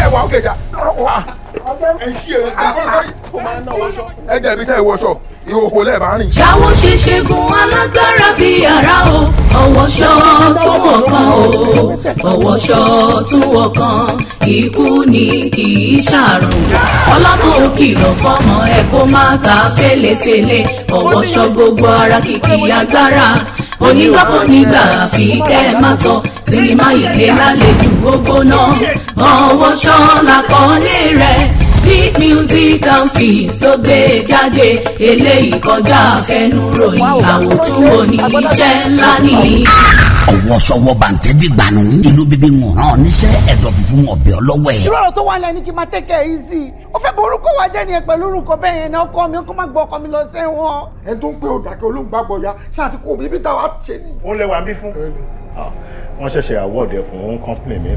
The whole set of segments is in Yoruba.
ṣe wà ókè jà ẹjẹ ibi tẹ ẹ wọṣọ ìhòòhò lẹẹ bá rìn. ṣáwọ́ ṣe ṣègùn alágbára bíi ara o ọ̀wọ́ṣọ́ tún ọ̀kan o ọ̀wọ́ṣọ́ tún ọ̀kan ikú ni kì í ṣàrùn ọlọ́mọ òkìlọ̀ fọmọ ẹ̀ kó má ta fẹ́lẹ́fẹ́lẹ́ ọ̀wọ́ṣọ́ gbogbo ara kìkì agbára onígbàkúnnígbà fi kẹ́ ẹ má tọ́ sinimá ìké lálejò ògbóná ọwọ́ ṣọ́la kọ́lé rẹ̀ big music and films tó gbé jáde eléyìí kọjá àfẹnuròyìn àwòtúwò ní iṣẹ́ ńlá nìyí àwọ̀ sọ̀wọ́ bàǹtẹ́ dìgbà nù. inú bíbí ń wọ̀n náà níṣẹ́ ẹ̀dọ̀ fífún ọ̀bẹ ọlọ́wọ́ ẹ̀. ìrọ̀rọ̀ tó wà lẹ́ ni kí n máa tẹ́kẹ̀ yìí sí i. ó fẹ́ bọ orúkọ wa jẹ́ nìyẹn pẹ̀lú orúkọ bẹ́ẹ̀ yẹn náà ọkọ mi ó kó má gbọ́ ọkọ mi lọ sẹ́wọ̀n. ẹ tó ń pe òdàkẹ́ olóńgbàgbọ̀ ya ṣáà ti kó omi níbi táwa ṣe ni. ó lẹ́wà ń bí fún ah, wọ́n ṣẹ̀ṣẹ̀ awọ́ọ̀dẹ fún òun kọ́ńpìnì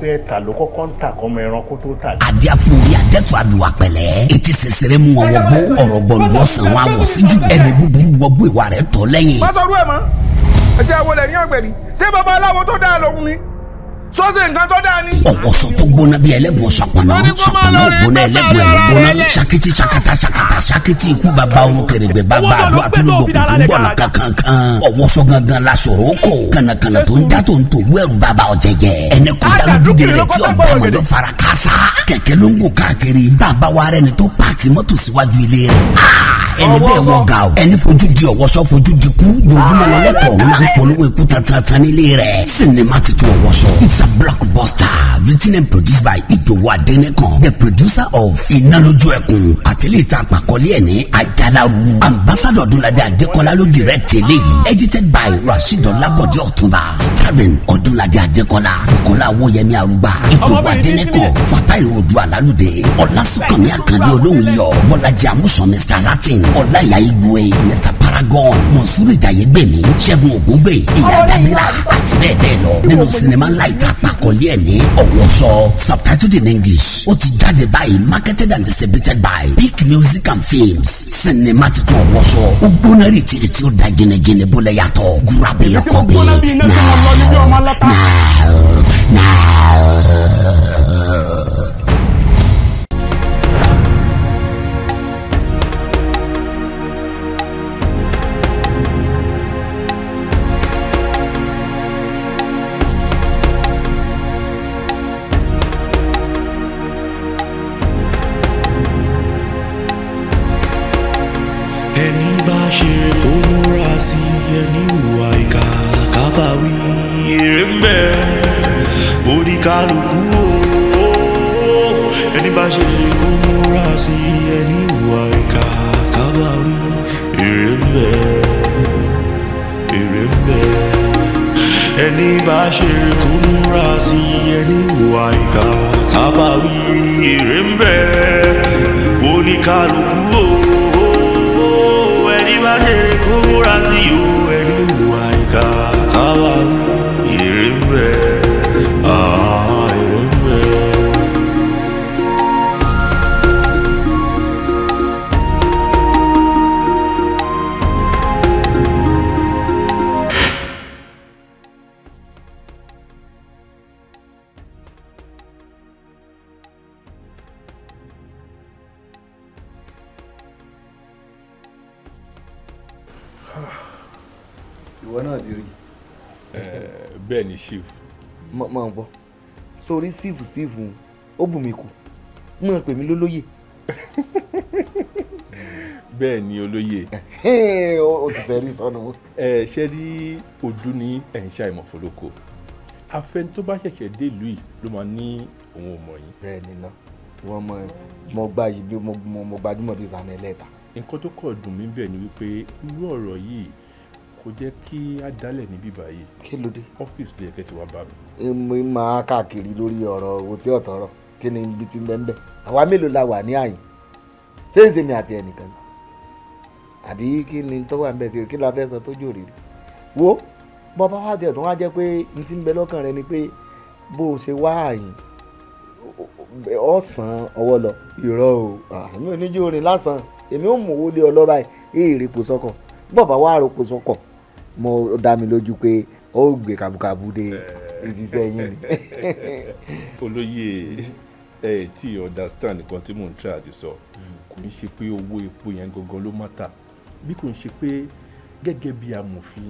pé ẹ̀ta ló kọ́kọ́ ń ta kọ́mọ ẹranko tó ta. adíá fún adẹ́tọ̀ àdùwà pẹ̀lẹ́ etí sẹsẹrẹ mú wọn wọgbó ọ̀rọ̀ gbọ̀ndọ̀ sàn wọn àwọ̀ síjú ẹni búburú wọgbó ìwà rẹ̀ tọ́ lẹ́yìn. pásọ̀rú ẹ̀ mọ́ ẹ̀jẹ̀ àwọn olè ní ọ̀gbẹ̀rì ṣé bàbá aláwo tó dáa lòun ni sọ́sẹ̀ nǹkan tó dáa ni. ọ̀wọ́sọ tó gbóná bíi ẹlẹ́bùn ṣàpàná ṣàpàná ògbóná ẹlẹ́bùn ẹ̀lẹ́gbóná ṣakiti ṣakata ṣakata ṣakiti ikú bàbá ohun kẹrẹgbẹ bàbá àdó àtúndò kò tó ń bọ̀ nà kankan ọ̀wọ́sọ gangan la sọ̀rọ̀ ó kọ̀ kànàkànà tó ń dá tó ń tò wẹ́rù bàbá ọ̀jẹ̀jẹ̀ ẹnì kò dálójú rẹ̀ tí ọ̀ kẹ̀kẹ́ ló ń gò káàkiri tá a bá wa rẹ ni tó páàkì mọ́tò síwájú ilé rẹ̀ ah, ẹni bẹ́ẹ̀ wọ ga o ẹni fojú di ọ̀wọ́sọ fojú di kú dojúmọ́ lọ́lẹ́kọ̀ọ́ ń lan polówó ikú tantan nílé rẹ̀ sinimá ti tún ọ̀wọ́sọ it's a blockbuster written and produced by Idowu Adénìkan the producer of iná lójú ẹkùn àtẹlẹ́ ìta àpàkọ́lé ẹ̀ ní Ajalaru ambassadọ̀ Ọdúnladé ló direct eléyìí edited by Rasheed Olabode Ọ̀túnba starring Ọdúnladé Adékọ́lá Kọ́lá Owóyẹmí Arúgbá Idowu Adénìkan Fatai òdu alálùdé ọ̀làsùnkànmí àkànní olóhùn yọ bọ́lájì àmúsàn mr latin ọ̀làyà igwe mr paragon mọ̀sùlù ìdàyẹ̀gbẹ̀mí ṣẹ́gun ògúngbè ìyá dábìrà àti bẹ́ẹ̀ bẹ́ẹ̀ lọ nínú sinimá láìta àpàkọ́lé ẹ̀ ní ọ̀wọ́sọ subtitled in english ó ti jáde báyìí marketed and distributed by big music and films sinimá titun ọ̀wọ́sọ ó gbóná rìtìrì tí ó da jìnnìjìnnì bólẹ̀ yàtọ̀ gurabe ọkọ̀ bíi Eni bá ṣe kó múra sí ẹni hùwà ìkà kábàáwí èrè ń bẹ oníkálukú o ẹni bá ṣe kó múra sí ẹni hùwà ìkà kábàáwí èrè ń bẹ èrè ń bẹ ẹni bá ṣe kó múra sí ẹni hùwà ìkà o. I who as you? ní ṣíf. mọ̀ ń bọ̀ sórí ṣíf ṣíf ó bù mí kù mọ̀ pè mí lólóyè. bẹ́ẹ̀ ni olóyè. o ti fẹ́ rí sọnù. ẹ ṣe rí ọdún ní ẹ̀ ń ṣàìmọ̀ fọlọ́kọ afẹ́n tó bá ṣẹ̀ṣẹ̀ dé ìlú yìí ló máa ní òun ò mọ̀ yín. bẹ́ẹ̀ ni náà wọ́n mọ mo gba yìí mo gbajúmọ̀ bíi sàmì ẹlẹ́ta. nǹkan tó kọ̀ dùn mí bẹ́ẹ̀ ni wípé irú ọ̀rọ̀ yìí kò jẹ́ kí a dálẹ̀ níbí báyìí. kí ló dé. ọ́fíìsì ló yẹ kẹ́ ti wá bá mi. mo máa káàkiri lórí ọ̀rọ̀ owó tí ọ̀tọ̀ rọ̀ kí ni ibi tí ń bẹ́ ń bẹ́ àwa mélòó la wà ní àyìn ṣé ń sèmi àti ẹnìkan àbí kí ni tó wà ń bẹ tí kí la fẹ́ sọ tó jò rírì wo bọ́ bá wá tiẹ̀ tó wá jẹ́ pé n ti ń bẹ lọ́kàn rẹ ni pé bó o ṣe wá àyìn ọ̀sán ọwọ́ lọ irọ́ o àmì ah, oníjó orin lásán èmi ò mú owó lé ọ lọ́ba èrè kò sọkọ̀ bọ́ bá wá rò kò sọkọ̀ mo dá mi lójú pé ó gbé kàbùkàbù dé ibi iṣẹ́ yín ni. olóyè ẹ ẹ tí understand nǹkan tí mò ń try àti sọ kò ń ṣe pé owó epo yẹn gangan ló mọ́ta bí kò ń ṣe pé gẹ́gẹ́ bí amòfin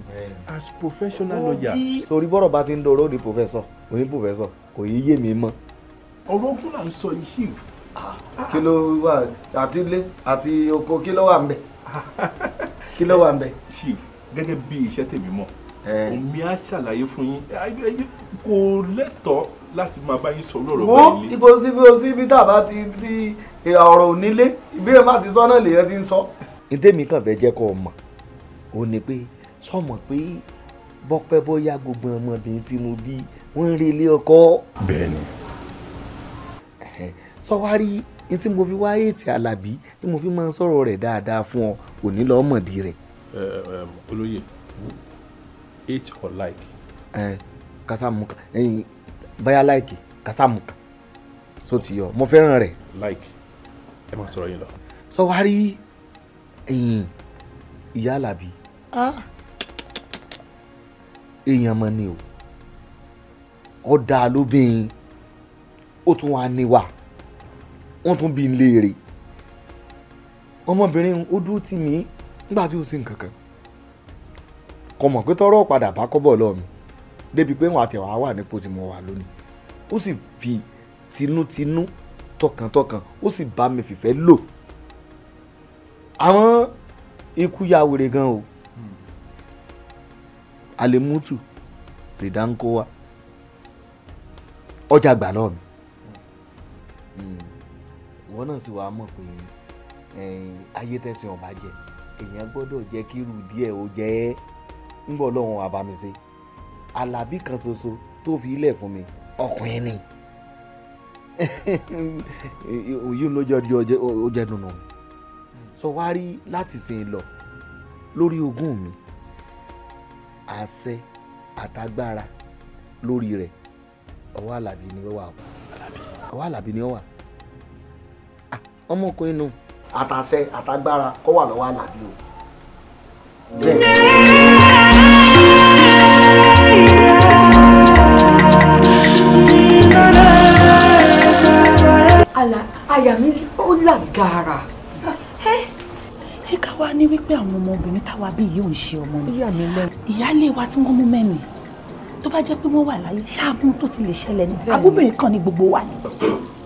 as professional lawyer. sori bọ́rọ̀ bá ti ń dọ̀rọ̀ ní professor òní professor kò yí yé mi mọ́. ọ̀rọ̀ ogun là ń sọ yìí. Ah, kí ló wà àti ilé àti oko kí ló wà ń bẹ kí ló wà ń bẹ. chief gẹ́gẹ́ bí iṣẹ́ tèmi mọ̀ omi á ṣàlàyé fún yín kò lẹ́tọ̀ọ́ láti máa bá yín sọ lọ́rọ̀ bẹ́ẹ̀ ni. ibo síbi o síbi tàbá ti di ọ̀rọ̀ onílé ìbéèrè má ti sọ náà lèyẹn ti ń sọ. ntẹ́mi kàn fẹ́ jẹ́ kó o mọ̀ o ní pé sọ̀mọ̀ pé bọ́pẹ́ bóyá gbogbo ọmọbìnrin tí mo bí wọ́n ń rí ilé ọkọ. bẹ́ẹ̀ni. sọ wá rí tí mo fi wá ètì alábí tí mo fi máa sọ̀rọ̀ rẹ̀ dáadáa fún ọ kò ní lọ́ọ́ mọ̀dí rẹ̀ olóyè hate or like. ẹ kásámù kan ẹyin báyà like kásámù kan so ti yọ mo fẹ́ràn rẹ̀. like ẹ máa sọ̀rọ̀ yín lọ. sọ wá rí ẹyin ìyá alábí ah. èèyàn mọ ni o ọ̀dà lóbìnrin ó tún wá níwà wọ́n tún bí n léèrè ọmọbìnrin ó dúró tì mí nígbà tí o sì nǹkan kan kò mọ̀ pé tọ́rọ̀ padà bá kọ́bọ̀ lọ́ọ̀ mi débi pé wọn àti ẹ̀wà wà nípò tí mo wà lónìí ó sì fi tinútinú tọkàntọkàn ó sì bá mi fìfẹ́ lò àwọn ikú ya wèrè gan o alemutu ridankowa ọjà gbà lọ́ọ̀ mi hmm. ìwọ náà sì wàá mọ̀ pé eh, ayé tẹ̀sìn ọba jẹ́ èèyàn gbọ́dọ̀ jẹ́ kí irú díẹ̀ ó jẹ́ ẹ́ ń bọ̀ lọ́wọ́n àbámise alábí kan ṣoṣo tó fi ilẹ̀ fún mi ọkùnrin ni òyìn ló jẹ́ ó jẹ́ dùnú sọ wá rí láti sìn lọ lórí ogún mi àṣẹ àtagbára lórí rẹ̀ ọwọ́ alábí ni ó wà ọwọ́ alábí ni ó wà ah, ọmọkùnrin nù. No àtàṣẹ àtàgbára kó wà lọ́wọ́ àlàbí o. àlà àyà mi ó làgàrà ṣé ká wá ní wípé àwọn ọmọbìnrin táwa bí yìí ò ń ṣe ọmọ ni ìyáálé wa tí wọ́n mú mẹ́rin tó bá jẹ́ pé wọ́n wà láyé ṣáà mú tó ti lè ṣẹlẹ̀ ní abúbìnrin kan ní gbogbo wa ni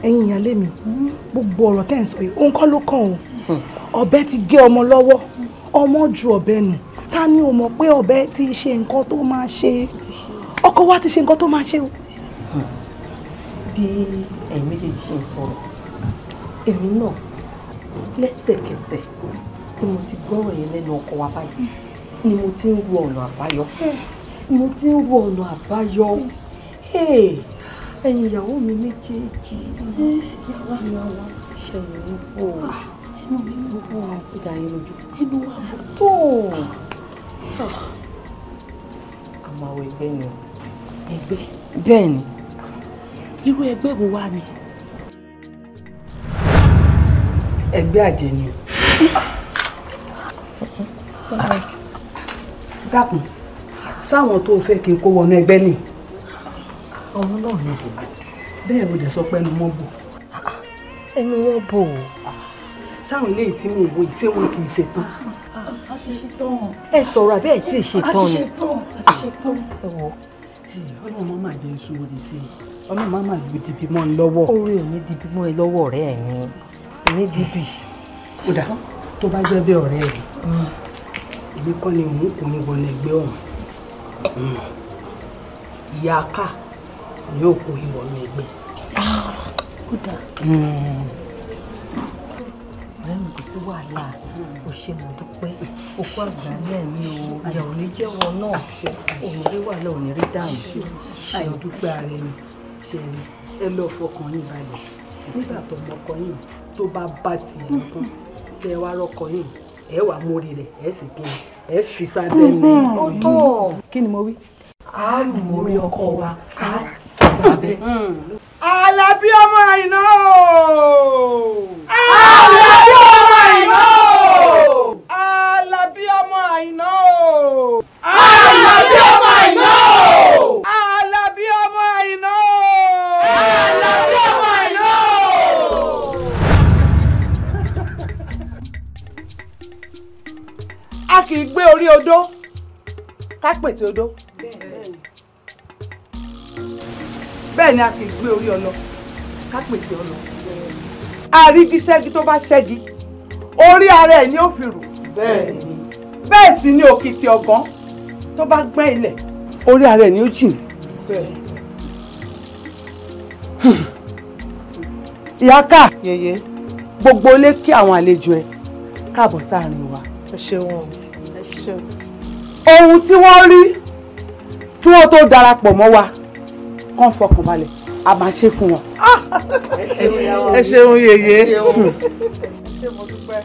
ẹ̀yin ìyáálé mi gbogbo ọ̀rọ̀ tẹ́ ń sọ yìí òun kọ́ ló kàn o ọ̀bẹ ti gé ọmọ lọ́wọ́ ọmọ ju ọ̀bẹ nù ta ni o mọ̀ pé ọ̀bẹ ti ṣe nǹkan tó máa ṣe ọkọ wa ti ṣe nǹkan tó máa ṣe o. bí ẹ̀yin méjèèjì ṣe ń sọ̀rọ̀ èmi náà lẹ́sẹ̀kẹsẹ̀ tí mo ti gbọ́rọ̀ yẹn lẹ́nu ọkọ wa báyìí ni mo ti ń wo ọ̀nà àbáyọ ni mo ti ń wo ọ̀nà àbáyọ. Hey ẹ̀yin ìyàwó mi méjèèjì ìyàwó ṣẹ̀yìn ní bò ó inú mi ń bò ó ìdá yẹn lójú inú wa bò tó àmàwọ̀ ẹgbẹ́ ni ẹgbẹ́ bẹ́ẹ̀ ni irú ẹgbẹ́ wo wá ni ẹgbẹ́ àjẹ́ ni o dákun sáwọn tó fẹ́ kí n kó wọnú ẹgbẹ́ nìyí ọ̀rọ̀ náà ni bẹ́ẹ̀ o dẹ̀ sọ pé ẹnu wọn bò. ẹnu wọn bò ó. sáwọn ilé tí mò ń yìí ṣé wọn ti ṣetán. ẹ sọ̀rọ̀ àbí ẹ̀ tí ṣetán ni. Ah. ẹ wọ ọlọ́run má máa jẹ́ sún orí sí i ọlọ́run má máa lu dìbì mọ́ ẹ lọ́wọ́. orí ò ní dìbì mọ́ ẹ lọ́wọ́ ọ̀rẹ́ ẹ̀ ni ní dìbì. kódà tó bá jẹ́ bí ọ̀rẹ́ ẹ̀ mm. èmi kọ́ ni òun kò ní wọlé ẹgbẹ́ ọ̀hún mm. ìyá ká yóò kó ìwọ̀ mi gbé. ó dà. Hmm. ọ̀rẹ́ mi kò sí wàhálà o ṣe mo dúpẹ́ okú àgbàlẹ̀ mi o ìyàwó ní jẹ́wọ́ náà òun rí wàhálà òun rí dáhùn àìdúgbà rẹ ni ṣe ni ẹ lọ fọkàn yín balẹ̀ nígbà tó mọkọ yín tó bá bá tiẹ̀ nìkan ṣe wá rọkọ yín ẹ wà mórí rẹ ẹ sì kí ẹ fi sáà dẹ́nu. Hmm, kí ni mo wí. a mú orí ọkọ wa a abẹ́. Àlàbí ọmọ àìná o. Àlàbí ọmọ àìná o. Àlàbí ọmọ àìná o. Àlàbí ọmọ àìná o. Àlàbí ọmọ àìná o. Àlàbí ọmọ àìná o. A kì í gbé orí odó ká pètè odó. bẹ́ẹ̀ ni a kì í gbé orí ọlọ ká pèsè ọlọ. àrígi ṣẹ́gi tó bá ṣẹ́gi orí ara ẹ̀ ni ó fi rù. bẹ́ẹ̀ ni. bẹ́ẹ̀ sì ni òkìtì ọ̀gán tó bá gbẹ́ ilẹ̀ orí ara ẹ̀ ni ó jìn. bẹ́ẹ̀. ìyá ká yèyé gbogbo ilé kí àwọn àlejò ẹ káàbọ̀ sáàrin wa. ẹ ṣeun ẹ ṣeun. ohun tí wọ́n rí kí wọ́n tó darapọ̀ mọ́ wa kán fọkàn balẹ̀ a máa ṣe fún wọn. Ah! ẹ ṣeun yèyé. ṣé mo dúpẹ́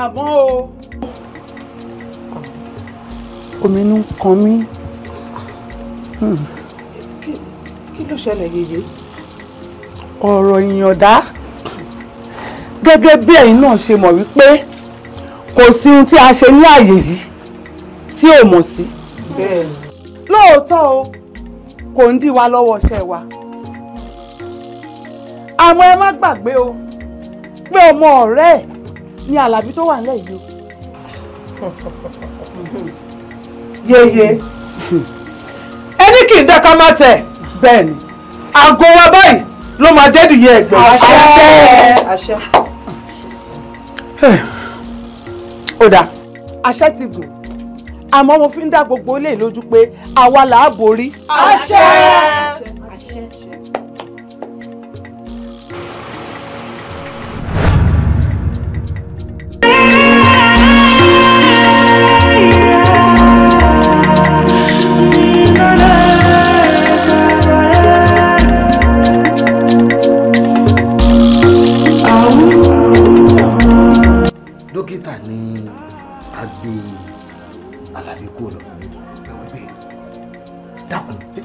àmọ́ o. omi inú ń kan mí. Hmm. kí ló ṣẹlẹ̀ yèyé. ọ̀rọ̀ ìyànda gẹ́gẹ́ bí ẹ̀yin náà ṣe mọ̀ wípé kò sí ohun tí a ṣe ní àyè yìí tí ò mọ̀ sí. lóòótọ́ o kò ń dí wa lọ́wọ́ iṣẹ́ wa àmọ́ ẹ má gbàgbé o pé ọmọ ọ̀rẹ́ ẹ̀ ni Àlàbí tó wà nílẹ̀ yìí yeye ẹni kì í dẹ́ka má tẹ̀ bẹ́ẹ̀ ni aago wa báyìí ló máa dẹ́dìyẹ ẹ̀gbẹ́. àṣẹ àṣẹ ó dáa àṣẹ ti gùn àmọ́ mo fi ń dá gbogbo ilé lójú pé àwa là á borí. àṣẹ. dókítà ni a gbé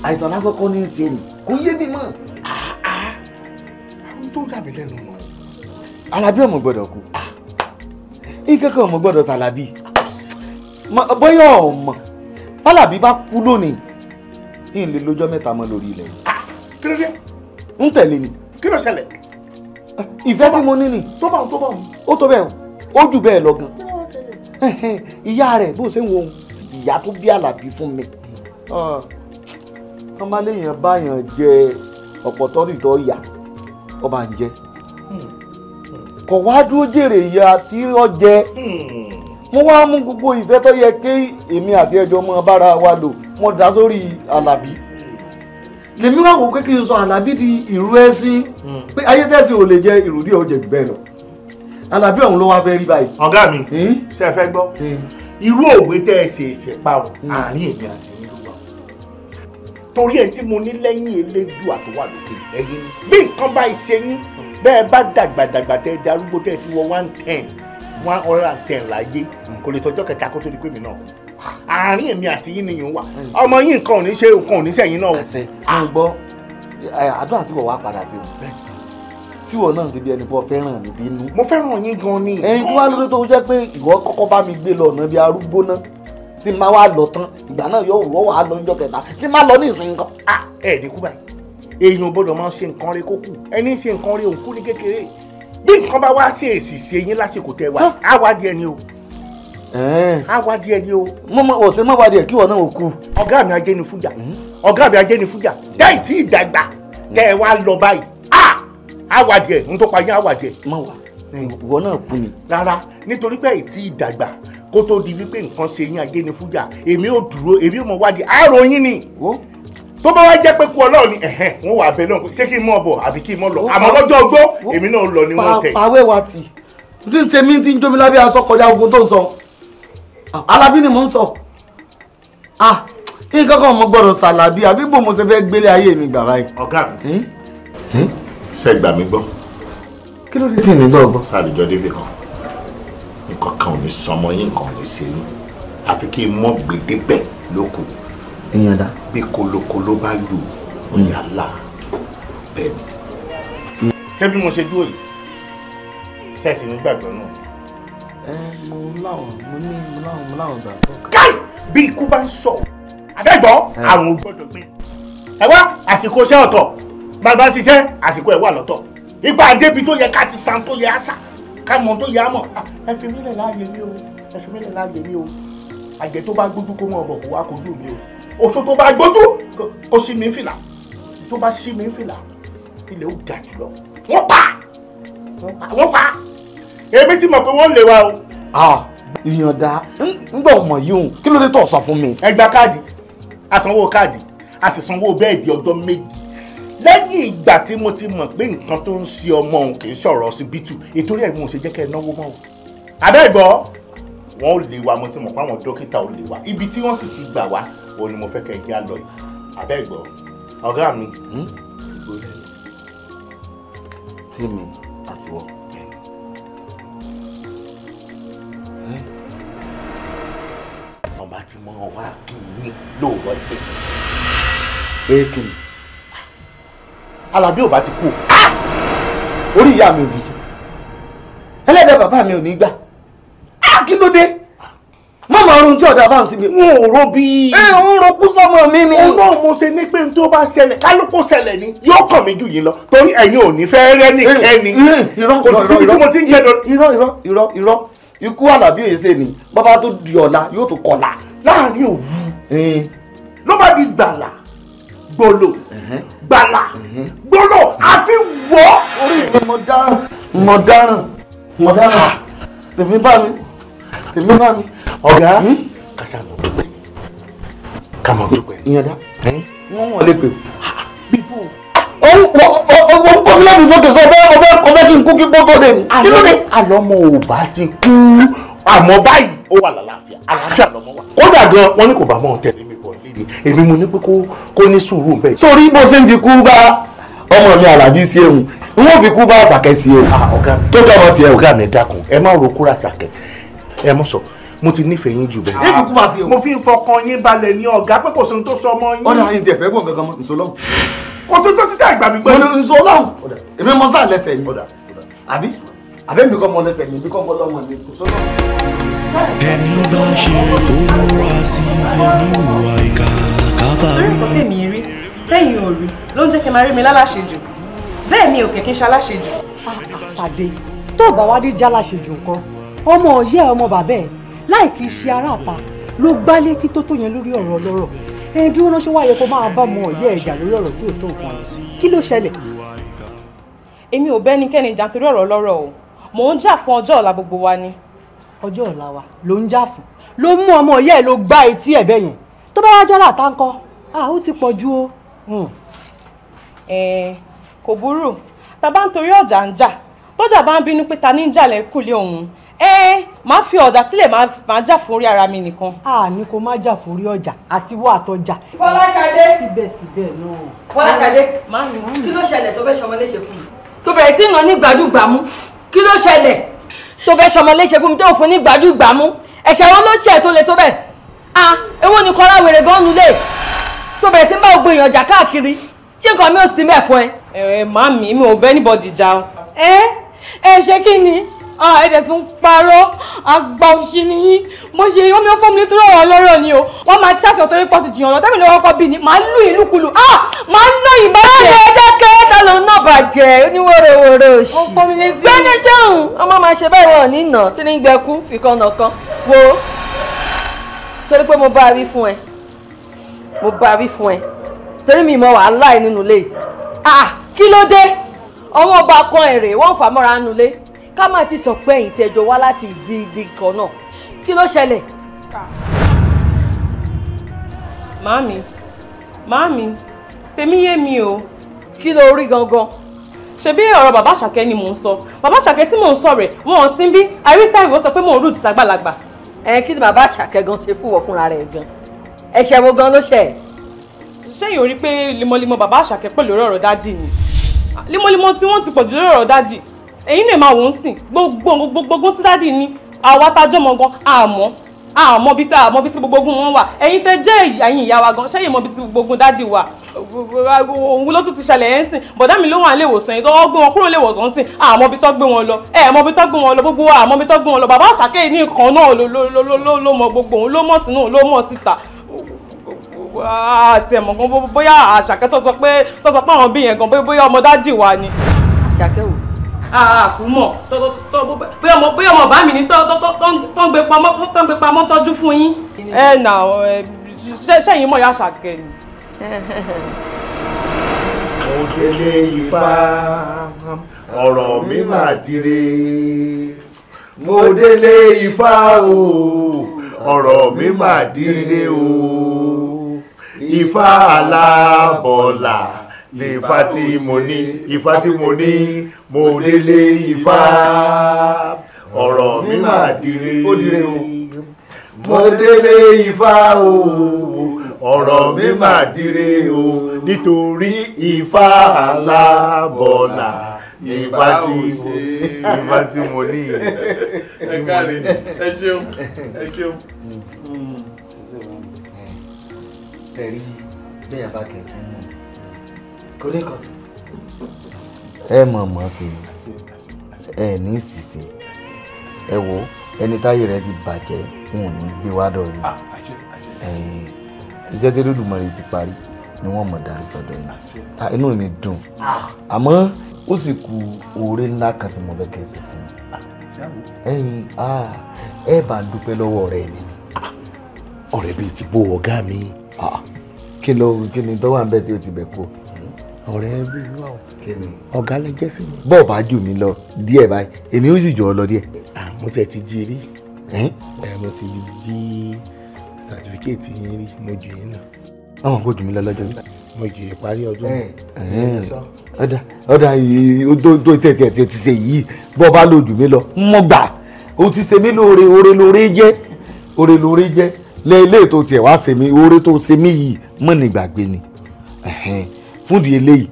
àìsàn lásán kọ́ ní í ṣe nì kò yé mi mọ́. àwọn tó dàbí lẹ́nu mọ́. alábí ọmọ gbọ́dọ̀ kú ìkẹ́kọ̀ọ́ ọmọ gbọ́dọ̀ sàlàbí bóyá ọmọ tálàbí bá kú lónìí ìyìn lè lójọ́ mẹ́ta mọ́ lórí ilẹ̀. kí ló dé. ń tẹ̀lé ni. kí ló ṣẹlẹ̀. ìfẹ́ tí mo ní ni. tó bá òun tó bá òun. ó tó bẹ́ẹ̀ ó jù bẹ́ẹ̀ lọ gan. ìyá rẹ̀ bó ṣe ń wo ìyá tó bí àlàbí fún mi wọ́n bá léèyàn báyàn jẹ ọ̀pọ̀tọ́rìtọ́ yà ọba ń jẹ kò wá dúró jèrè ìyá tí ó jẹ mo wá mú gbogbo ìfẹ́ tó yẹ kí èmi àti ẹjọ́ mọ bára wa lò mo dá sórí alábí lèmi wà wò pé kí n sọ alábí di ìrú ẹṣin pé ayé tẹ̀sí ò lè jẹ ìròdì ọ̀jẹ̀ bẹ́ẹ̀ lọ alábí ọ̀hún ló wá fẹ́ rí báyìí. ọ̀gá mi hmm? ṣe fẹ́ gbọ́ hmm. irú òwe tẹ́ ẹ ṣe ìṣẹ̀pá àárín èmi àti torí ẹ tí mo ní lẹ́yìn elédùà tó wà lókè ẹ̀yìn bí nǹkan bá ṣe yín bẹ́ẹ̀ bá dàgbàdàgbà tẹ́ darúgbó tẹ́ ti wọ one ten one hundred and ten láyé kò lè tọjọ́ kẹta kó tó di pé mi náà àárín èmi àti yín nìyẹn wà ọmọ yín nǹkan ò ní ṣe nǹkan ò ní sẹ́yìn náà. àṣẹ mo ah. gbọ́ àdúrà tí kò wá padà sí o tí wọn náà ṣe bí ẹni bọ́ fẹ́ràn mi bínú. mo fẹ́ràn yín gan ni. ẹyin tó wá lórí tó jẹ́ pé ìwọ kọ́kọ́ bá mi gbé lọ ọ̀nà bíi arúgbó náà tí máa wá lọ tán ìgbà náà yóò wọ́ wàá lọ níjọ́ kẹta tí máa lọ ní ìsìn kan. ẹ ẹ ní kú báyìí èèyàn gbọ́dọ̀ máa ṣe nǹkan rẹ kó kù ẹni ṣe nǹkan rẹ òun kú ní kékeré bí nǹkan bá wá ṣe èsì ṣe yín lásìkò tẹ wá á wá di ẹni o á wá di ẹni o. mo ma ọ̀sẹ̀ má wá di ẹ̀ kí wọ́n náà kú. ọ̀gá mi ajé ni fújà ọ̀gá mi ajé ni fújà dáì tí ì dàgbà ẹ wá lọ báyìí á wá di ẹ̀ ń tó pa yín á wá di ẹ̀. má wà ìwọ náà kú ni. rárá nítorí pé ì tí ì kó tó di wípé nǹkan ṣe yín ajé ni fújà èmi ò dúró èmi ò mọ wádìí àárò yín ni tó bá wá jẹ́ pé kú ọlọ́run ni ẹ̀hẹ́n wọ́n wà abẹ́ náà ṣé kí n mọ̀ bọ̀ àbí kí n mọ̀ lọ àmọ́ lọ́jọ́ ogbó èmi náà lọ ni wọ́n tẹ̀. pàwé wa tì tí ṣe mí tí ń jómi lábẹ́ aṣọ kọjá ogun tó ń sọ ah, alábí ni mò ń sọ ah nǹkan kan mo gbọ́dọ̀ ṣàlàbí àbí bò mo ṣe fẹ́ gbélé ayé mi gbà báyìí. ọ̀gá mi ṣe gbà mí gbọ́. kí ló dé tí ì ní gbọ́ ọgbọ́. sáà nǹkan kan ò ní sọmọ yín nǹkan ò ní ṣe yín àfi kí n mọ gbèdébẹ̀ lóko èèyàn dá bí kolokolo bá lù ó mm. yà lá bẹ́ẹ̀ ni. ṣé bí mo ṣe dúró yìí ṣẹ́ẹ̀sì nígbàgbọ́ náà. ẹ mo láwọn mo ní mo láwọn mo láwọn gbàgbọ́. káì bí ikú bá ń sọ àbẹ́gbọ́ àrùn gbọ́dọ̀ gbé ẹ wá àsìkò iṣẹ́ ọ̀tọ̀ bàbá ṣiṣẹ́ àsìkò ẹ̀ wà lọ́tọ̀ ipa adébi tó yẹ ká ti san tó yẹ á sà kámọ tó yá mọ ah, ẹ fi mílẹ̀ láàyè mi o ẹ fi mílẹ̀ láàyè mi o àjẹ́ tó bá gbójú kó mọ ọbọ kó wá kó lù mí o oṣù tó bá gbójú kó sí mi fìlà tó bá sí mi fìlà ilẹ̀ ó ga jùlọ wọ́n pa wọ́n pa èmi ti mọ̀ pé wọ́n lè wa o. ìyànda ńgbà ọmọ yìí òun kí ló dé tó sọ fún mi. ẹ gba káàdì a sanwó káàdì a sì sanwó ọjọ́ méjì lẹ́yìn ìgbà tí mo ti mọ̀ pé nǹkan tó ń ṣe ọmọ òun kì í ṣọ̀rọ̀ ọsibítù ìtorí ẹ̀ mo ṣe jẹ́ kẹ́ ẹ náwó mọ́ o. àbẹ́gbọ́ wọn ò lè wa mo ti mọ̀ pé àwọn dókítà ò lè wa ibi tí wọ́n sì ti gbà wá òun ni mo fẹ́ kẹ́ ẹ já lọ yìí àbẹ́gbọ́ ọ̀gá mi. Hmm? tí mi àti wọ́n. ọba ti mọ wá kí n ní lóòrọ̀ ìpè. pé kí ni alábí ò bá ti kú o ah! orí ìyá mi ò ní jẹ ẹlẹ́dàá bàbá mi ò ní gbà á ah! kí ló dé má máa ronú tí ọ̀dà bá ń sinmi wọn ò ro bí. ẹ ń ro kú sọmọ mi ni. ọlọ́run mo ṣe ní pé tó bá ṣẹlẹ̀ kálukú ṣẹlẹ̀ ni yóò kàn mí jù yín lọ torí ẹ̀yin ò ní fẹ́ rẹ́ nìkẹ́ni eh, eh, kò sí síbi tí mo ti ń yẹ lọ. irọ́ irọ́ irọ́ irọ́ ikú àlàbí òye ṣe ni bàbá tó di ọ̀la yóò tó kọ̀la. láàrin òwú eh. ló bá di gbàlà gbòòlò gbàlà gbọ́dọ̀ àfi wọ́. orí mi mo dáràn mo dáràn mo dáràn tèmi bá mi tèmi bá mi. ọ̀gá kàṣà mo dúpẹ́ ká mo dúpẹ́. ìyẹn dá wọ́n wọ̀ lé pé bíbó. òun òun kọ́mí lẹ́nu sókè sọ ọbẹ̀ ọbẹ̀ ọbẹ̀ kí n kú kí gbogbo dé ni. kí ló dé. àlọ́mọ ò bá ti kú àmọ́ báyìí ó wà lálàáfíà àlàáfíà lọ́mọ wà. kódà gan wọn ní kò bá mọ̀ tẹ̀lé mi bọ̀ léde èmi mo ní pé kó ní sùúrù bẹ́ẹ̀. sórí bó ṣe ń di kú bá ọmọ mi alábí sí ẹ̀hún n ó fi kú bá àṣàkẹ́ sí ẹ̀ ah, tó tọ́ ọmọ tiẹ̀ o. ọ̀gá mi dákun ẹ má ro kúrò àṣàkẹ́ ẹ mọ̀ sọ mo ti nífẹ̀ẹ́ yín jù bẹ́ẹ̀. ẹ kúkú bá sí o. mo fi ń fọkàn yín balẹ̀ ní ọ̀gá pé kò sóhun tó sọ ọmọ yín. ọ̀nà àyìn tiẹ̀ fẹ́ gbọ̀n gangan mọ́ nsọ kò sí tó sísẹ́ ìgbà mi pẹ́. mo èmi mọ sáà lẹ́sẹ̀ mi àbí àbẹ́mi kọ́ mọ lẹ́sẹ̀ mi bí kọ́ mọ lọ́wọ́ mi kò ẹni bá ṣe olúwa sí ẹni wà ìkà kábàámọ̀ tẹ́yìn ò rí ló ń jẹ́ kí n máa rí mi láláṣejù bẹ́ẹ̀ mi ò kẹ̀kẹ́ ṣaláṣejù. Ah, ṣàdé tó bá wá dé jáláṣejù nǹkan ọmọ ọ̀yẹ́ ọmọ bàbá ẹ̀ láì kì í ṣe aráàta ló gbá létí tó tó yẹn lórí ọ̀rọ̀ ọlọ́rọ̀ ẹ bí wọ́n ṣe wáyé kó máa bá ọmọ ọ̀yẹ́ ẹ̀jà lórí ọ̀rọ̀ tí ò tó nǹkan kí ló ṣẹlẹ̀. èmi ò bẹ́nikẹ́ni jà torí ọ̀rọ̀ ọlọ́rọ̀ o mò ń jà fún ọjọ́ ọ̀la gbogbo wa ni. ọjọ́ ọ̀la wa ló ń jà fún ló mú ọmọ ọ̀yẹ́ ẹ̀ ló gbá etí ẹ̀ bẹ́yẹn tó bá wá jára àtàǹkọ́ à ó ti pọ̀ ju o Hmm. Eh, kò burú ta bá ń torí ọ̀jà ń jà tọ́jà bá ń bínú pé ta ní ń jà lẹ́kùlé òun máa fi ọ̀jà sílẹ̀ máa jà fún orí ara mi nìkan. a ní kó má jà fún orí ọjà àti wọ àtọjà. fọláṣadé síbẹ̀síbẹ̀ náà. fọláṣadé kí ló ṣẹlẹ̀ tó fẹ́ ṣọmọ léṣe fún mi tó bẹ̀rẹ̀ sí ìran ní gbàdúgbàmú kí ló ṣẹlẹ̀ tó fẹ́ ṣọmọ léṣe fún mi tó fún ní gbàdúgbàmú ẹ̀ṣẹ̀ wọn ló ṣẹ̀ tó le tó bẹ́ẹ̀ ah ewo ni kọ́lá wèrè gan-an nulẹ̀ tó bẹ̀rẹ̀ sí ń bá gbogbo èèyàn jà káàkiri ṣé nǹkan mi ò sí mẹ́fọ́ ẹ. ẹ màmí mi ò bẹ́ anybody jà o. ẹ ẹ ṣe kí ni ẹ dẹ̀ tún parọ́ àgbà òṣì nìyí mo ṣe wọ́n mi ò fún mi nítorí ọ̀rọ̀ ọlọ́rọ̀ ni o wọ́n máa ṣàṣọ torí pọ̀ ti jìyàn lọ tẹ́mi lọ́wọ́ kọ́ bí ni màá lù ìlú kulù ah màá lù ìbá ṣe. ẹ jẹ́ kẹ́ẹ́ta lòun náà bàjẹ́ oníwòròwòrò òṣì. ó fọ́ mi létí. gbẹ́ni jẹun ọmọ máa ṣe báyìí wọn nínà tí ní gbẹkú fìkànnà kan wo ṣe rí pé mo bá a wí fún ẹ mo bá wí fún ẹ torí mi mọ wàhálà ẹ nínú ilé ah kí ló dé ọmọ ọba kan èrè wọn fà mọ́ra nínú ilé ká má ti sọ pé ẹ̀yin tẹjọ wá láti ibi ibi kan náà kí ló ṣẹlẹ̀. màámi màámi tèmi yé mi o. kí ló rí gangan. ṣebí ọ̀rọ̀ bàbá àṣàkẹ́ ni mò ń sọ bàbá àṣàkẹ́ tí mò ń sọ rẹ̀ wọ́n ò sí bí àríta ìwọ sọ pé mò ń rúùtì sàgbàlagbà. ẹ kí ni bàbá àṣàkẹ́ gan ṣe fún wọ fúnra rẹ̀ gan ẹ̀ṣẹ̀ wo gan ló ṣẹ̀. ṣẹ́yìn ò rí pé limọ́limọ́ bàbá àṣàkẹ́ pẹ̀lú ọ̀rọ̀ dádì ni limọ́limọ́ tí wọ́n ti pọ̀jù lórí ọ̀rọ̀ dádì èyí lè máa wò ó sìn gbogbo gbogbo tí dádì ní àwa tájọ́ mọ gan àmọ́ àmọ́ bí tá àmọ́ bí tí gbogbo ogun wọn wà ẹ̀yin tẹ́ jẹ́ ẹ̀yin ìyá wa gan ṣẹ́yìn mọ́ bí tí gbogbo ogun dádì wà òun ló tún ti ṣẹlẹ̀ ẹ̀ ń sìn bọ̀dá mi ló wà lè wòsàn yìí tọ́wọ́ gbé wọn kúrò lè wòsàn sìn àmọ́ bí tọ́ gbé wọn lọ ẹ̀ mọ́ bí tọ́ gbé wọn lọ gbogbo àmọ́ bí tọ́ gbé wọn lọ bàbá àṣàkẹ́ ní nǹkan náà ló mọ gbogbo òun ló mọ̀ sínú òun ló mọ̀ síta àti ah, ẹ̀mọ̀ gan bóyá àṣàkẹ́ tó sọ pé tó sọ pé àwọn bí yẹn gan bóyá ọmọ dádì wa ni. àṣàkẹ́ wò. Ah, ah, àkùmọ̀ bóyá ọmọ bóyá ọmọ bá mi ní tó ń gbé pamọ́ tó ń gbé pamọ́ tọ́jú fún yín. ẹ nà sẹ́yìn mọ̀ yá àṣàkẹ́ ni. mo délé ifá ọ̀rọ̀ mi mà dire mo délé ifá o ọ̀rọ̀ mi mà dire o Ifá alábọ̀là lè fa tí mo ní Ifá tí mo ní mo délé Ifá ọ̀rọ̀ mi mà dire o mo délé Ifá o ọ̀rọ̀ mi mà dire o nítorí Ifá alábọ̀là ìbá tí mo ìbá tí mo ní ìyẹn. ẹ káre ẹ ṣeun ẹ ṣeun. sẹ́rí mm. mm. bẹ́ẹ̀ bá kẹ̀sí mú kò ní kàn sí. ẹ mọ̀ mọ́ sí i ẹ ní ìsìsì ẹ wo ẹni táyé rẹ ti bàjẹ́ n ò ní gbé wá dọ̀ yìí ah, iṣẹ́ tí Olódùmarè ti parí ni wọ́n mọ̀ dárí sọ́dọ̀ yìí ah, inú mi dùn ah. àmọ́ ó sì ku oore ńlá kan tí mo fẹ́ kẹ́ ṣe fún mi. ẹyin ẹ bá dúpẹ́ lọ́wọ́ ọ̀rẹ́ mi. ọ̀rẹ́ bíi ti bó ọ̀gá mi. kí ló kí ni dọ́wà ń tí o ti bẹ̀ kú. ọ̀rẹ́ bíi wà ó kí ni ọ̀gá lè jẹ́ sí mi. bọ́ọ̀ bá jù mí lọ díẹ̀ báyìí èmi ó sì jọ ọ lọ díẹ̀. mo tiẹ̀ ti jí rí mo ti jí sátífíkẹ́ẹ̀tì yín rí mo jù yín náà. ọmọ kò jù mí lọ lọ́jọ́ yìí mo jòyè parí ọdún. ọ̀dà ọ̀dà tó tẹ̀tẹ̀ tẹ̀ ti ṣe yìí bọ́ bá lòdù mí lọ mọ́ gbà o ti ṣe mí lóore oore lóore jẹ́ oore lóore jẹ́ lẹ́ẹ̀lẹ́ tó tiẹ̀ wá ṣe mí oore tó ṣe mí yìí mọ́ nígbàgbé ni fúndì eléyìí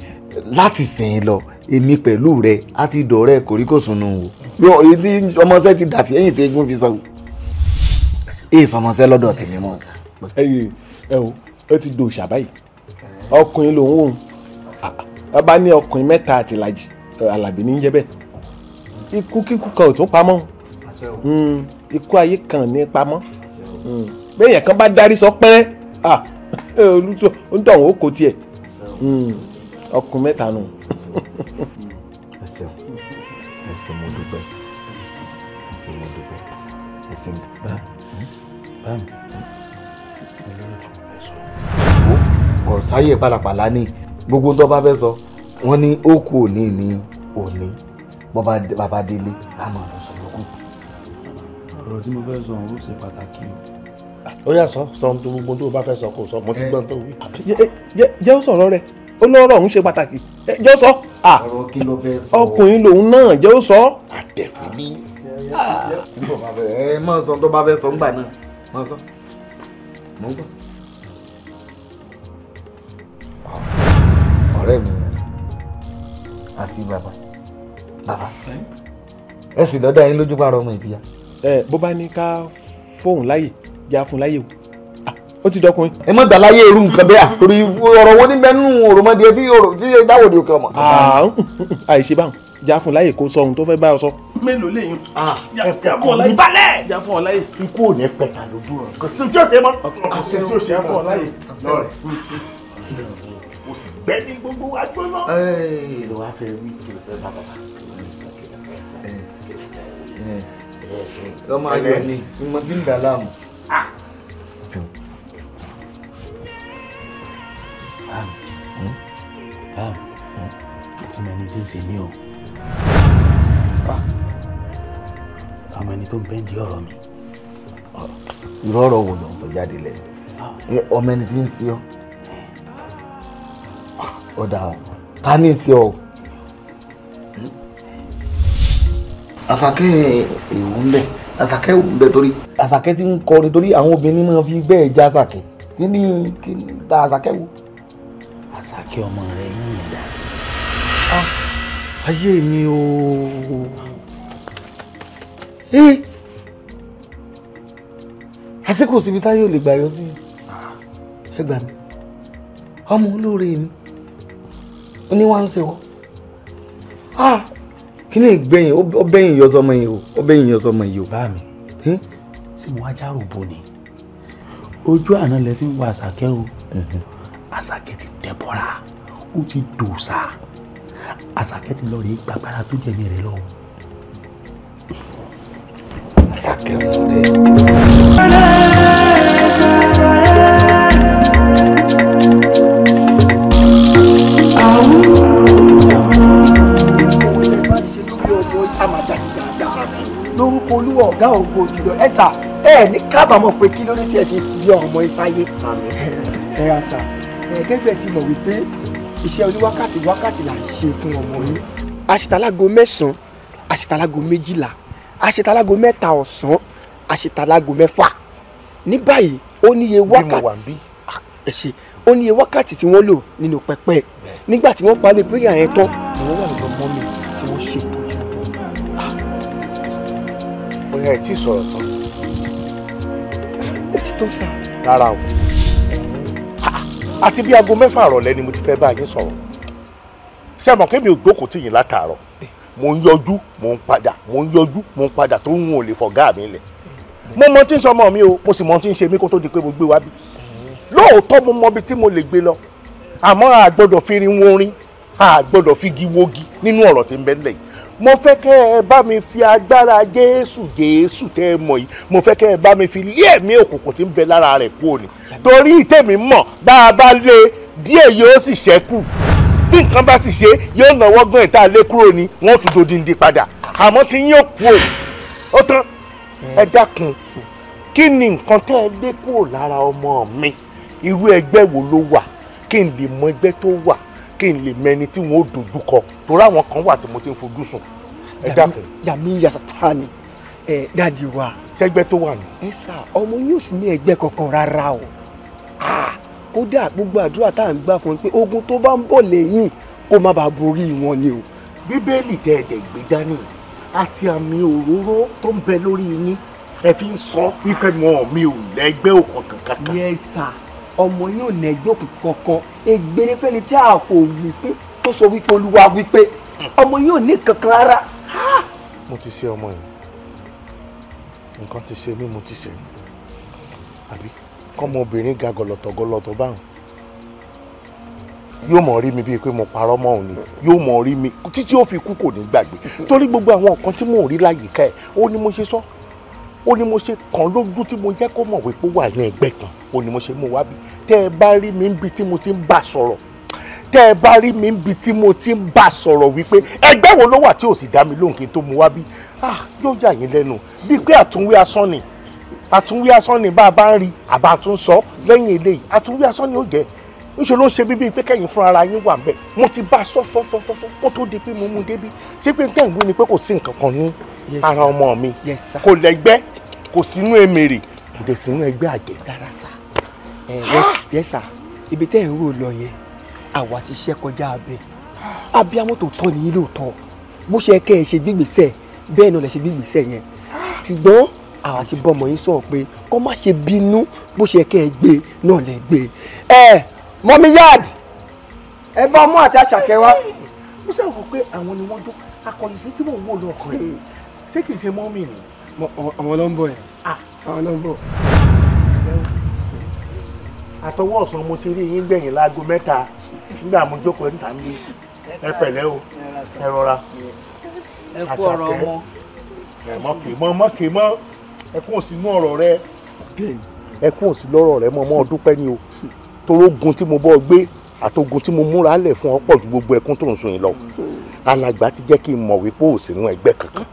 láti sìn lọ èmi pẹ̀lú rẹ àti ìdọ̀rẹ́ kòríkòsùnù o èyí ọmọọṣẹ́ ti dàbí ẹ̀yìn tí egun fi sọ èyí sọmọọṣẹ́ lọ́dọ̀ tèmi mọ́. ẹyin ẹ o ti do òṣà ọkùnrin lòun òun bàbá ní ọkùnrin mẹ́ta àti ìlàjì eh, alábí ní jẹ́ bẹ́ẹ̀ ikú kíkú kan ò tún pamọ́ hmm, ikú ayé kan ní pamọ́ hmm, bẹ́ẹ̀yàn kan bá darí sọ pẹ́rẹ́ eh, olùtọ̀hún ó kó tiẹ̀ hmm, ọkùnrin mẹ́ta nù. ẹ ṣeun kò sáyè pàlàpàlà ní gbogbo tó bá fẹ́ sọ wọ́n ní ó kú òní ní òní bàbá délé àmọ́ ọ̀rọ̀ sọ lókù. ọ̀rọ̀ tí mo fẹ́ sọ ọ̀hún ṣe pàtàkì o. ó yá sọ sọ ohun tó gbogbo tó o bá fẹ́ sọ kó sọ mo ti eh. gbọ́n tó wí. jẹ́ ó sọ̀rọ̀ rẹ̀ ó lọ́rọ̀ ọ̀hún ṣe pàtàkì eh, jẹ́ ó sọ. ọ̀rọ̀ kí ló fẹ́ sọ. ọkùnrin lòun náà jẹ́ ó sọ. àtẹ̀fẹ́ ah. ní. ẹ máa sọ tó bá fẹ́ sọ ńgbà náà máa sọ mo ń gbọ́. Ah, ọ̀rẹ́ mi àti bàbá bàbá ah. ẹ sì lọ́dọ̀ yín lójú pààrọ̀ ọmọ ìdíyà. ẹ bó bá ní ká fóun láyè já fún láyè o ah, ó ti dọkùnrin. ẹ mọ̀ gbà láyé irú nǹkan bẹ́ẹ̀ torí ọ̀rọ̀ wo ní mẹ́nu òròmọdé tí ìdáwòde òkè ọmọ. àìṣe báwọn já fún láyè kó sọ ohun tó fẹ́ bá ọ sọ. mélòó lè yun. ẹ̀fọ́ kò ní balẹ̀. já fún ọ láyè. ikú ò ní pẹ̀ta lójú rẹ̀. kò sí tí ó ṣe mọ́. kò sí tí ó mọ́ láyè kò sì gbẹ́ ní gbogbo wa gbóná. ẹ ló wá fẹ́ wí kí ló fẹ́ bá bàbá ọmọ ayọ̀ ni ìmọ̀ tí ń dà láàmú. tí ah! ah, ah, mo ní tí ń ṣe mí o ọmọ ẹni tó ń bẹ́ǹdì ọ̀rọ̀ mi. irú ọ̀rọ̀ wo ló ń sọ jáde lẹ́nu ọmọ ẹni tí ń ṣe ọ́ ọ̀dà ta ní sí ọ. àṣàkẹ́ èèwù ń bẹ̀ àṣàkẹ́ èèwù ń bẹ̀ torí. àṣàkẹ́ ti ń kọrin torí àwọn obìnrin máa fi bẹ́ẹ̀ já àṣàkẹ́ kí ni kí ni ta àṣàkẹ́ wò. àṣàkẹ́ ọmọ rẹ yìí dá. Ah, ayé mi o. àsìkò síbi táyé ò lè gbà yọ sí ah. ẹ gbà mí ọmọ olóore mi ní wá ń ṣe wọ́ ah! kí ni ìgbẹ̀yìn ó bẹ̀yìn yọsọmọ yìí o ó bẹ̀yìn yọsọmọ yìí o. bá mi ṣé mo wá járò bo ni ojú àná lẹ fi ń wo àṣàkẹ́ o mhm. àṣàkẹ́ ti dẹ́bọ̀ra ó ti dòṣà àṣàkẹ́ ti lọ rèé gbàgbára tó jẹ̀mí rẹ̀ lọ. àṣàkẹ́ ọ̀rẹ́. lórúkọ olúwa ọ̀gá ògo jùlọ ẹ sà ẹ ní kábàámọ̀ pé kí ló ní tiẹ̀ ti di ọmọ ìsáyé. ẹ ra sà ẹ gẹ́gẹ́ ti mọ̀ wípé iṣẹ́ oníwákàtí wákàtí là ń ṣe fún ọmọ yín. àṣetàlágo mẹ́sàn-án àṣetàlágo méjìlá àṣetàlágo mẹ́ta ọ̀sán àṣetàlágo mẹ́fà ní báyìí ó níye wákàtí ẹ ṣe ó níye wákàtí tí wọ́n lò nínú pẹpẹ nígbà tí wọ́n parí pé yàrá ẹ tán ẹ tí sọ̀rọ̀ tán. ó ti tó sà. rárá o àti bí aago mẹ́fà àrọ̀lẹ́ ni mo ti fẹ́ bá yín sọ̀rọ̀ ṣé àmọ́ kémi ò gbókòó tì yín látàárọ̀ mo ń yọjú mo ń padà mo ń yọjú mo ń padà tó ń wọn ò lè fọ̀gá mi lẹ̀ mo mọ tí ń sọ ọmọ mi o mo sì mọ tí ń ṣe mí kó tó di pé mo gbé wá bí lóòótọ́ mo mọ ibi tí mo lè gbé lọ àmọ́ a gbọ́dọ̀ fi rin wọn rin a gbọ́dọ̀ fi gi wogi nínú ọ̀rọ̀ tí ń bẹ nílẹ̀ yìí mo fẹ́ kẹ́ ẹ bá mi fi agbára jésù jésù tẹ́ ẹ mọ̀ yìí mo fẹ́ kẹ́ ẹ bá mi fi lé ẹ̀mí òkùnkùn tí ń bẹ lára rẹ̀ kú òní torí tèmi mọ̀ bá a bá lé díẹ̀ yóò sì ṣẹ́kù bí nǹkan bá sì ṣe yóò náwó gan ìta lé kúrò ni wọ́n tún dodindi padà àmọ́ tí yín ò kú o ó tán ẹ dákun kí ni nǹkan tẹ́ ẹ lé kúrò lára ọmọ mi irú ẹgbẹ́ wo ló wà kí n lè mọ ẹgbẹ́ tó wà kí n lè mẹni tí wọn ò dojú kọ torí àwọn kan wà tí mo ti ń fojú sùn ẹ dákun. yàmi yasata ni ẹ dáàdi wa. sẹgbẹ tó wà ní. ẹ sà ọmọ yóò sùn ní ẹgbẹ́ kankan rárá o kódà gbogbo àdúrà tá à ń gbà fún un pé ogun tó bá ń bọ̀ lẹ́yìn kó má bàa borí wọn ni o. bíbélì tẹ ẹ̀dẹ̀ gbé dání àti àmì òróró tó ń bẹ lórí yín ẹ fi ń sọ wípé wọn mi ò lẹ́gbẹ́ òkàn kankan. yẹ sà. Yes, ọmọ yín ò ní ẹgbẹ́ òkùnkùn kankan ègbére fẹ́ni tí a kò wí fún tó sọ wípé olúwa wípé ọmọ yín ò ní kankan rárá. mo ti ṣe ọmọ yìí nǹkan ti ṣe mí mo ti ṣe àbí kọ́mọbìnrin ga gọlọtọ̀ gọlọtọ̀ báwọn yóò mọ̀ rí mi bíi pé mo parọ́ mọ́ òun ni yóò mọ̀ rí mi títí ó fi kú kò ní gbàgbé torí gbogbo àwọn nǹkan tí mò ń rí láyìíká ẹ̀ ó ní mo ṣe sọ. So ó ní mo ṣe kàn lójú tí mo jẹ́ kó mọ̀ wípé ó wà ní ẹgbẹ́ kan ó ní mo ṣe mú wá bí tẹ́ ẹ bá rí mi níbi tí mo ti ń bà sọ̀rọ̀ tẹ́ ẹ bá rí mi níbi tí mo ti ń bà sọ̀rọ̀ wípé ẹgbẹ́ wo ló wà tí ò sì dá mi lóhùn kí n tó mú wá bí ah yóò yà yín lẹ́nu bíi pé àtúnwí asán ni àtúnwí asán ni bá a bá ń rí àbá tún sọ lẹ́yìn eléyìí àtúnwí asán ni ó jẹ́ ńṣe ló ń ṣe bíbí pé kẹ́yìn fúnra ara yín wà ń bẹ̀ mo ti bá a sọ sọ sọ sọ kó tó di pé mo mú un débí ṣé pé ń tẹ̀ ni pé kò sí nǹkan kan ní ara ọmọ mi kò lẹ́gbẹ́ kò sínú èmèrè kò dẹ̀ sínú ẹgbẹ́ àjẹ́ rárá sà yẹ sà ibi tẹ́ ẹ̀ ń rò lọ yẹn àwa ti ṣẹ́ kọjá abẹ abiyamọ tó tọ́ nìyí lóòótọ́ bó ṣe kẹ́ ẹ ṣe gbígbèsè bẹ́ẹ̀ náà lẹ ṣe gbígbèsè yẹn ṣùgbọ́n àwa ti bọ́ ọmọ yín sọ̀rọ̀ pé kọ́ má ṣe bínú bó ṣe kẹ́ ẹ gbé náà lẹ gbé ẹ mọ́mí yard ẹ bá ọmọ àti àṣàkẹ́ wa ó ṣàwọ̀ pé àwọn ni wọ́n dún akọ̀yìn sí tí mò ń wò lọ́kàn yìí ṣé kìí ṣe mọ́mí nìyí àwọn ló ń bọ̀ yẹn àwọn ah. ló ń bọ̀. àtọwọ́ ọ̀sán mo ti rí yín gbẹ̀yìn láago mẹ́ta nígbà mo jókòó níta ń bí ẹ pẹ̀lẹ́ o ẹ rọra àṣàkẹ́ ẹ mọ̀kè mọ́ mọ̀kè mọ́ ẹkún òsì inú ọ̀rọ̀ rẹ ẹkún òsì lọ́rọ̀ rẹ mọ́ mọ́ dúpẹ́ ni o torógun tí mo bọ́ gbé àtogun tí mo múra lẹ̀ fún ọ pọ̀ ju gbogbo ẹkún tó ń sun yìí lọ alàgbà ti jẹ́ kí n mọ̀ wípé ò sínú ẹgbẹ́ kankan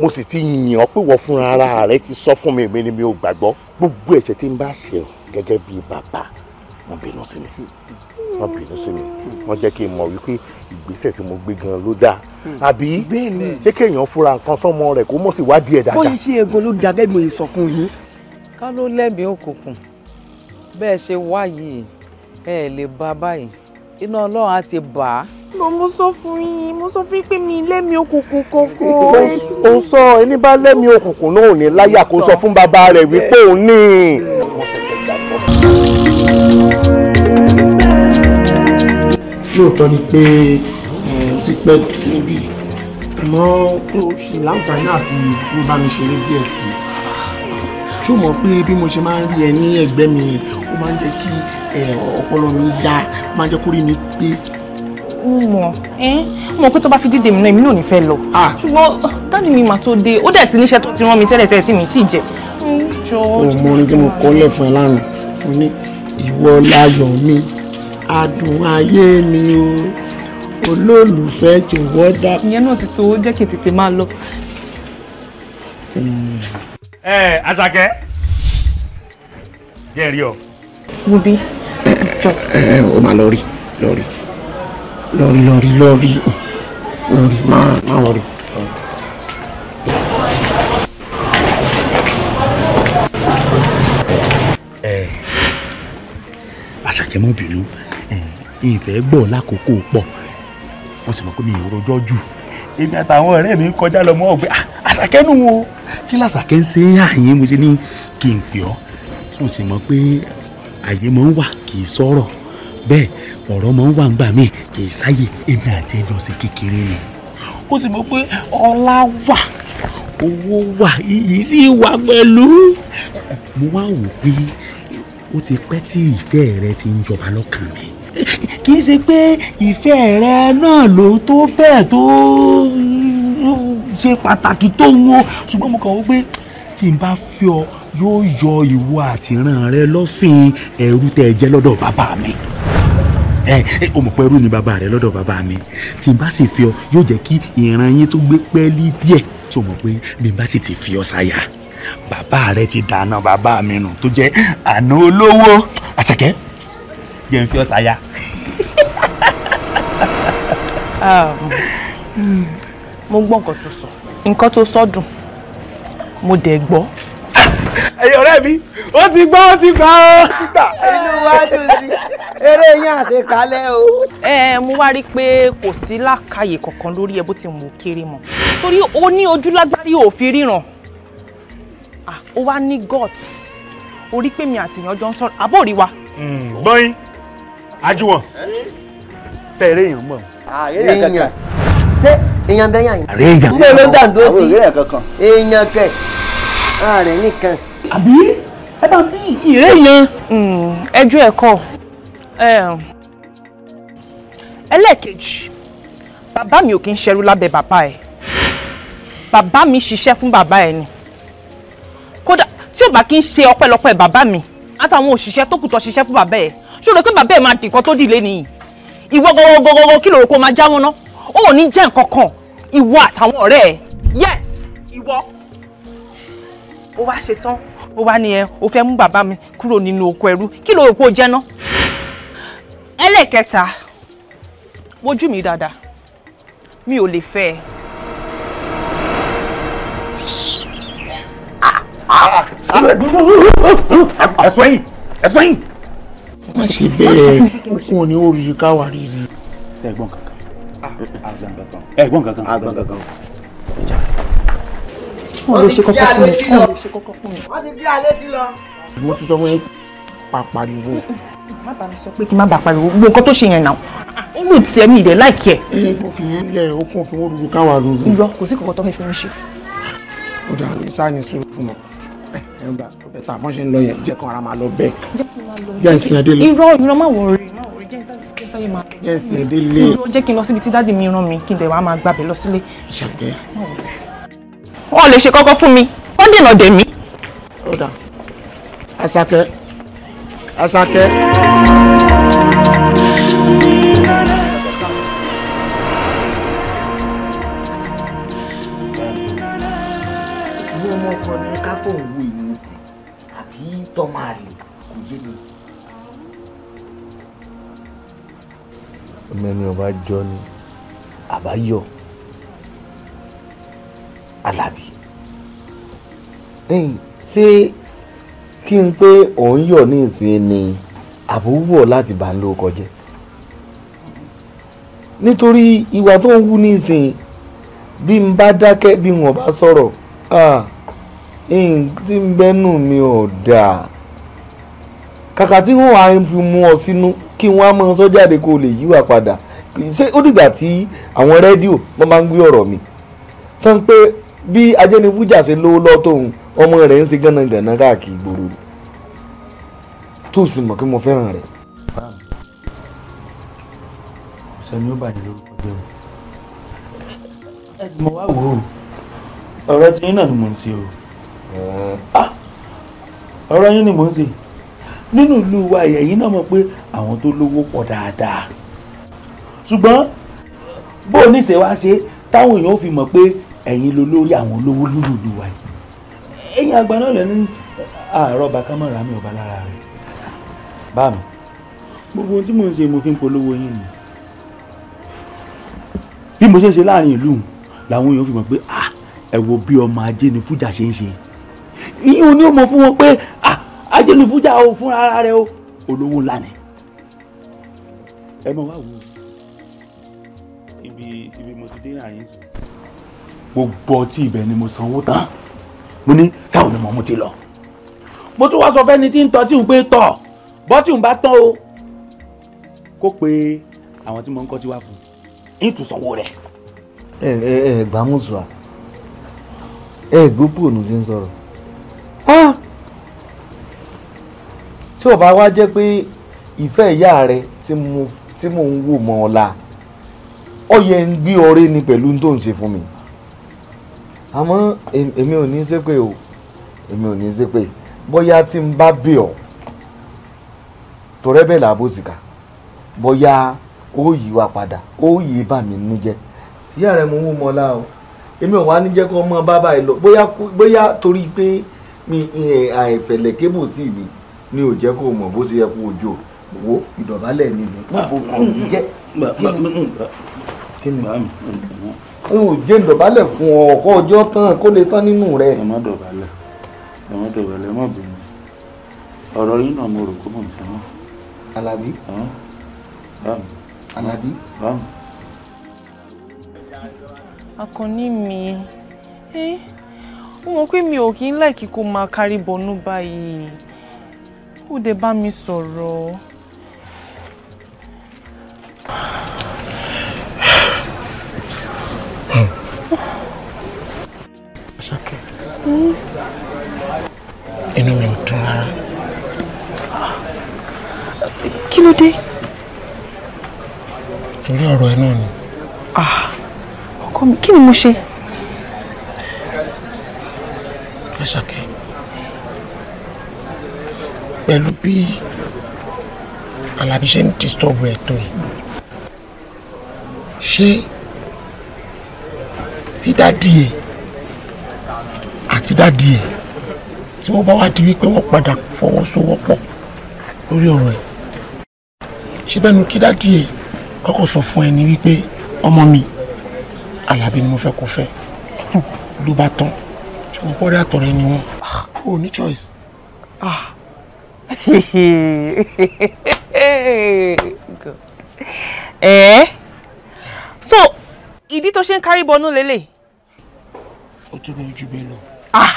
mo sì ti yìn ọ́ pé wọ́n fúnra ara rẹ ti sọ fún mi èmi ni mi ò gbàgbọ́ gbogbo ẹ̀ṣẹ̀ tí n bá ṣe ọ́ gẹ́gẹ́ bíi bàbá wọ́n bínú sí mi wọ́n bínú sí mi wọ́n jẹ́ kí n mọ̀ wípé ìgbésẹ̀ tí mo gbé gan ló dáa àbí ṣé kéèyàn fúnra nǹkan sọ́mọ rẹ̀ kó mọ̀ sí wádìí ẹ̀ dáadáa. bóyá ṣe egun ló dáa gẹ́gẹ́ bí mo sọ fún yín. ká ló lẹ́mìí òkùnkùn bẹ́ẹ̀ ṣe wá yìí lè bá báyìí iná ọlọ́run á ti bà á mo mo sọ fún yín mo sọ fún yín pé mi lẹ́mi òkùnkùn kankan. ó ń sọ ẹni bá lẹ́mi òkùnkùn náà ò ní láyà kó sọ fún bàbá rẹ̀ wípé òun ní. lóòótọ́ ni pé mo ti pẹ́ níbí àmọ́ ó ṣì láǹfààní àti mo bá mi ṣeré díẹ̀ sí i ṣó mọ̀ pé bí mo ṣe máa ń rí ẹ ní ẹgbẹ́ mi ó máa ń jẹ́ kí ọpọlọ mi yá máa ń jẹ́ kórìí mi pé mo mọ̀ ẹ́n mo pé tó bá fi dídè mi náà èmi náà ò ní fẹ́ lọ. ṣùgbọ́n dáàdi mi mà tó dé ó dẹ̀ ti níṣẹ́ tó ti rán mi tẹ́lẹ̀ tẹ́lẹ̀ tí mi sì jẹ́. o mọ orin tí mo kọ́ lẹ̀ fún ẹ lánàá mo ní ìwọ láyọ̀ mi adùn ayé mi o olólùfẹ́ jọ̀wọ́ dá. ìyẹn náà ti tó jẹ́ kí n tètè máa lọ. ẹ Àṣàkẹ́ jẹ́ rí ọ. Wúbí. ẹ ẹ o máa lọ rí lọ rí. Lori, lori, lori, lori, ma, ma, lori. Eh, àṣàkẹ́ mọ́ bínú ìfẹ́ eh, gbọ́ lákòókò pọ̀ wọ́n sì mọ̀ pé mi ò rojọ́ jù èmi àtàwọn ọ̀rẹ́ mi ń kọjá lọ mọ́ ọ̀gbẹ́ ah, àṣàkẹ́ nù o kí làṣàkẹ́ ń ṣe àyè mo ṣe ní kí n pè ọ́ tó sì mọ̀ pé àyè mọ́ ń wà kì í sọ̀rọ̀ bẹ́ẹ̀ ọ̀rọ̀ mọ̀ ń wà ń gbà mí kì í sáyè èmi àti ẹ lọ sí kékeré ni. ó sì mọ̀ pé ọlá wà owó wà iyì sì wà pẹ̀lú. mo wá wò pé ó ti pẹ́ tí ìfẹ́ rẹ ti ń jọba lọ́kàn mi kì í ṣe pé ìfẹ́ rẹ náà ló tó bẹ́ẹ̀ tó ṣe pàtàkì tó ń wo ṣùgbọ́n mo kàn wọ́n pé tí n bá fi ọ yóò yọ ìwọ àtìràn rẹ lọ́fìn ẹrú tẹ jẹ́ lọ́dọ̀ bàbá mi ẹ o mọ̀ pé ẹrú ni bàbá rẹ lọ́dọ̀ bàbá mi tí n bá sì fi ọ yóò jẹ́ kí ìran yín tó gbé pẹ́ẹ́lí díẹ̀ tó mọ̀ pé bí n bá sì ti fi ọ sáyà bàbá rẹ ti dáná bàbá mi nù tó jẹ́ àná olówó àtẹ̀kẹ́ jẹ́ n fi ọ sáyà. mo gbọ́ nǹkan tó sọ nǹkan tó sọ dùn mo dẹ̀ gbọ́ ẹ̀yin ọ̀rẹ́ mi ó ti gbọ́ ó ti gbọ́ ó títà. inú wa dùn sí eré yín àṣekalẹ̀ o. ẹ ẹ mo wá rí i pé kò sí lákàyè kankan lórí ẹ bó ti mú kéré mọ torí ó ní ojú lágbárí ò fi ríran ó wá ní guts orí pé mi àtìyàn jọ ń sọ̀rọ̀ àbó rí wa. Hmm, gbọ́yìn ajúwọ̀n fẹ́ẹ̀rẹ́ èèyàn mọ̀. àárẹ̀ kankan ṣé èèyàn bẹ́yàn yìí. àárẹ̀ èèyàn kankan. èèyàn kẹ ààrẹ nìkan. àbí ẹ bá fi ìrẹ́ yan. ẹjọ́ ẹ̀kọ́ ẹlẹ́ẹ̀kejì bàbá mi ò kí ń ṣerú lábẹ́ bàbá ẹ̀ bàbá mi ṣiṣẹ́ fún bàbá ẹ̀ ni kódà tí ò bá kí ń ṣe ọpẹ́lọpẹ́ bàbá mi àtàwọn òṣìṣẹ́ tó kù tó ṣiṣẹ́ fún bàbá ẹ̀ ṣòro pé bàbá ẹ̀ máa dìkan tó dìlé nìyí ìwọ gọgọgọgọ kí lóòrò kó máa já wọn ná ó ò ní jẹ́ nǹkan kan ìwọ àtàwọn ọ̀rẹ́ ẹ̀ yes ìwọ ó wá ṣe tán ó wá ní ẹ o fẹ́ mú bàbá mi kúrò nínú oko ẹrú kí ló rò pé o ah. ná. ẹlẹ́kẹta wojú mi dáadáa mi ò lè fẹ́ ẹ. ẹ̀sùn ẹ̀yìn ẹ̀sùn ẹ̀yìn. má ṣe bẹ́ẹ̀ okun Ah, ah, rí i káwa rí i. ẹ̀gbọ́n kankan Ah, kankan ẹ̀gbọ́n kankan wọn lè ṣe kọ́kọ́ fún mi wọn lè mo ti sọ fún pa pariwo. má bàa mi sọ pé kí n má bàa pariwo gbogbo nǹkan tó ṣe yẹn náà n lò tiẹ̀ mi ìdẹ̀ láìkẹ́. ẹ mo fi yín lẹ okun kí wọn rúru káwa rúru. irọ́ kò sí kòkó tó fẹ́ fi mi ṣe. ó dà mí sáàni sùúrù fún wọn ẹ gbà tó bẹ ta ṣe ń lọ yẹn jẹ́ kó ara máa lọ bẹ́ẹ̀. jẹ́ ìsìn ẹ̀dẹ́ lé. irọ́ irọ́ má wọ̀ rí jẹ́ kí n lọ síbi tí dáàdi mi rán mi kí n dẹ̀ wá máa gbàbẹ̀ lọ sílé. ṣàkẹ́ wọn ò lè ṣe kọ́kọ́ fún mi wọ́n dènà dè mí. ọ̀dà àṣàkẹ́ àṣàkẹ́. ìwé ọmọ ọkọ ni ká tó ń wo ìlú sí àbí tọ́ máa lè kò yé mi. mẹ́ni ọba jọ ni àbáyọ alábí ṣé kí n pé òun yọ̀ ní ìsìn ni àbúrò láti bá ń lò kọjá nítorí ìwà tó ń wú ní ìsìn bí n bá dákẹ́ bí wọn bá sọ̀rọ̀ tí ń bẹ́nu mi ò dáa kàkà tí wọn á fi mú ọ sínú kí wọn á mọ sọ kó lè yíwà padà ṣé ó dìgbà tí àwọn rédíò wọn máa ń gbé ọ̀rọ̀ mi tán pé bí ajẹ́nifújà ṣe lówó lọ́tọ̀hún ọmọ rẹ̀ ń ṣe gánagànà káàkiri gbòòrò tó sì mọ̀ pé mo fẹ́ràn rẹ̀. sẹ́ni ó bàjẹ́ lórúkọ jẹ́ o ẹ sì mọ wá wò ó ọ̀rọ̀ tí yín náà ni mò ń ṣe o ah! ọ̀rọ̀ yín ni mò ń ṣe nínú ìlú wa ẹ̀yin náà mọ̀ pé àwọn tó lówó pọ̀ dáadáa ṣùgbọ́n bó o ní ìṣèwá ṣe táwọn èèyàn ò fi mọ̀ pé ẹ̀yin ló lórí àwọn olówó lúlùlù wa yìí ẹ̀yin àgbà náà lẹ́nu àárọ̀ bá kámọ́ rà mí ọ̀bá lára rẹ̀ bá mi gbogbo ohun tí mò ń ṣe mo fi ń polówó yín ni bí mo ṣe ṣe láàrin ìlú làwọn èèyàn fi mọ̀ pé ah, ẹ wo bí ọmọ ajé ni fújà ṣe ń ṣe ìyún ni ó mọ̀ fún wọn pé ah, ajé ni fújà o fúnra rẹ̀ o olówó ńlá ni ẹ mọ̀ wá wò ó. gbogbo ọtí ibẹ̀ ni mo sanwó tán mo ní káwọn ọmọ mo ti lọ. mo tún wá sọ fẹ́ni tí ń tọ́ tí ń pé tọ̀ bọ́ tí ń bá tán o kó pe àwọn tí mo ń kọ́ tí wá fún un ìtù sanwó rẹ̀. ẹ ẹ ẹ gbàmùsùà ẹ gbópò ònù ti ń sọ̀rọ̀ tí ò bá wá jẹ́ pé ìfẹ́ ìyá rẹ tí mo ń wò mọ́ ọ la ọ yẹ ń gbé ọrẹ ni pẹ̀lú tó ń ṣe fún mi àmọ́ èmi ò ní ṣépè o èmi ò ní ṣépè bóyá tí n bá bẹ̀ ọ́ torẹ́bẹ̀ làbó sìkà bóyá ó yí wa padà ó yí bà mí nínú jẹ́ tíyà rẹ̀ mo wú mọ́ la o èmi ò wá ní jẹ́ kó mọ́ bábà ẹ lọ bóyá bóyá torí pé mi àìfẹ̀lẹ̀ kébù sí mi ni ò jẹ́ kó mọ̀ bó ṣe yẹ kó ojú wo ìdọ̀bálẹ̀ ni mi. bàbá mi kí ni n ò jẹ́ ìdọ̀bálẹ̀ fún ọ ọkọ ọjọ́ tán kó lè tán nínú rẹ. ẹ má dọ̀bálẹ̀ ẹ má dọ̀bálẹ̀ ẹ má bínú ọ̀rọ̀ yín náà mo rò kó mọ̀ ní sẹ́wọ̀n. Alábí. Alábí. Akànní mi ẹ ó mọ pé mi ò kí ń láìkí kó máa kárí bọnú báyìí ó dé bá mi sọ̀rọ̀. Ṣọ́kẹ́, hmm? inú mi ò dùn rárá. Kí ló dé? Torí ọ̀rọ̀ ẹ náà ni. ah mi, kí ni mo ṣe? Ṣọ́kẹ́, pẹ̀lú bí Àlàbí ṣe ń disturb ẹ̀ tó yìí, ṣé tí dádì ẹ̀ àti dádì ẹ̀ tí wọ́n bá wá di wípé wọ́n padà fọwọ́sowọ́pọ̀ lórí ọ̀rọ̀ ẹ̀ e. ṣé bẹ́ẹ̀ nu kí dádì ẹ̀ e kọ́kọ́ sọ fún ẹni wípé ọmọ mi alábí ni mo fẹ́ kó fẹ́ hmm, ló bá tán ṣùgbọ́n pọ́ọ́dà tọ̀rẹ́ ni wọ́n ò ní choice. Ah. God. Eh? ìdí tó ṣe ń kárí bọnú lélẹ̀. ó tún bẹ́ẹ̀ jù bẹ́ẹ̀ lọ. Ah!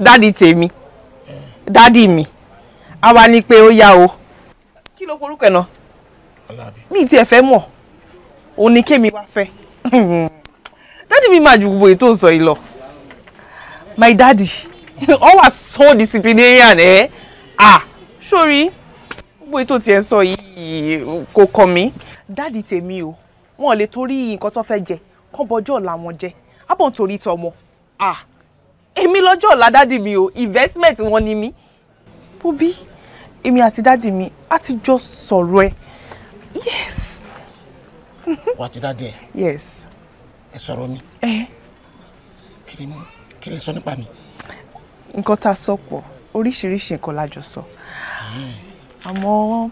dádì tèmi dádì mi a wá ní pé ó yá o kí ló forúkọ ẹ̀ náà mi tiẹ̀ fẹ́ mọ̀ òun ni kémi wá fẹ́ dádì mi máa ju gbogbo ètò ìsọ yìí lọ my daddy all was so disciplinarian eh ah sorry gbogbo ètò tiẹ̀ sọ yìí kò kàn mí dáàdì tèmi o wọn ò lè torí nǹkan tó fẹ́ jẹ kán bọjọ́ ọ̀la wọn jẹ ábọ̀ ń torí tọmọ ah èmi lọ́jọ́ ọ̀la dáàdì mi o investment wọn ni mí. Bóbí èmi àti dáàdì mi á ti jọ sọ̀rọ̀ ẹ yes. wà á ti dáàdì ẹ. yes. ẹ sọ̀rọ̀ mi. ẹ. kí ni kí ni sọ nípa mi. nǹkan tá a sọ pọ̀ oríṣiríṣi nǹkan la jọ sọ àmọ́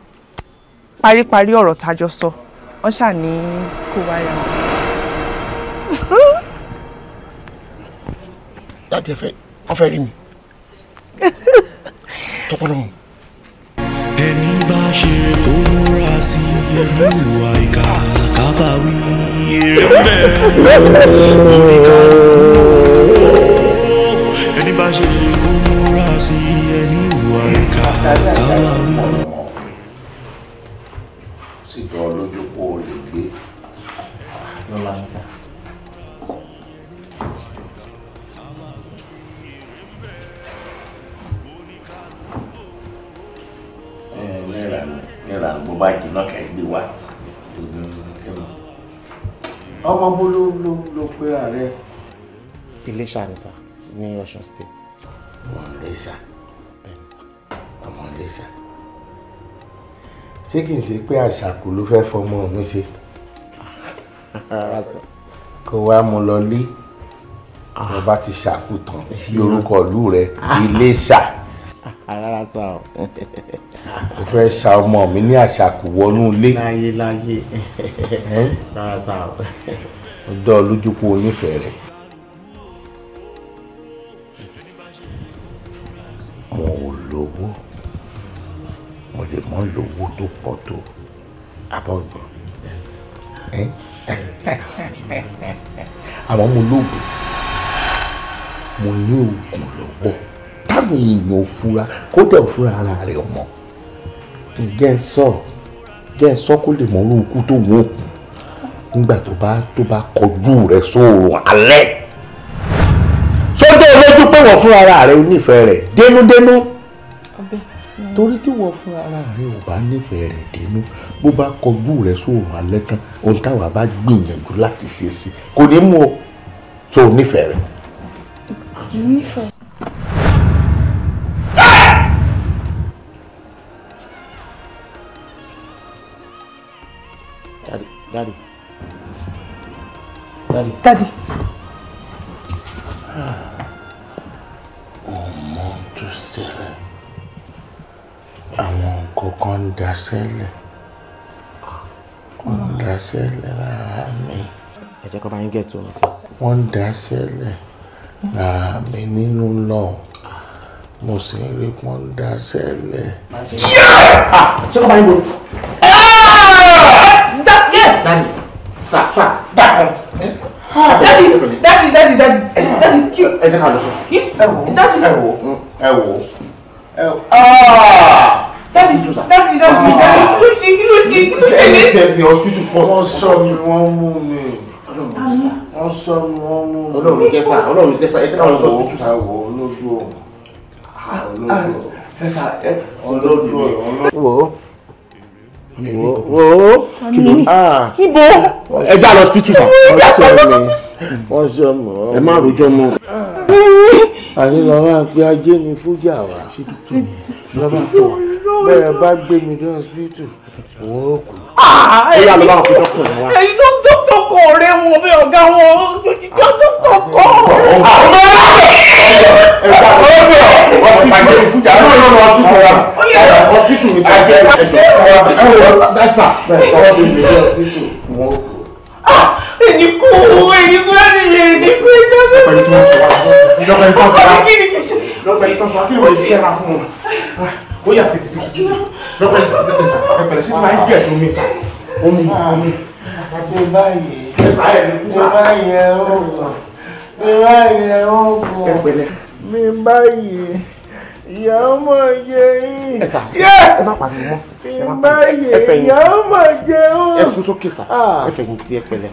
paríparí ọ̀rọ̀ tá a jọ sọ. So wọ́n ṣà ní kó wáyà. dáàdi ẹ bá ṣe kó múra sí ẹni ìwà ìka kábàáwí rẹ̀ bẹ́ẹ̀ orí ẹni bá ṣe kó múra sí ẹni ìwà ìka kábàáwí jọ lójú kó o lè gbé. lọ́la ń sà. náírà náírà bó bá jiná kẹ́ gbé wá ọmọ bó ló ló ló Iléṣà ni sà ní Ọ̀ṣun state. ọmọ Iléṣà. ọmọ Iléṣà ṣé kì í ṣe pé àṣàkù ló fẹ́ fọmọ mi ṣe kó wá mú lọ lé lọ bá ti ṣàkù tán bí orúkọ ìlú rẹ Iléṣà rárá sá o. o fẹ́ ṣa ọmọ mi ní àṣàkù wọnú ilé. láyé o. o dọ́ ọ lójú pé o nífẹ̀ẹ́ rẹ̀. mo lówó mo lè mọ́ lówó tó pọ̀ tó abọ́gbọ̀n àmọ́ mo lóògùn mo ní oògùn lọ́wọ́ táwọn èèyàn òfura kódà òfura ara rẹ̀ ọmọ ǹjẹ́ sọ jẹ́ sọ kó lè mọ orúkú tó wọ́n kù nígbà tó bá tó bá kọjú rẹ̀ sóòrùn alẹ́ sọ́jọ́ olójú pé wọ́n fún ara rẹ̀ onífẹ̀ẹ́ rẹ̀ dénúdénú. ọbẹ̀ Mm. torí tí wọ́n fúnra ara rẹ̀ ò bá nífẹ̀ẹ́ rẹ̀ dénú bó bá kọjú rẹ̀ sóòrùn alẹ́ tán ohun táwa bá gbìyànjú láti ṣe sí kò ní mú ọ tó o nífẹ̀ẹ́ rẹ̀. dadi dadi. dadi. ọmọ tó ṣẹlẹ̀ àwọn nǹkan kan ń daṣẹ́lẹ̀ wọ́n ń daṣẹ́lẹ̀ lára mi. ẹ jẹ́ bá yín gẹ̀ mi sí. wọ́n ń daṣẹ́lẹ̀ lára mi nínú lọ́hùn mo sì ń rí wọ́n ń daṣẹ́lẹ̀. Ah! ṣé kó bá yín bolo. dadi sa sa dákun. dadi dadi dadi dadi dadi kí o. ẹ jẹ́ ká lọ sọ. ẹ wò ẹ wò ẹ wò. Ah! hospital sa. dáàdi dáàdi dáàdi ló ṣe kí ló ṣe kí ló ṣe ní. ẹni tẹ̀sí hospital first. wọ́n sọ mi wọ́n mú mi. wọ́n sọ mi wọ́n mú mi. ọlọ́run jẹ́ sá ọlọ́run jẹ́ sá ẹ tẹ́ káwọn lọ hospital sa. àwọ̀ olójú o. Ah, ah, ẹ sá ẹ olójú o. wo wo ah. ibo ẹ já lọ hospital sa. wọ́n sọ mi wọ́n sọ mi. ẹ má rojọ́ mọ́ àní lọ wá pé ajé ni fújà wá lọ́ba bẹ́ẹ̀ bá gbé mi dé hospital wọ́n ó kú. bóyá ló bá wọn fi dọ́kítọ̀ kọ ọ̀rẹ́ wọn bí ọ̀gá wọn lójijì dọ́kítọ̀ kọ. àwọn ọmọ ẹgbẹ́ ọlọ́gbẹ́ ọ̀sìpàdé ìfújà lọ́wọ́ lọ́wọ́ hospital wa hospital mi sàjẹ́ ẹ̀jẹ̀ ẹ̀jẹ̀ ẹ̀jẹ̀ ẹ̀jẹ̀ ẹ̀jẹ̀ ẹ̀jẹ̀ ẹ̀jẹ̀ ẹ̀jẹ̀ ẹ̀jẹ̀ ẹ̀jẹ̀ ẹ̀jẹ̀ èdè kú èdè kú láti rí èdè kú ìjọba pẹ̀lú tí wọ́n sọ wá lọ́pẹ́ ìtàn sọ wá lọ́pẹ́ ìtàn sọ wá kí ni wọ́n fi ẹ̀ra fún wọn ó yà tètè tètè tètè lọ́pẹ́ ìtàn sọ wá pẹ̀lú sí máa ń gẹ̀ tó mi sá omi omi. bí báyìí bí báyìí ẹ̀rọ wà bí báyìí ẹ̀rọ wọ̀ bí báyìí ìyá ọmọ jẹ yín. ẹ sà ẹ má pariwo mọ́ ẹ má pariwo ẹ fẹ̀yìn ẹ sún sókè sà ah. ẹ fẹ̀yìn tì ẹ pẹ̀lẹ́.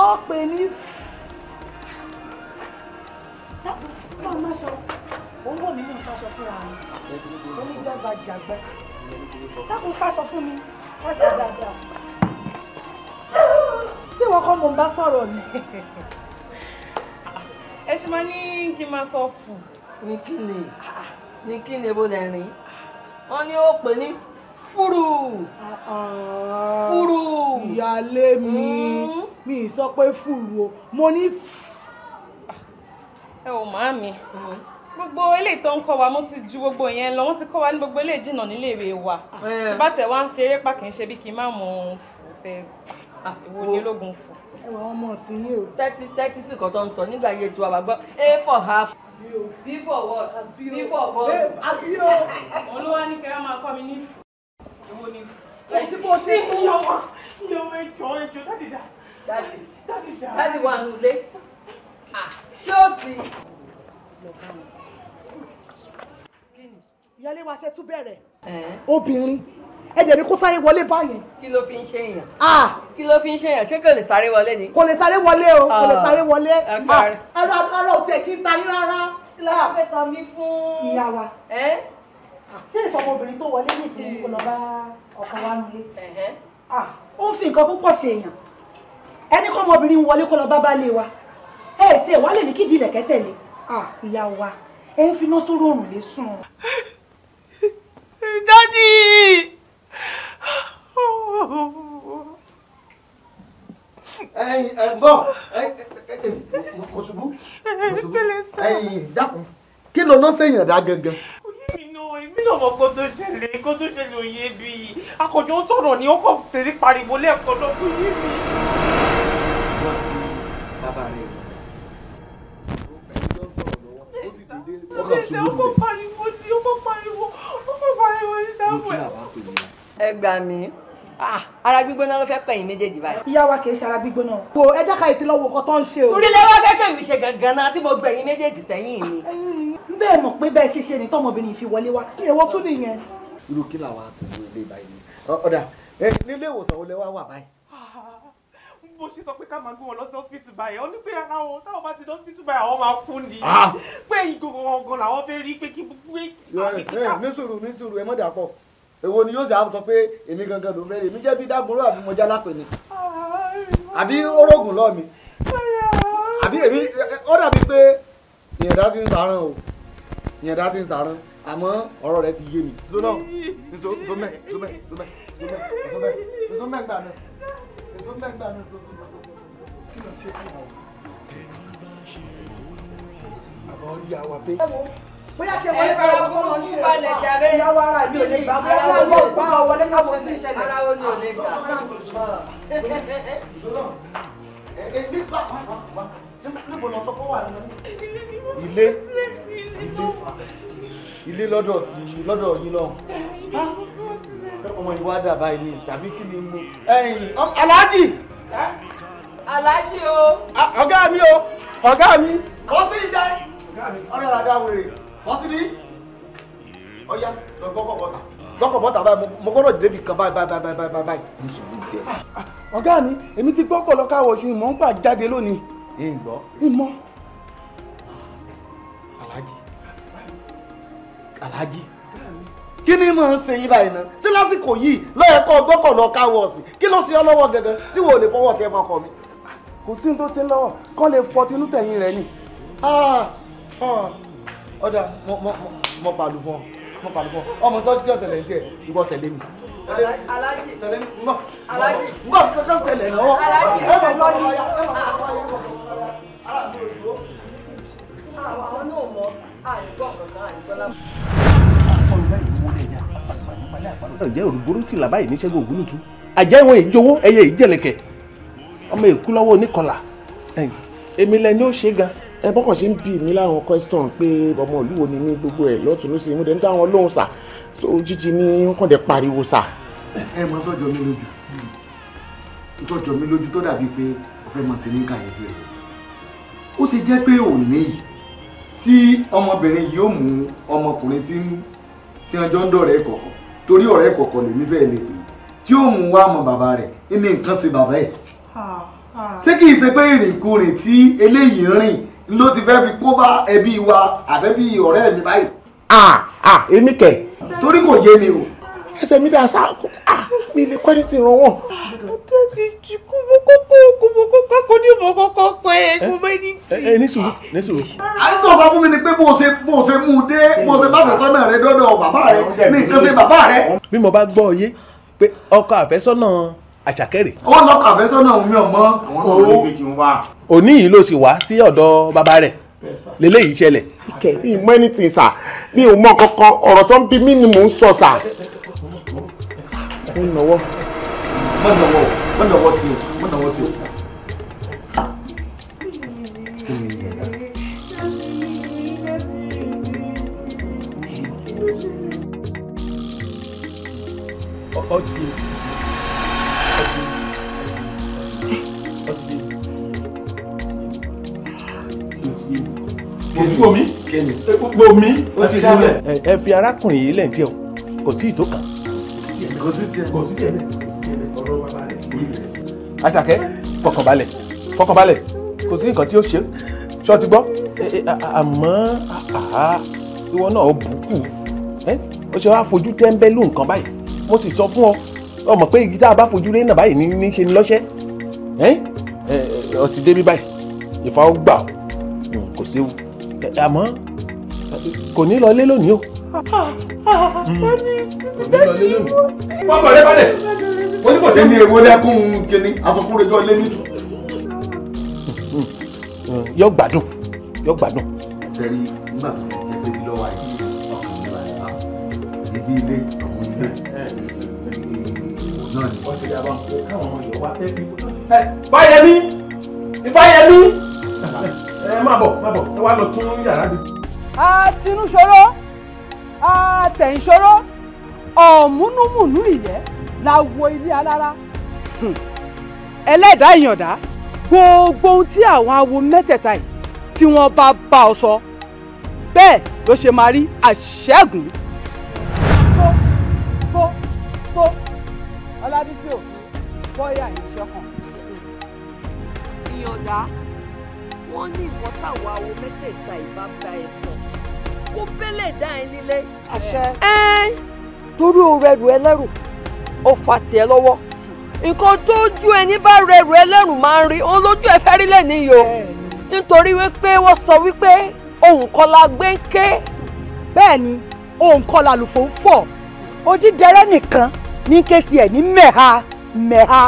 ọ pè ní. máa má sọ òun wò mí mò ń sásọ fúnra mi oníjàgbàjàgbà dákun sásọ fún mi wọ́n sì dáadáa sí ìwọ kọ́ mò ń ni. ẹ ṣe máa ní kí n ni ní kí ni fúrù uh-uh. fúrù. ìyáálé mi mm-hmm. mi sọ pé fúrù o mo ní. ẹ ò máa mi gbogbo eléyìí tó ń kọ́ wa mo ti ju gbogbo yẹn lọ wọ́n ti kọ́ wa ní gbogbo eléyìí jìnnà nílé ìwé wa eh. tí bá tẹ̀ wá ń ṣeré pa kì í ṣe bí kì í má mọ ohun fò tẹ ìwo ni ológun fò. ẹ wà wọn mọ sí yín o. tẹ́tí tẹ́tí sì kọ́ tó ń sọ nígbà yẹn tí wàá gbọ́ a for half b for what b for what? àbí o eh, olúwa ní kẹ́rẹ́ máa kọ́ mi ní fò ìwọ wa ṣe tún bẹ̀rẹ̀. obìnrin ẹ̀jẹ̀ ni kó sáré wọlé báyìí. kí ló fi ń ṣe èèyàn. kí ló fi ń ṣe èèyàn ṣé kò lè sáré wọlé ni. kò lè sáré wọlé o kò lè ah. sáré wọlé. ara ara ò tiẹ̀ kí n ta yín rárá. kí ló fẹ́ ta mí fún. ìyá wa ṣé ìsọmọbìnrin tó wọlé ní ìsinmi kò lọ bá ọkọ wa nulẹ̀ ó ń fi nǹkan púpọ̀ ṣe èèyàn ẹni kọ́ ọmọbìnrin wọlé kó lọ bá baálé wa ẹ ẹ tiẹ̀ wá lè ní kídìí ilẹ̀kẹ́ tẹ̀lé ìyá wa ẹ ń finá sórí òrùn lé sùn. dádì ẹyin ẹ ń bọ̀ mọ̀ṣubú mọ̀ṣubú ẹyin dákun kí ló ná sẹ́yìn ẹ̀dá gangan èmi náà mọ tó ṣẹlẹ̀ kó tó ṣẹlẹ̀ òye bí akọ̀jọ́ sọ̀rọ̀ ni ó tẹ̀lé pariwo lẹ́ẹ̀kan tó kú yé mi. wọ́n ti bàbá rẹ̀ ó kàn sùn lóde. ó kàn pariwo ó kàn pariwo ó kàn pariwo ìṣàwọ̀. ẹ gbà mí. Ah, ara gbígbóná ló fẹ́ pẹ̀yìn méjèèjì báyìí. ìyá wa kìí ṣe ara gbígbóná wo ẹja ká ètè lọ́wọ́ kan tó ń ṣe o. torí lẹ́wọ́ fẹ́fẹ́ mi ṣe gangan náà tí mo gbẹ̀yìn méjèèjì sẹ́yìn mi. bẹ́ẹ̀ mọ̀ pé bẹ́ẹ̀ ṣe ṣe ni tọmọbìnrin fi wọlé wa èèwọ̀ tún nìyẹn. irú kí làwọn àtẹ̀wé ilé báyìí ọ̀dà nílé ìwòsàn wo lẹ wá wà báyìí bó ṣe sọ pé ká máa gbé wọn lọ sí hospital báyìí ọ ní pé rárá o táwọn bá ti lọ hospital báyìí àwọn máa kú ni ah! pé ìgbòho ọgàn làwọn fẹ́ rí pé kí. ní sùúrù ní sùúrù ẹ mọ̀ dà pọ̀ èwo ni yóò ṣe àwọn sọ pé èmi gangan ló ń fẹ́rẹ̀ èmi jẹ́ bí dágbóró àbí mo jẹ́ lápẹ̀ ni àbí orógùn lọ́ọ̀ mi àbí èmi ó dàbí pé ìyẹ̀dá ti ń sàrán o ìyẹ̀dá ti ń sàrán àmọ́ ọ̀rọ̀ rẹ ti yé mi. zolo nso zomẹ zomẹ zomẹ zomẹ zomẹ zomẹ gbà náà zomẹ gbà náà kí ló ṣe fún wa. àbọ̀ rí àwa pé bóyá kí wọlé fẹ́ ọkọ lọ ṣe ọ̀pá ìyàwó ara mi ò lè gbà bóyá kí wọ́n gbà ọ wọlé ká wọ́n ti ṣẹlẹ̀. ara wo ni ò lè gbà. ẹgbẹ́ gbà wá níbo lọ sọ pé wà ní. ilé ilé lọ́dọ̀ tí lọ́dọ̀ yín náà ọmọ ìwà dàbá ilé ìsàbí kí ni mo. ẹ̀yin aláàjì. aláàjì o. ọ̀gá mi o ọ̀gá mi. kò sí ìjà ọ̀rẹ́ ràdá wèrè wọ́n sì ní ọ̀yá lọ́kọ̀ bọ́tà lọ́kọ̀ bọ́tà báyìí mo gbọ́dọ̀ débi kan báyìí báyìí báyìí báyìí báyìí báyìí. mo sùn ní tiẹ̀. Ah, ọ̀gá mi èmi ti gbọ́ pọ̀lọ́ká wọ̀ṣù ìmọ̀ ń gbà jáde lónìí. ìgbọ́. ìmọ̀. alhaji alhaji kí ni mò ń ṣe yín báyìí náà sí lásìkò yìí lọ́yẹ̀ kọ́ gbọ́kànlọ́ káwọ́ọ̀sì kí ló ṣe ọ́ lọ́wọ́ gẹ́gẹ́ tí wò lè fọwọ́ tiẹ̀ máa kọ mi. Ah, kò sí ní tó ṣe lọ́wọ́ kán lè fọ tinú tẹ̀yìn rẹ̀ ni. Ah, ọ̀dà mo pàlù fún ọ mo pàlù fún ọ ọmọ tó ti ọ̀sẹ̀lẹ̀ ń tiẹ̀ ìwọ tẹ̀lé mi. alájì tẹ̀lé mi mọ̀ alájì mọ̀ tó ṣẹlẹ̀ lọ́wọ́ alájì ẹ̀ mọ̀ ní àwọn náà mọ̀ àìgbọ̀ kankan àìgbọ́lá jẹ́ òrùgbòrò tí làbá yìí níṣẹ́gun ògúnùtú àjẹ́ ìwọ̀n èyí jowó ẹyẹ èyí jẹ̀lẹ̀kẹ̀ ọmọ èkú lọ́wọ́ oníkọlà èmi lẹni ó ṣe gan ẹ bọ́kàn ṣe ń bì mí láwọn question pé ọmọ ìlú wo ni mí gbogbo ẹ̀ lọ́tún ló sì mú dé ń dáwọn lóhùn sà so jíjí ni wọ́n kàn dé pariwo sà. ẹ mọ tọjọ mi lójú tọjọ mi lójú tó dàbí pé o fẹ́ mọ̀ sí ní kàyéfì rẹ̀ ó sì jẹ́ pé òní yìí tí ọmọbìnrin yìí mú ọmọkùnrin tí ń tí wọn ń dọ̀rẹ́ kọ̀kọ̀ torí ọ̀rẹ́ kọ̀kọ̀ lèmi bẹ́ẹ̀ lè pè tí ó mú wá mọ bàbá rẹ̀ ní nǹkan sí bàbá ẹ̀ ṣé kìí ṣe pé ìrìnkúrìn tí eléyìí rìn ló ti fẹ́ fi kó bá ẹbí wa àbẹ́bí ọ̀rẹ́ mi báyìí. à à èmi kẹ. torí kò yé mi o. ẹsẹ̀ mi dà sá mi lè kọ́ ní ti ràn wọ́n. tẹ́sí ju kúmọ kókó kúmọ kókó kó ní ìmọ̀ kọ́kọ́ pẹ́ ẹ kúmọ ẹni tì. ẹ ní sùúrù ní sùúrù. àyè tó sọ fún mi ni pé bó ṣe bó ṣe mú un dé bó ṣe bá fẹ̀sọ́nà rẹ dọ́dọ̀ bàbá rẹ ní ìkànsẹ́ bàbá rẹ. bí mo bá gbọ́ ọ yé pé ọkọ àfẹ́sọ́nà àṣàkẹ́rẹ́. ó lọ kàfẹ́sọ́nà mi ọmọ owó òní yìí ló sì wá sí ọ̀dọ̀ bàbá rẹ̀ lélẹ́yìí ṣẹlẹ̀. kẹ̀ mi mọ anything sir mi ò mọ kankan ọ̀rọ̀ tó ń bí mí ni mò ń sọ sir. ó nọwọ́. má nọwọ́ má nọwọ́ sí o má nọwọ́ sí o. ọtí. ojú omi eh, gbogbo omi ó ti dálẹ̀. ẹ fi arákùnrin yìí lẹ̀ díẹ̀ o kò sí ìtókà. kò sí tiẹ̀ kò sí tiẹ̀ ọ̀rọ̀ bàbá rẹ̀ yìí rẹ̀. Àṣàkẹ́ fọkànbalẹ̀ fọkànbalẹ̀ kò sí nǹkan tí ó ṣe ṣó ti gbọ́ àmọ́ ìwọ náà ó bùkù ó ṣe wá fojú tẹ́ńbẹ́lú nǹkan báyìí mo sì sọ fún ọ ọ mọ̀ pé igi tá a bá fojú lé náà báyìí ní ní ṣe ni lọ́ṣẹ́ ọ ti dé bí báyìí ìfà ó gbà kò séwu àmọ́ kò ní lọlé lónìí o. pọ́pọ̀ rẹ balẹ̀ wọ́n ní kò sí ní ewu lẹ́kùn kínní afọkúnrẹ́jọ́ lé nítù. yóò gbádùn yóò gbádùn. sẹ́rí nígbà tó ti jẹ́ pé kí lọ́wọ́ àyè ọkàn mi báyìí bá ibi ilé àwọn ilé náà ni. ọ̀sẹ̀ ìyá bá ń pè káwọn ọmọ Yorùbá fẹ́ bí. báyẹ̀mí ìbáyẹ̀mí ẹ má bọ̀ má bọ̀ ẹ wá lọ tún yàrá mi. àtinúṣòro àtẹ̀yìnṣòro ọ̀múnúmùnú ìyẹ́ la wo ilé alára ẹlẹ́dàá ìyàndá gbogbo ohun tí àwọn awo mẹ́tẹ̀ẹ̀ta yìí tí wọ́n bá bá ọ sọ bẹ́ẹ̀ ló ṣe máa rí àṣẹ́gun. bó bó bó ọládísí bóyá ìṣọ̀kan. ìyàndá wọ́n ní nǹkan táwa awo mẹ́tẹ̀ẹ̀ta ìbá ba ẹ̀ sọ kó fẹ́lẹ̀ dá ẹ nílé. àṣẹ. ẹ torí o rẹrù ẹlẹ́rù ó fa tiẹ̀ lọ́wọ́ nǹkan tó ju ẹni bá rẹrù ẹlẹ́rù máa ń rí òun lójú ẹ fẹ́ rí lẹ́ni yìí o nítorí wípé wọ́n sọ wípé ohun kan la gbé ń ké. bẹ́ẹ̀ ni ohun kan làlùfò ń fọ̀ ojú dẹrẹ́ nìkan ní kétì ẹ̀ ní mẹ́ha mẹ́ha.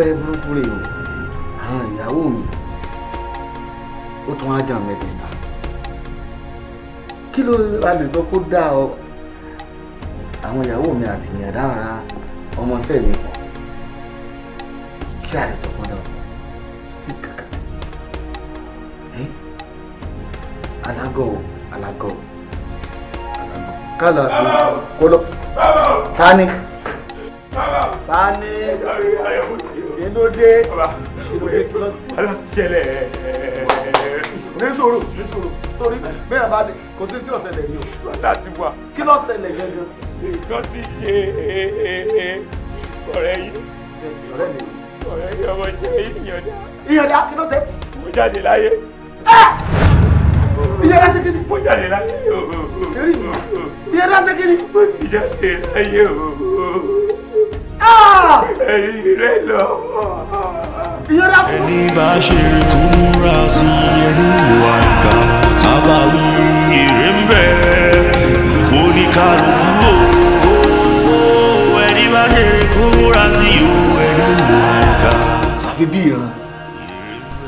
afẹ́fẹ́ burúkú rè o àwọn ìyàwó mi ó tún á jàn mẹ́tẹ̀ẹ̀ta kí ló la lè sọ kó dá ọ àwọn ìyàwó mi àti ìyàn dára ọmọọṣẹ́ mi pọ̀ kí a lè sọ fún ọ sí kàkà alágọ̀ alágọ̀ kálá kóló tani tani kí ló dé kí ló ṣẹlẹ̀ nísòro nísòro torí bẹ́ẹ̀ bá dé kò sí tí ọ̀sẹ̀ lẹ̀ yìí o. láti wà. kí ló ṣẹlẹ̀ gangan. nǹkan ti ṣe ọ̀rẹ́ yìí. ọ̀rẹ́ mi. ọ̀rẹ́ yìí ọmọ ṣe ìyọ̀dá. ìyọ̀dá kí ló ṣe. mo jáde láyé. ìyọ̀dá ṣe kí ni. mo jáde láyé o. ìyọ̀dá ṣe kí ni. mo jáde láyé o ẹ̀yìn rẹ̀ lọ. ẹni bá ṣe rí kó múra sí ẹni ìwà ìgbà kábàáwí èrè ń bẹ mo ní kálukú o ẹni bá ṣe rí múra sí ẹni ìwà ìgbà. àfi bí ìran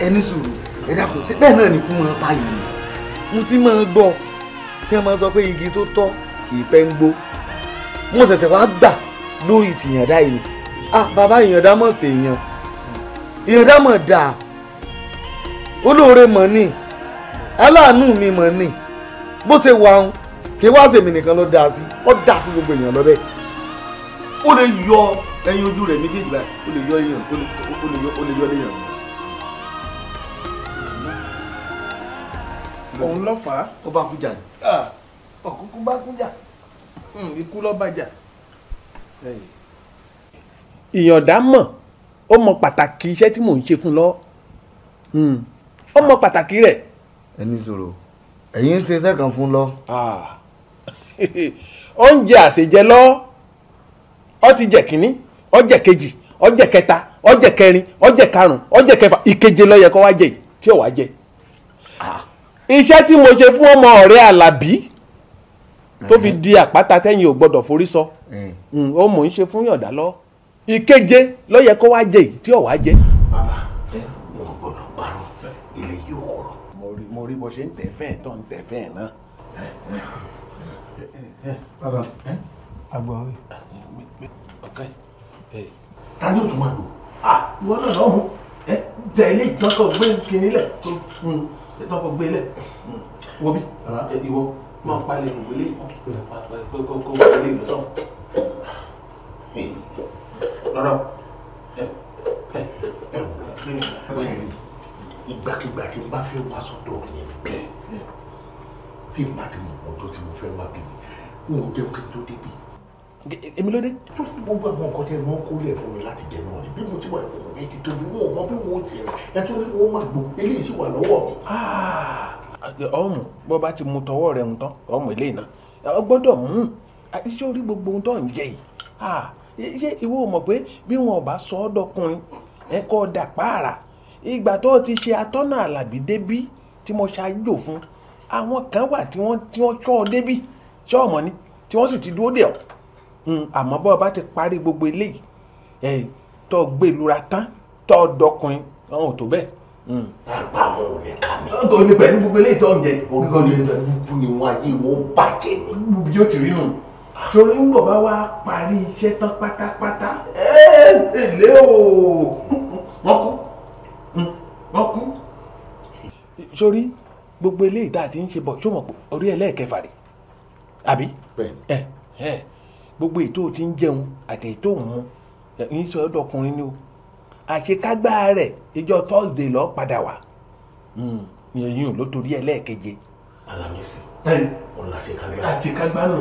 ẹni sùúrù ẹ dàpọ̀ ṣé bẹ́ẹ̀ náà ni kú máa pààyàn ni mo ti máa gbọ́ tí wọ́n máa sọ pé igi tó tọ́ kì í pẹ́ ń gbó mo ṣẹ̀ṣẹ̀ wá gbà lórí ti ìyàndá yìí ni ah Baba ìyàndá mọ̀ sí èèyàn ìyàndá mọ̀ dà olóore mọ̀ ni aláàánú mi mọ̀ ni bó ṣe wà ń kí wá sèmi nìkan ló dáa sí ó dáa sí gbogbo èèyàn lọ́bẹ̀ ó lè yọ ẹyin ojú rẹ̀ méjèèjì báyìí ó lè yọ èèyàn O lè yọ ó lè yọ léèyàn. òun lọ fà á. ó bá kú jà ọkùnkùn ah, bá kú jà hmm, ikú ló bá jà ìyànda mọ̀ ó mọ pàtàkì iṣẹ́ tí mò ń ṣe fún lọ hmm. ó mọ pàtàkì rẹ̀. ẹni sọ̀rọ̀ ẹ̀yin ń ṣe iṣẹ́ kan fún lọ. oúnjẹ àṣejẹ lọ ọ ti jẹ kínní ọ jẹ kejì ọ jẹ kẹta ọ jẹ kẹrin ọ jẹ karùn ọ jẹ kẹfà ìkeje ló yẹ kó wá jẹ yìí tí ò wá jẹ. iṣẹ́ tí mo ṣe fún ọmọ ọ̀rẹ́ Àlàbí tó fi di àpáta tẹ́yìn ò gbọ́dọ̀ forí sọ. So ó mò ń ṣe fún yọ̀dá lọ ìkeje ló kó wá jẹ èyí tí ò wá jẹ. bàbá mo gbọ́dọ̀ parọ́ ilé yìí ò kúrò. mo rí bó ṣe ń tẹ̀ fẹ́ẹ̀ tó ń tẹ̀ fẹ́ẹ̀ náà. bàbá àgbà wí. ta ni o tún máa lò. ìwọ náà lọ́mú tẹ̀lé ìjọ́kọ̀ gbé kinní lẹ̀ tọkọ gbé lẹ̀ wọ́bí ìwọ máa palẹ̀ ògbélé kó kó wọlé ìlọsọ̀rọ̀. lọ́rọ̀ ìgbàkigbà tí n bá fẹ́ wá sọ́dọ̀ yẹn bẹ́ẹ̀ tí n bá ti mọ̀ ọjọ́ tí mo fẹ́ wá bí mi n ò jẹun kí n tó débi. èmi ló dé. tó ní gbogbo àwọn nǹkan tẹ́ ẹ mọ́ kó lẹ̀ fún mi láti jẹ náà ni bí mo ti wà ẹ̀kọ́ mi ti tóbi wọn ò mọ bí wọn ò tiẹ̀ ẹ tó ní wọn máa gbó eléyìí sì wà lọ́wọ́ mi. Ah! ọmọ bó bá ti mu tọwọ́ rẹ̀ ń tán eléyìí náà mú ṣé orí gbogbo ohun tó ń jẹ yìí ṣé ìwọ mọ̀ pé bí wọn ò bá sọ ọ́ dọkùnrin ẹ kọ́ ọ dà pààrà ìgbà tó ti ṣe atọ́nà àlàbí débí tí mo ṣàjò fún àwọn kan wà tí wọ́n tí wọ́n ṣọ́ ọ débí ṣọ́ ọmọ ni tí wọ́n sì ti dúró dè ọ́ hmm, àmọ́ bọ́ọ̀ bá ti parí gbogbo eléyìí ẹ̀ tó gbèlúra e tán tó dọkùnrin ọ̀hún ò tó bẹ́ẹ̀ hmm. tàgbà wọn ò lè kà mí. ọ̀dọ̀ ni pẹ̀lú gbogbo eléyìí tó ń jẹ. orí ọ̀lẹ́ ìlú ni wọ́n ayé wọ́n bàjẹ́ ni. bí ó ti rí nù torí ń bọ̀ bá wá parí iṣẹ́ tán pátápátá èlé o wọ́n kú wọ́n kú. sórí gbogbo eléyìí tá a ti ń ṣe bọ̀ ṣó mọ̀ pé orí ẹlẹ́ẹ̀kẹfà rè àbí gbogbo ètò tí ń jẹun àti ètò òun ní sọ ọdọkùnrin ni o àṣekágbá rẹ̀ ìjọ thursday lọ padà wá hmm, ìyẹn ló torí ẹlẹ́ẹ̀keje. alamisi ọ̀la àṣekágbá. àṣekágbá nù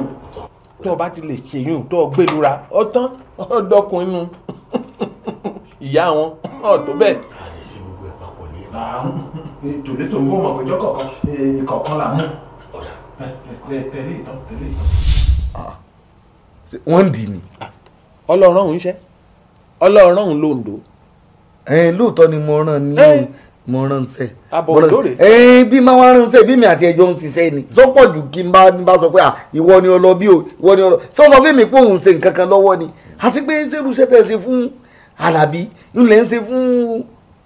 tó o bá ti lè ṣèyún tó o gbẹlura ọtán ọdọkùn inú ìyá wọn ọtún bẹ́ẹ̀. a lè ṣe gbogbo ẹ̀ papọ̀ ní ìbámu tòlétò kó mọ̀ pé jọ́kọ̀ kọ̀ọ̀kan là mú tẹ̀lé ìtàn tẹ̀lé ìtàn. Ah. wọ́n ń dì ní. ọlọ́run ọ̀hún ṣẹ́ ọlọ́run lòǹdó. ẹ lóòótọ́ ni mo rán ni mo ránṣẹ́. abọ̀dọ́rẹ̀. ẹyin bí máa wá ránṣẹ́ bí mi àti ẹjọ́ ń ṣiṣẹ́ ni tó pọ̀ jù kí n bá ní bá sọ pé ìwọ ni ọlọ bí o ìwọ ni ọlọ sọ sọ fún mi pé òun ṣe nǹkan kan lọ́wọ́ ni àti pé ṣé irúṣẹ́ tẹ̀ ṣe fún alábí ńlẹ̀ ń ṣe fún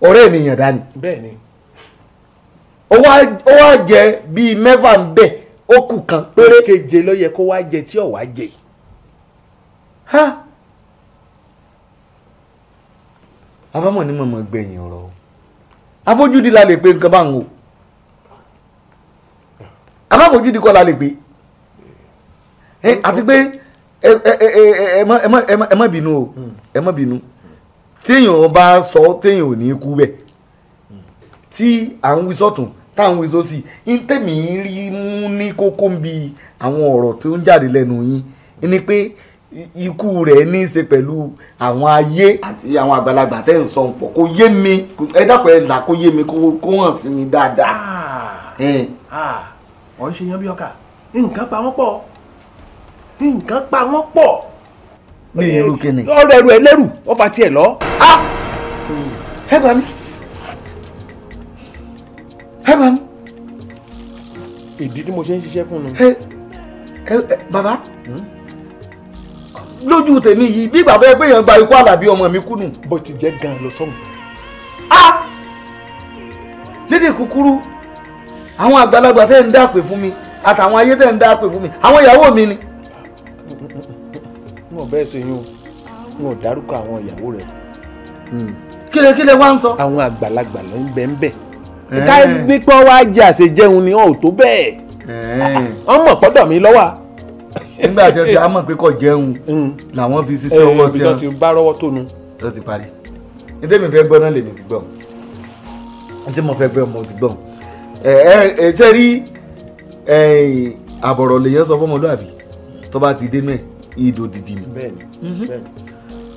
ọ̀rẹ́ mi yàn dání. bẹ́ẹ̀ni. ó wá jẹ bíi mẹ́fà ń bẹ̀ ó kù kan péré. keje ló yẹ kó wá jẹ tí ò wá jẹ. àbámọ̀ ni mọ̀mọ́ gbẹ̀yìn ọ̀rọ̀ afọ́júdi la lè pe nǹkan bá ń wò aláfọ́júdi la lè pe àti pé ẹ má binu, o ẹ má bínú téèyàn bá sọ téèyàn ò ní kú bẹ́ẹ̀ tí à ń wí sọ́tún táwọn wí sósì ń tẹ̀mí rí mú ní kókó ń bi àwọn ọ̀rọ̀ tó ń jáde lẹ́nu yín ni pé ikú rẹ̀ ní í ṣe pẹ̀lú àwọn ayé àti àwọn àgbàlagbà tẹ́ ń sọ pọ̀ kò yé mi ẹ dákun ẹ là kó yé mi kó hàn sí mi dáadáa. Ah, ah, ọ̀ ń ṣe yan bí ọkà nǹkan pa wọ́n pọ̀ nǹkan pa wọ́n pọ̀. ní irú kíni. ọ̀rọ̀ ẹrù ẹ lẹ́rù ọfà tiẹ̀ lọ. Ah! ẹ gbà mí ẹ gbà mí. ìdí tí mo ṣe ń ṣiṣẹ́ fún un. bàbá. Hmm? lójú tèmi yìí bí ìgbà bẹ́ẹ̀ pé èèyàn gba ikú àlàbí ọmọ mi kú nù. bó ti jẹ́ gan-an lọ sọ́hùn. a lédè kúkúrú àwọn àgbàlagbà tẹ́ ń dáàpè fún mi àtàwọn ayé tẹ́ ń dáàpè fún mi àwọn ìyàwó mi ni. n ò bẹ́ẹ̀ ṣe yín o n ò dárúkọ àwọn ìyàwó rẹ. kílẹ̀kílẹ̀ hmm. wá ń sọ. àwọn àgbàlagbà ló ń bẹ ń bẹ. ká nípa wá jẹ àṣejẹun ni wọn ò tó bẹ́ẹ̀. ọmọ pọ́dọ̀ mi lọ́wọ́ nígbà tí ọtí àmọ̀ pé kò jẹun mm. làwọn fi ṣiṣẹ́ eh, ọwọ́ tí wọn. ti bá rọwọ́ tó nu. ló ti parí ní tèmi fẹ́ gbọ́ náà lèmi ti gbọ́ ní tí mo fẹ́ gbọ́ mo ti gbọ́ ẹ ẹ ṣe rí eh, àbọ̀rọ̀ lèyàn sọ fọmọlúàbí tó bá ti dénú ẹ̀ ìdò dìdì ni mhm.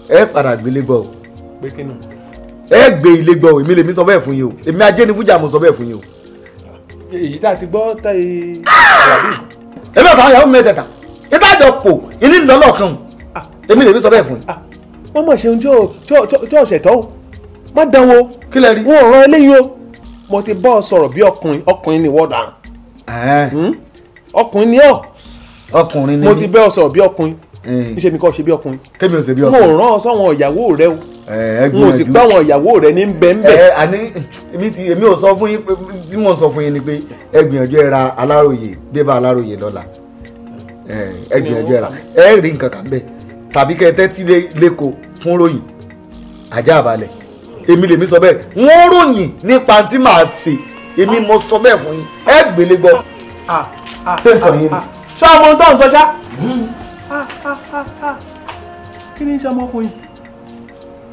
ẹ padà gbélé gbọ́ o ẹ gbé ilé gbọ́ o èmi lèmi sọ bẹ́ẹ̀ fún yín o èmi ajé ni fújà mo sọ bẹ́ẹ̀ fún yín o. èyí tá a ti gbọ́ tá a. Ah! ẹ bẹ́ẹ̀ ta àwọn yàrá mẹ́tẹ̀ẹ̀ta ìbàdàn pò ìní lọ́lọ́kan ah, èmi lèmi sọ bẹ́ẹ̀ fún yín. Ah, wọ́n mọ̀ ṣeun tí ọ̀sẹ̀ tọ́ o má dán wo kí lẹ rí wọn ò rán eléyìí o mo ti bá ọ sọ̀rọ̀ bí ọkùnrin ọkùnrin ni wọ́ọ̀dà hmm? ọkùnrin ni ọ ọkùnrin ni mo ti bá ọ sọ̀rọ̀ bí ọkùnrin níṣẹ́ ni kò ṣe bí ọkùnrin kémi ò ṣe bí ọkùnrin mo rán ọ sọ́wọ́n ìyàwó rẹ o mo sì pa àwọn ìyàwó rẹ ní bẹ́ẹ̀nbẹ́. àní èmi ò sọ fún yín pé bí mo sọ fún yín ni pé ẹ gbìyànjú ẹ ra aláròye débà aláròye lọ́la ẹ gbìyànjú ẹ rà ẹ rí nǹkan kan bẹ́ẹ̀ tàbí kẹ tẹ́tí lẹ́kọ̀ọ́ fún ròyìn ajá balẹ̀ èmi lèmi sọ bẹ́ẹ̀ wọ́n ròyìn nípa tí màá ṣe èmi mo sọ bẹ́ẹ̀ fún yín ẹ gbélé gbọ́ ah, ah, ah, ṣé nǹkan yín ni. sọ ọmọ tó ń sọ ṣá. Hmm. kí ni iṣẹ́ ọmọkùnrin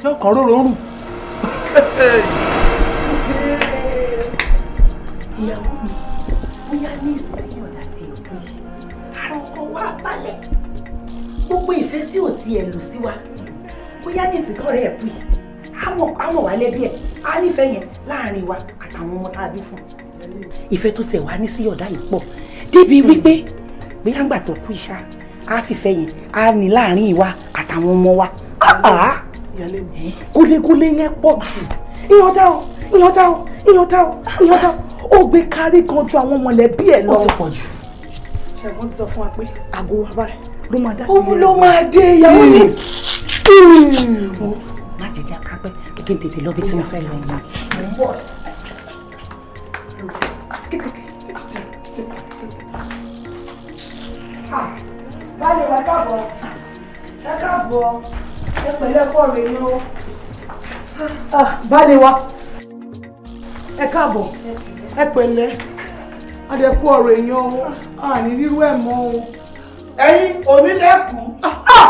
yóò kàn róró rù. ìyàwó mi bóyá ní ìsìn fara balẹ̀ gbogbo ìfẹ́ tí ò ti ẹ̀ lò sí wa bóyá ní ìsìnkọ́ rẹ̀ pè ámọ̀ wá lẹ́bí ẹ̀ á nífẹ̀ẹ́ yẹn láàrin wa àtàwọn ọmọ tá a bí fún. ìfẹ́ tó ṣẹ̀ wá ní sí ọ̀dà yìí pọ̀ débi wípé bóyá ń gbà tó kú ìṣá a fìfẹ́ yẹn á ní láàrin ìwa àtàwọn ọmọ wa. kúlékúlé yẹn pọ̀ jù ìyàn o ìyàn dá o ìyàn dá o ìyàn dá o ó gbé kárí kan ju àwọn mọ̀lẹ́bí ẹ̀ lọ. ó ti pọ̀ jù ṣẹ̀gbọ́n ti sọ fún wa pé àgọ́ wa báyìí ló máa dá sí i. òun ló máa dé ìyàwó mi. Hmm. Hmm. má jẹ́ jẹ́ kí n tètè lọ bí tí mo fẹ́ lọ yìí. Hmm. báyọ̀ ẹ káàbọ̀ ẹ káàbọ̀ ẹ̀kọ́ rẹ̀ ni ó. báyọ̀ wa ẹ káàbọ̀ ẹ pẹ̀lẹ́ adẹ̀kú ọ̀rọ̀ èèyàn o àní rírú ẹ̀ mọ́ o. ẹ̀yin onílẹ̀kùn. Ah, ah!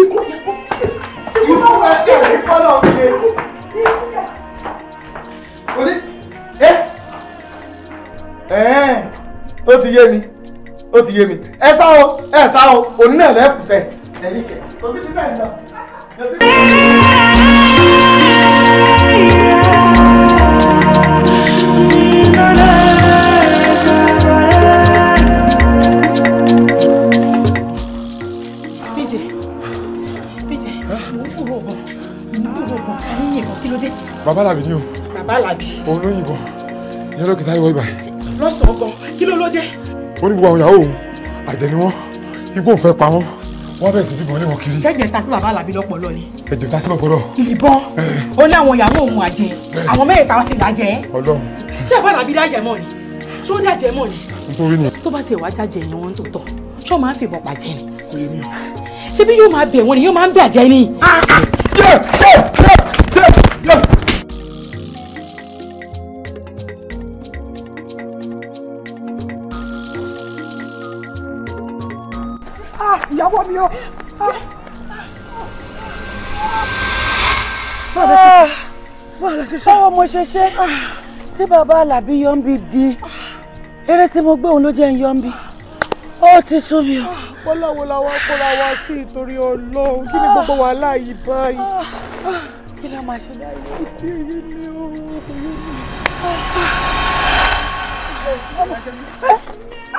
ikú ikú ikú máa ń tẹ̀lé fọ́nà òkè. oní ẹ ẹ̀ẹ́n ó ti yé mi ó ti yé mi ẹ sá o ẹ sá o òní náà lẹ́kùn sẹ́ ẹ̀yìn kẹ̀ kò sí ti bẹ́ẹ̀ lọ. bàbá làbí ni o. bàbá làbí. òun ló yìnbọn ìyẹn ló kì í sáré wọ ibà. lọ́sàn-án gan kí ló ló jẹ́. ó ní gbogbo àwọn ìyàwó òun àjẹ́ ni wọ́n igbó òun fẹ́ pa wọ́n wọ́n bẹ̀rẹ̀ sí fi bọ́lé wọn kiri. ṣẹ́jẹ̀ ta sí bàbá lọ́pọ̀lọ́ ni. ẹ̀jẹ̀ ta sí lọ́pọ̀lọ́. ìbọn ó ní àwọn ìyàwó òun àjẹ́ àwọn mẹ́rẹ̀ẹ̀ta sì lájẹ́. Ọlọ́run. ṣé bàbá lájẹ mọ́ ni ṣé ó lájẹ mọ́ ni. nítorí ni. tó bá ti wá jájẹ ni wọn tó tọ ṣé máa ń fìbọn pàjẹ́ ni. ṣé bí yóò máa bẹ̀ wọ́n ni yóò máa ń bẹ̀ àjẹ́ ni. ìyàwó mi o. báwo mo ṣe ṣe tí bàbá alábí yọ̀ǹbi di eré tí mo gbé òun ló jẹ́ ń ó ti sú mi o. bọ́láwo la wá kóra wá sí ìtorí ọlọ́run kí ni gbogbo wàhálà yìí báyìí. kí ló máa ṣe báyìí. ìtì èyí ni o kò yé mi.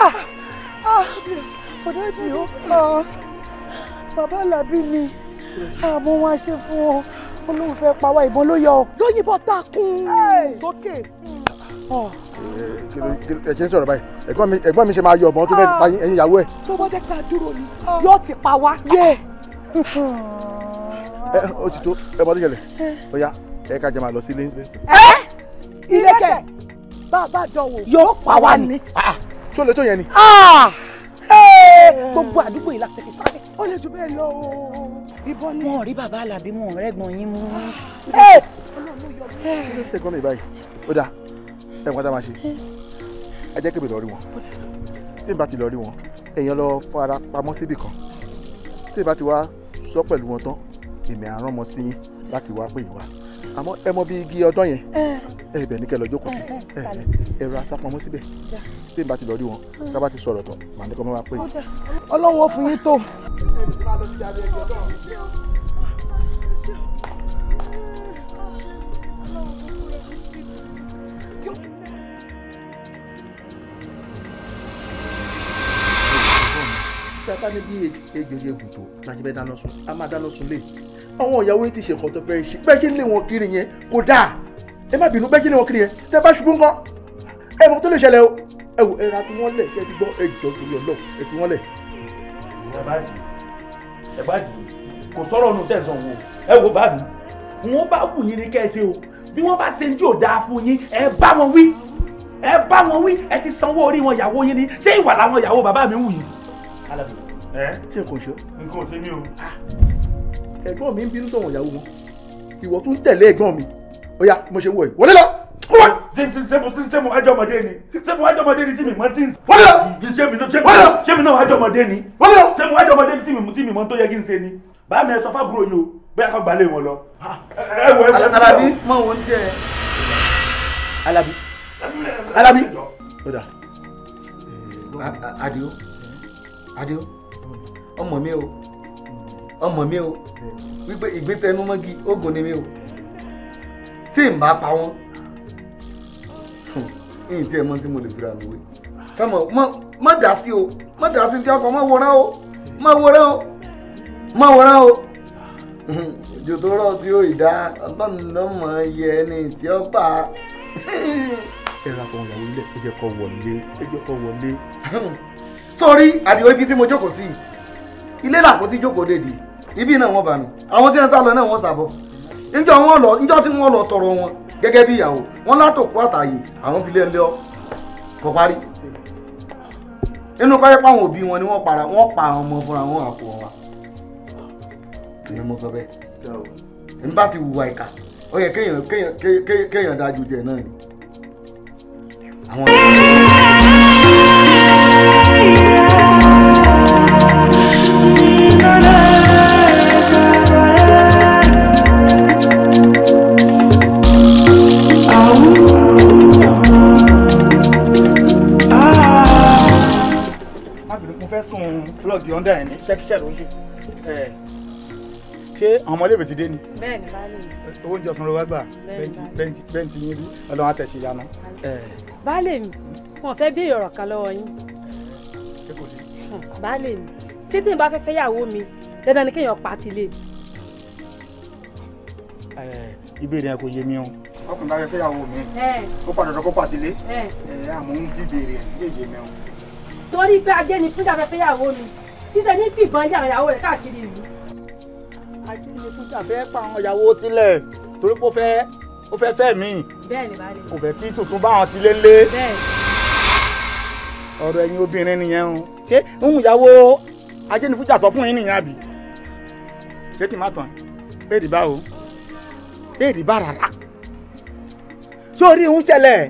Ah! Ah! ọ̀dẹ́jì ó pa ah, bàbá alábí ni àmọ́ ah, wọn ṣe fún ọ olóhùn fẹ́ pa wá ìbọn ló yọ ọ lóyìnbó takùn sókè. ẹ ṣe ń sọ̀rọ̀ báyìí ẹ̀gbọ́n mi ṣe máa yọ ọ̀bọ̀n tó fẹ́ ah. pa ẹ̀yin ìyàwó ẹ̀. tó bá jẹ́ ká dúró ni yóò ti pa wá. ẹ ó ti tó ẹ bọ́ tó ṣẹlẹ̀ eh. ó yá ẹ ká jẹ máa lọ sí eh? eh? ilé. ẹ ilé kẹ bá jọ wò yóò pa wá ni. tó le tó yẹn ni gbogbo àdúgbò yìí láti fi sáré. ó lè jù bẹ́ẹ̀ lọ o. ìbọn ni. wọn ò rí bàbá alábí wọn ò yín mú. kí ló lè báyìí ó dáa ẹ wọn dá máa ṣe ẹ jẹ́ kébè lọ rí wọn tí n bá ti lọ rí wọn èèyàn lọ fara pamọ́ síbì kan tí n bá ti wá sọ pẹ̀lú wọn tán èmi àrán ọmọ sí yín láti wá pè yín wá àmọ́ ẹ mọ bí igi ọdún yẹn ẹ ibẹ̀ ní kẹ́ lọ jókòó sí ẹ ra sápamọ́ síbẹ̀ tí n bá ti lọ rí wọn ká bá ti sọ̀rọ̀ tọ̀ màá ní kọ́ mọ́ wá pé. ọlọ́run ó fún yín tó. tí a bá ní bí ejò ejò tó la ṣe dáná sun a máa dáná sun lé àwọn ìyàwó yìí ti ṣe nǹkan tó fẹ́ ṣe bẹ́ẹ̀ ṣe ń lé wọn kiri yẹn kò dáa ẹ má bínú bẹ́ẹ̀ ṣe ń lé wọn kiri yẹn tẹ bá ṣubú ńkọ́ ẹ mọ tó lè ṣẹlẹ̀ o ẹ wò ẹra tí wọ́n lẹ̀ kí ẹ ti gbọ́ ẹ jọ torí ọlọ́ ẹ fi wọ́n lẹ̀. ẹ bá dì ẹ bá dì kò sọ̀rọ̀ ọ̀nù tẹ̀sán wo ẹ wo bá mi wọn bá wù yín ní kẹ́sẹ̀ o bí wọ́n bá ṣe ń dí ò dáa fún yín ẹ bá wọn wí ẹ bá wọn wí ẹ ti sanwó orí wọn yàwó yín ni ṣé ìwà làwọn yàwó bàbá mi wù yín. alábìyẹ ẹ ṣe kò ṣe. nǹkan ò ṣe mí o. Ah ẹ̀gbọ́n mi ń bínú sọ̀wọ̀n ìyàwó wọn ìwọ tún tẹ̀lé ẹ̀gbọ́n mi ó yá mo ṣe wọ yìí wọlé lọ. ṣé mo ṣé mo ẹjọ́ ọmọdé ni ṣé mo ẹjọ́ ọmọdé ni tí mi mọ tí ń. wọlé lọ ṣé mi náà ṣé mi náà ẹjọ́ ọmọdé ni. wọlé lọ ṣé mo ẹjọ́ ọmọdé ni tí mi mọ tó yẹ kí n ṣe ni. bá mi ẹ sọ fábúrò yìí o bóyá kó gbalẹ̀ wọn lọ. Alábí mọ òun tiẹ̀. Alábí Alábí ọ̀dà Adio Adio ọmọ mi o ọmọ mi o wípé ìgbẹ́tẹnumọ́gi ogun ni mi o tí n bá pa wọ́n yìí tí ẹ mọ tí mo lè fira mi wé sọmọ má dà sí o má dà sí ti ọkọ má wòran o má wòran o má wòran o jòtòrọ tí ó ìdá ọlọ́nàmọ yẹ ni tí ó pa. ẹ ra kọ́ ìyàwó ilé ẹ jẹ́ kó wọlé ẹ jẹ́ kó wọlé. sórí àdìo ibi tí mo jókòó sí ilé làkó tí jókòó dèdè ibi náà wọ́n bá mi àwọn tí wọ́n sá lọ náà wọ́n sàbọ̀ níjọ́ wọ́n lọ níjọ́ tí wọ́n lọ tọrọ wọn gẹ́gẹ́ bí ìyàwó wọn látòkú àtàyè àwọn fi lé ńlẹ́ ọ kò parí inú kọ́ yẹpọ̀ àwọn òbí wọn ni wọ́n para wọ́n pa àwọn ọmọ fúnra wọn àpò wa èmi mo sọ bẹ́ẹ̀ èmi bá ti hùwà ìkà ó yẹ kéèyàn kéèyàn kéèyàn dájú jẹ náà ni àwọn ọmọ plọ́ọ̀gì ọ̀ndà yẹn ní ṣẹ́kíṣẹ́ ló ń ṣe ṣé àwọn ọmọléèwé ti dé ni. bẹ́ẹ̀ni baálé mi. owó oúnjẹ ọ̀sán ló wá gbà bẹ́ǹtì bẹ́ǹtì yín rí ọlọ́run àtẹ̀ṣe ìyanu. baálé mi wọn fẹ́ bí ọ̀rọ̀ kan lọ́wọ́ yín. baálé mi títí bá fẹ́ fẹ́ yàwó mi dandan ni kéèyàn pa tilé. ìbéèrè yẹn kò yé mi o ọkùnrin bá fẹ́ fẹ́ yàwó mi ó padà dọ́kọ́ pa tilé àmọ́ ń bí ìbéèrè torí pé ajé ni fúnjà fẹ́ fẹ́yàwó mi títẹ ní fìbọn lé àwọn ìyàwó rẹ̀ káàkiri ìlú. ajé ni fúnjà fẹ́ pa àwọn ìyàwó tilẹ̀ torí pé ó fẹ́ ó fẹ́ fẹ́ mi. bẹ́ẹ̀ni bá rí. kò fẹ́ kí tuntun bá àwọn ti lé lé. bẹ́ẹ̀ni. ọ̀rọ̀ ẹ̀yin obìnrin nìyẹn o ṣé ń ìyàwó ajé ni fúnjà sọ fún yín nìyẹn àbí ṣé kì í má tán béèrè báwo béèrè bá rárá sórí ń ṣẹlẹ̀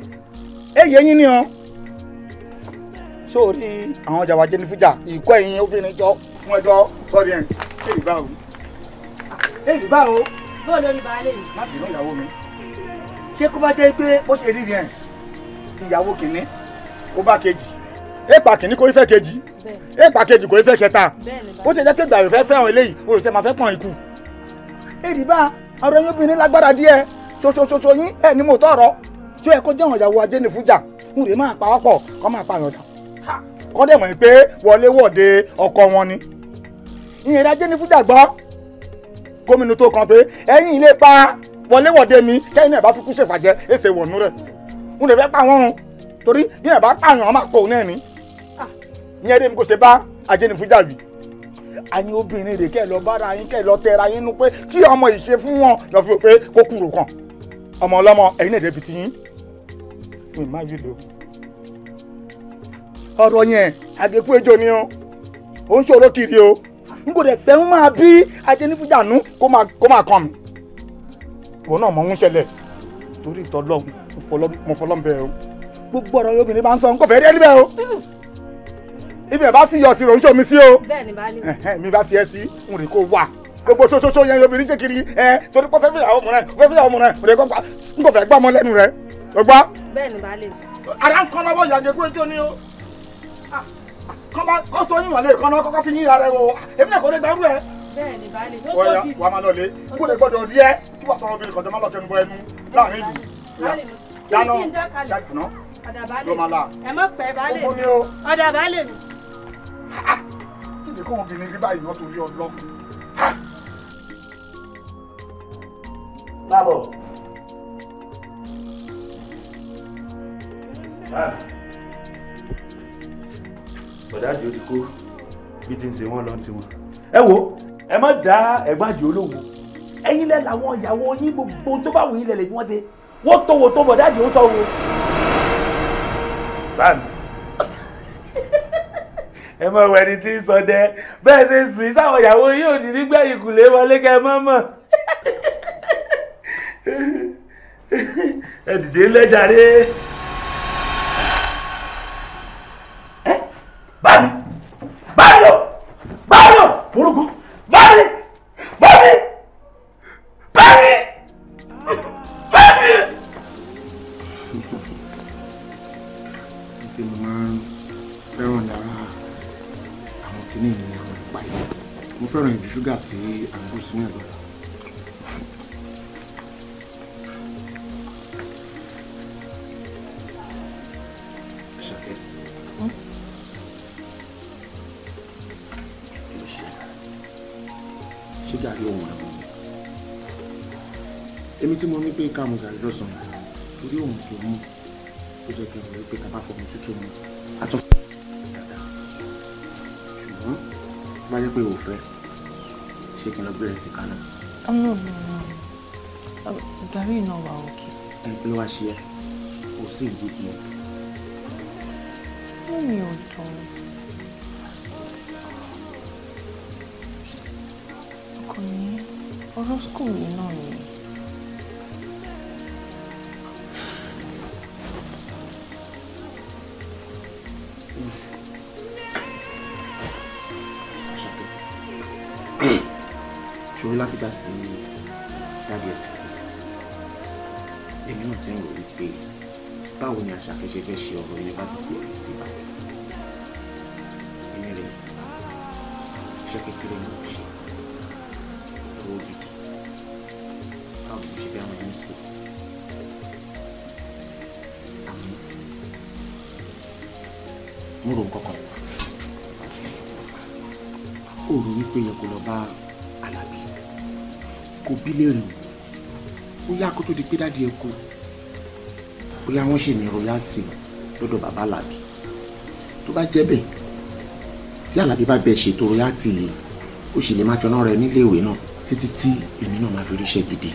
èyí ẹ̀yin ni o sórí àwọn jàwá jẹnifújà ìkọ́ ẹ̀yìn obìnrin jọ fún ẹjọ́ sọ́ọ̀dì ẹ̀ èyí bá o. èyí bá o. bóòlù olùbàálẹ̀ yìí. má bínú ìyàwó mi. ṣé kó bá jẹ́ pé ó ṣe rírì ẹ̀ ìyàwó kìíní ó bá kejì èèpà kìíní kò fẹ́ kejì èèpà kejì kò fẹ́ kẹta ó ti jẹ́ pé gbàrú fẹ́ fẹ́ràn eléyìí olùsẹ́ máa fẹ́ pọ̀n ikú. èyí bá ọ̀rọ̀ yín obìnrin lágbára díẹ̀ ṣoṣoṣoṣo yín ẹ̀ ní mo tọ̀rọ̀ tí ó yẹ kó jẹ́ àwọn ìyàwó ajé nìfújà ń rè máa pa ọ́pọ̀ kọ́ máa pa àyànjà wọ́n dẹ̀ mọ̀ pé wọléwọ̀de ọkọ wọn ni ìyẹn ìdájẹ́ ní fújà gbọ́ gómìnà tó kàn pé ẹ̀yin ilé pa wọléwọ̀de mi kẹ́yìn náà bá fi kú ṣèfàjẹ́ èsè wọ̀nú rẹ̀ n lè fẹ́ pa wọ́n run torí bí ẹ̀ bá pààyàn ọmọ àpò náà ni ìyẹn èdè mi kò ṣe bá ajẹ́nifújà wì àyìn obìnrin rè kẹ́ lọ bára yín kẹ́ lọ tẹra yín nu pé kí ọmọ yìí ṣe fún wọn lọ fi pé kó kúrò kàn ọmọ ọlọ́mọ ẹ̀yin náà dẹ̀ fi ti yín mi má yìí lò ọ̀rọ̀ yẹn àgékú ejò ni o ò ń ṣòro kiri o n kò dẹ̀ fẹ́ ń máa bí ajẹnifújànú kó máa kàn mí ìwọ náà mọ̀ ń ṣẹlẹ̀ torí ìtọ́lọ́hún mo fọlọ́n bẹ́ẹ̀ o gbogbo ọ̀rọ̀ yóò bá ń sọ nǹkan fẹ́ẹ́ rí ẹni bẹ́ẹ̀ o ibẹ̀ bá fi yọ̀ sí ròǹṣọ́ mi sí o mi bá fi ẹ sí gbogbo ṣoṣoṣo yẹn obìnrin ṣe kiri ẹ torí pé fi àwọn ọmọ rẹ fẹ́ẹ́ fi àwọn ọmọ rẹ rẹ gbọ́ n kò fẹ́ gbọ́ ọmọ lẹ́nu rẹ gbọ́. bẹ́ẹ̀ ni baálé. ara ń kọ́ lọ́wọ́ ìyàgé kó ejò ni o kọ́ tó yín wọ̀n lé kọ́nà kọ́kọ́ fi yín ara ẹ̀ wò èmi náà kò lè gbẹ́rú ẹ̀. bẹ́ẹ̀ni baálé yóò tó bìrì wà á máa lọ lé kó lè gbọ́dọ̀ rí ẹ kí wàá sọ̀rọ̀ bìrì kọjá má lọ kẹnu bọ ẹnu láàrin ìlú. dáná ṣàkùnà ló máa la ẹ má pẹ́ baálé mi ọ̀dà baálé mi. kíni kó obìnrin rí báyìí lọ́tò rí ọlọ́. lábọ̀. Ah bọ̀dá àjò ti kó bí ti ń ṣe wọ́n lọ ti wọn. ẹ wo ẹ má dá ẹ̀gbọ́n àjò olówó ẹ̀yin lẹ làwọn ìyàwó yín gbogbo tó bá wù yín lẹ̀lẹ̀ bí wọ́n ṣe wọ́n tó wo tó bọ̀dá àjò ń sọ wo. báàmì ẹ mọ ìwé ẹni tí ń sọ dẹ bẹ́ẹ̀ ṣe sùn ìṣàwọn ìyàwó yín ò ní nígbà ìkùlé wọlé kẹ mọ́ mọ́ ẹ dìde lẹ́jà rẹ̀. bami bami o bami o burúkú bami bami bami bami. ṣé mo máa ń fẹ́ràn lára àwọn kìnìún ní àwọn ìpàdé mo fẹ́ràn ìdú ṣúgà tí àgbo sínú ẹ̀ tí mo ní pé ká mo gàrí lọ́sàn-án torí òun tó mú tó jẹ́ kí n rẹ̀ pé ká bá fọmọ tútù mu àtọ́fẹ́ dáadáa ṣùgbọ́n bá yẹ pé òfẹ́ ṣé kí n lọ bẹ̀rẹ̀ sí kánà. Oh, no no no oh, gàrí iná wà òkè. ẹ pé wá ṣe ẹ kò sí ìlú kí ẹ. mú mi ò dùn. ọkọ mi náà nìyẹn. látìgbà tí dáàbì ẹ̀ fi kàkà èmi náà ti ń rò wípé báwo ni àṣàkẹ́ ṣe fẹ́ ṣe ọ̀rọ̀ yunifásitì ẹ̀ sí ìbàdàn èmi rẹ̀ iṣẹ́ kékeré ni mo ṣe owó gidi báwo ni mo ṣe fẹ́ ràn yín kú àmì mo rò ń kọ́kọ́ ò wípé yẹ kó lọ bá kó bílé rè o bóyá kó tó di pé dáàdi ẹ kú bóyá wọ́n ṣì ní royalty lọ́dọ̀ bàbá alábì tó bá jẹ́ bẹ́ẹ̀ tí alábì bá bẹ ṣètò royalty yìí ó sì lè máa fi ọ̀nà rẹ nílé ìwé náà títí tí èmi náà máa fi ríṣẹ́ gidi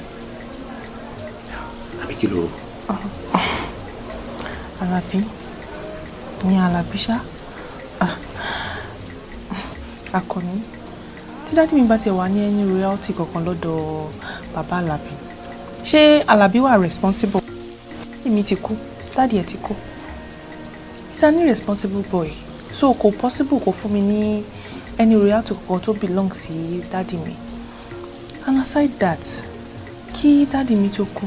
àbí kí ló rò. alábì ah, ah. ìyẹn alábì ṣá ah, akọni tí dádì mi bá tiẹ̀ wà ní ẹni royalty kankan lọ́dọ̀ bàbá alábí ṣé alábí wà responsible èmi ti kú dádì ẹ̀ ti kú he's an irresponsible boy so kò possible kò fún mi ní ẹni royalty kankan tó belong sí dádì mi and aside that kí dádì mi tó kú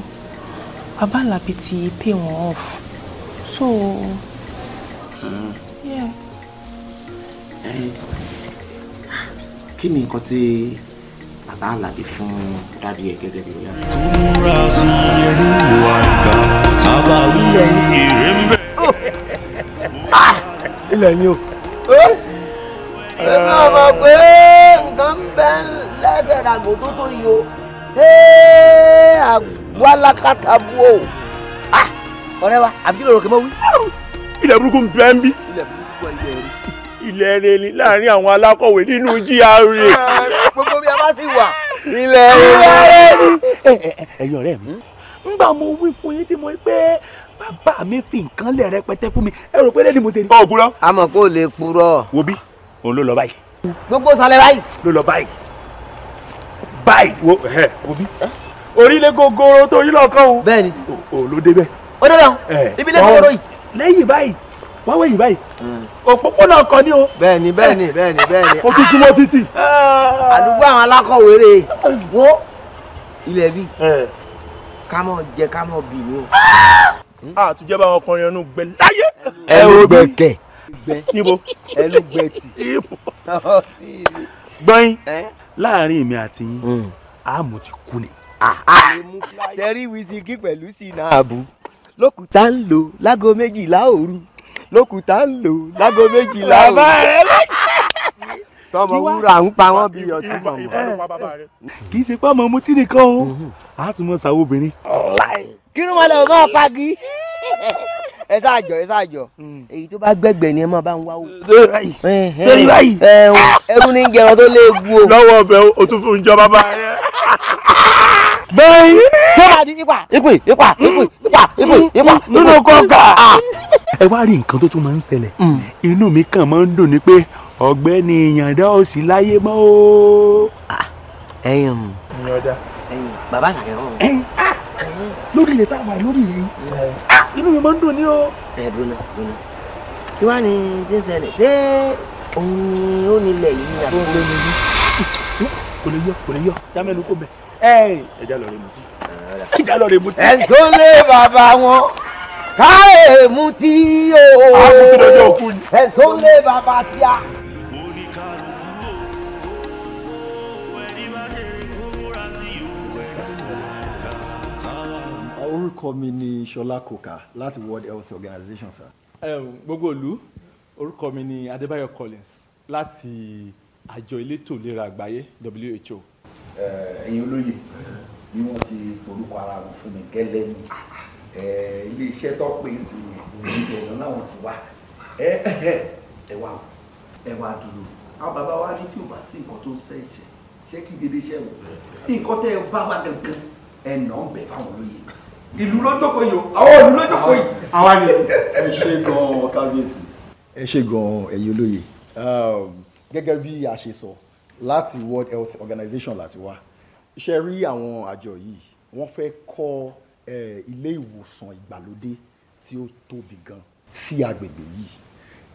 bàbá alábí ti pay wọn off so. Mm. Yeah kí ni nǹkan tí bàbá àlàbí fún dáàbí ẹ gẹ́gẹ́ bí ọyá. kúra sí ẹni wà gbà kábà wí ẹ̀yìn rẹ̀ ń bẹ̀. Ah! ilẹ̀ yín o. èmi ò mọ̀ pé nǹkan ń bẹ lẹ́sẹ̀rẹ̀ àgbò tó tó yìí o. àgbàlákàtà bú o. Ah! ọ̀rẹ́ wa àbí kí ló rọ̀ wí. ilẹ̀ burúkú ń bẹ́ẹ̀ ń bí. ilẹ̀ burúkú wà ilẹ̀ rí ilẹ̀ rẹ̀ ni láàrin àwọn alákọ̀wé nínú GRA. gbogbo bí a bá sì wà ilẹ̀ rẹ̀ ni. ẹ̀yin ọ̀rẹ́ mi ńgbà mo wí fún yín tí mo pé bàbá mi fi nǹkan lẹ̀ rẹpẹtẹ fún mi ẹ rò pé lẹ́ni mo ṣe ni. ọ̀ kúrọ́. àmọ́ kó lè kúrọ́. wo bí òun ló lọ báyìí. gbogbo sọlẹ báyìí. ló lọ báyìí báyìí wo ẹ wo bí orílẹ̀ gogoro tó lọ́kàn o. bẹ́ẹ̀ni. o ló débẹ̀. o débẹ̀ o ibi lẹ́gbẹ̀ẹ́ wá wẹ̀yìn báyìí hmm. òpópónà kan ní o. bẹ́ẹ̀ni bẹ́ẹ̀ni eh, bẹ́ẹ̀ni bẹ́ẹ̀ni. o tún súnmọ́ títì. Ah. àdúgbò àwọn alákọ̀wéré wo ilẹ̀ bí eh. ká mọ̀ jẹ ká mọ̀ bì ní o. àtúnjẹ́ ah, bá wọn kọrin ẹnu gbẹ láyé. ẹ ló eh, gbẹ kẹ. níbo ẹ ló gbẹ tì. gbọ́n láàrin èmi àti yín àmọ̀ hmm. ti kú ni. sẹ́rí wíṣíkì pẹ̀lú sinabu lókùtà ń lò lágo méjìlá òru lókùtà ń lò lágo méjìlá o tọmọ wúrà ń pa wọn bí ọtí mọmọ kì í ṣe pé ọmọ mutí nìkan o a tún mọ sàwọn obìnrin. kí ló máa lọ máa pagi ẹ ṣáàjọ ẹ ṣáàjọ èyí tó bá gbẹgbẹ ni ẹ máa bá ń wáwò. lórí báyìí. ẹrú ní jẹun tó léegun o. lọ́wọ́ ọbẹ̀ o tún fún ìjọba bá yẹ bẹ́ẹ̀ tó máa di ipa ipa ipa ipa ipa ipa nínú kọ́ńkà. Ah. ẹ wá rí nǹkan tó tún máa ń ṣẹlẹ̀ hmm. inú mi kàn máa ń dùn ni pé ọ̀gbẹ́ni ìyàndá ò sí láyé mọ́ o. Ah, ẹyin bàbá àtàkẹ́rọ̀ ah, lórí ilẹ̀ tá a wà lórí ilẹ̀ yìí hmm. inú mi máa ń dùn ní o. ẹ dùnà dùnà kí wàá ní tí ń ṣẹlẹ̀ ṣé òun ni ó nílẹ̀ yìí àbúrò mi. kò lè yọ kò lè yọ dámẹ́nu kò bẹ̀ ẹ ẹja lọ rẹ mutí ẹja lọ rẹ mutí. ẹ̀sùn lé bàbá wọn káyé mutí o. àbùkù lọ́jọ́ òkú ni. ẹ̀sùn lé bàbá tíá. orúkọ mi ni ṣọlá kòkà láti world health organization sir. gbogbo ìlú orúkọ mi ni adébáyọ̀ collins láti àjọ elétò ìlera àgbáyé who. Eh, ẹ̀yin olóyè ni wọ́n ti porúkọ ara wọn fún mi gẹ́lẹ́ mi eh, iléeṣẹ́ tó pè é sí ìbẹ̀rù náà ti wá eh, ẹ wá ẹ wá dúró àwọn bàbá wa ní tí o bá sí nǹkan tó ń sẹ́ ìṣẹ́ ṣé kí dédé ṣẹ́ wò nǹkan tẹ́ ẹ bá wa gangan ẹ nà ń bẹ̀ fáwọn olóyè ìlú lójókòó yìí o àwọn ìlú lójókòó yìí. àwa ni ẹ ṣe gan-an kábíyèsí. ẹ ṣe gan-an ẹ̀yin olóyè ah, gẹ́gẹ́ bí a ṣe sọ. So láti World Health Organization láti wá ṣe rí àwọn àjọ yìí wọ́n fẹ́ kọ́ ilé ìwòsàn ìgbàlódé tí ó tóbi gan sí agbègbè yìí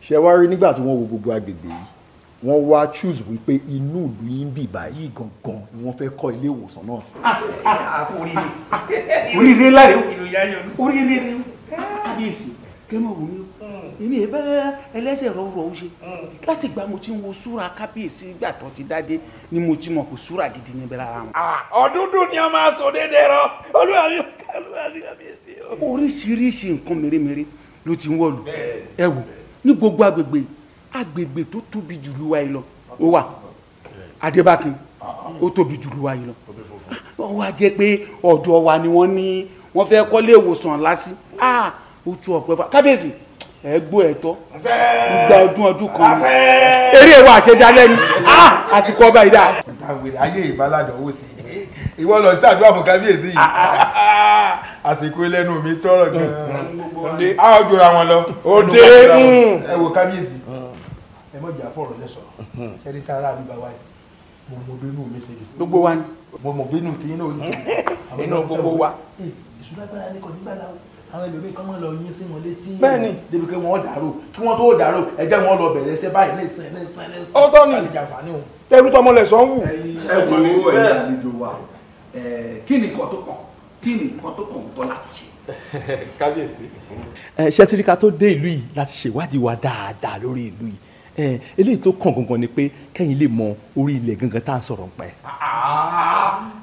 ṣe wá rí nígbà tí wọ́n wo gbogbo agbègbè yìí wọ́n wá choose wípé inú ìlú yín bì báyìí gangan ni wọ́n fẹ́ kọ́ ilé ìwòsàn náà sí. oríire oríire láre oríire ni kábíyèsí kẹ́mọ̀ wò mí o hmm. èmi ẹ̀ bẹ́ẹ̀ ẹlẹ́sẹ̀ rọrọ ó ṣe hmm. láti gba mo ti ń wo súra kábíyèsí ìgbà tó ti dáadé ni mo ti mọ̀ pé súra gidi níbẹ̀ lára wọn. Ah, ọdúndú ni a máa sọ dédé rọ olúwa mi olúwa mi kábíyèsí o. oríṣiríṣi nǹkan mèremère ló ti ń wọ̀lú ẹ wò ní gbogbo agbègbè agbègbè tó tóbi jù lù wa yìí lọ ó wà adébákin ah. ó tóbi jù lù wa yìí lọ ó wá jẹ́ pé ọ̀dọ̀ wa ni wọ́n ní wọ́n fẹ́ kọ́lé ìwòsàn lásì ah, ó tún ọ̀pẹ fà kábíyèsí ẹ gbọ́ ẹ̀tọ́ gba ọdún ọdún kan ní eré wa àṣẹdálẹ́ ni àsìkò ọba ìdá. àwèrè ayé ìbáládàn owó sí ìwọ lọ sí àdúrà fún kábíyèsí yìí ah, ah, ah. àsìkò ẹlẹ́nu mi tọrọ gan-an àwọn jòrò àwọn lọ. òde hmm. ẹ wo kábíyèsí ẹ mọ̀ jà fọ̀rọ̀ lẹ́sọ̀rọ̀ ṣẹ́ni tára mi bá wáyé mo mọ bínú mi ṣe lè. gbogbo wa ni. mo mọ bínú tí inú òsì. inú gbogbo wa. ìṣúná gbára ni kò ní gbàdá o àwọn ẹlòmíì kan máa lọ yín sí wọn létí bẹ́ẹ̀ni débi pé wọn dàrú kí wọn tó dàrú ẹjẹ wọn lọ bẹ̀rẹ̀ ṣe báyìí ní ìsìn ní ìsìn ní ìsìn ọ̀tọ̀ ni tẹrú tọmọ lẹ sọ ń wù. ẹ wò ní wọ ẹyà àlejò wa kí ni nǹkan tó kàn kí ni nǹkan tó kàn kọ láti ṣe. kábíyèsí. ṣé tí ká tó dé ìlú yìí láti ṣèwádìí wa dáadáa lórí ìlú yìí eléyìí tó kàn gangan ni pé kẹ́yìn lè mọ orí ilẹ̀ gangan tá à ń sọ̀rọ̀ pẹ́.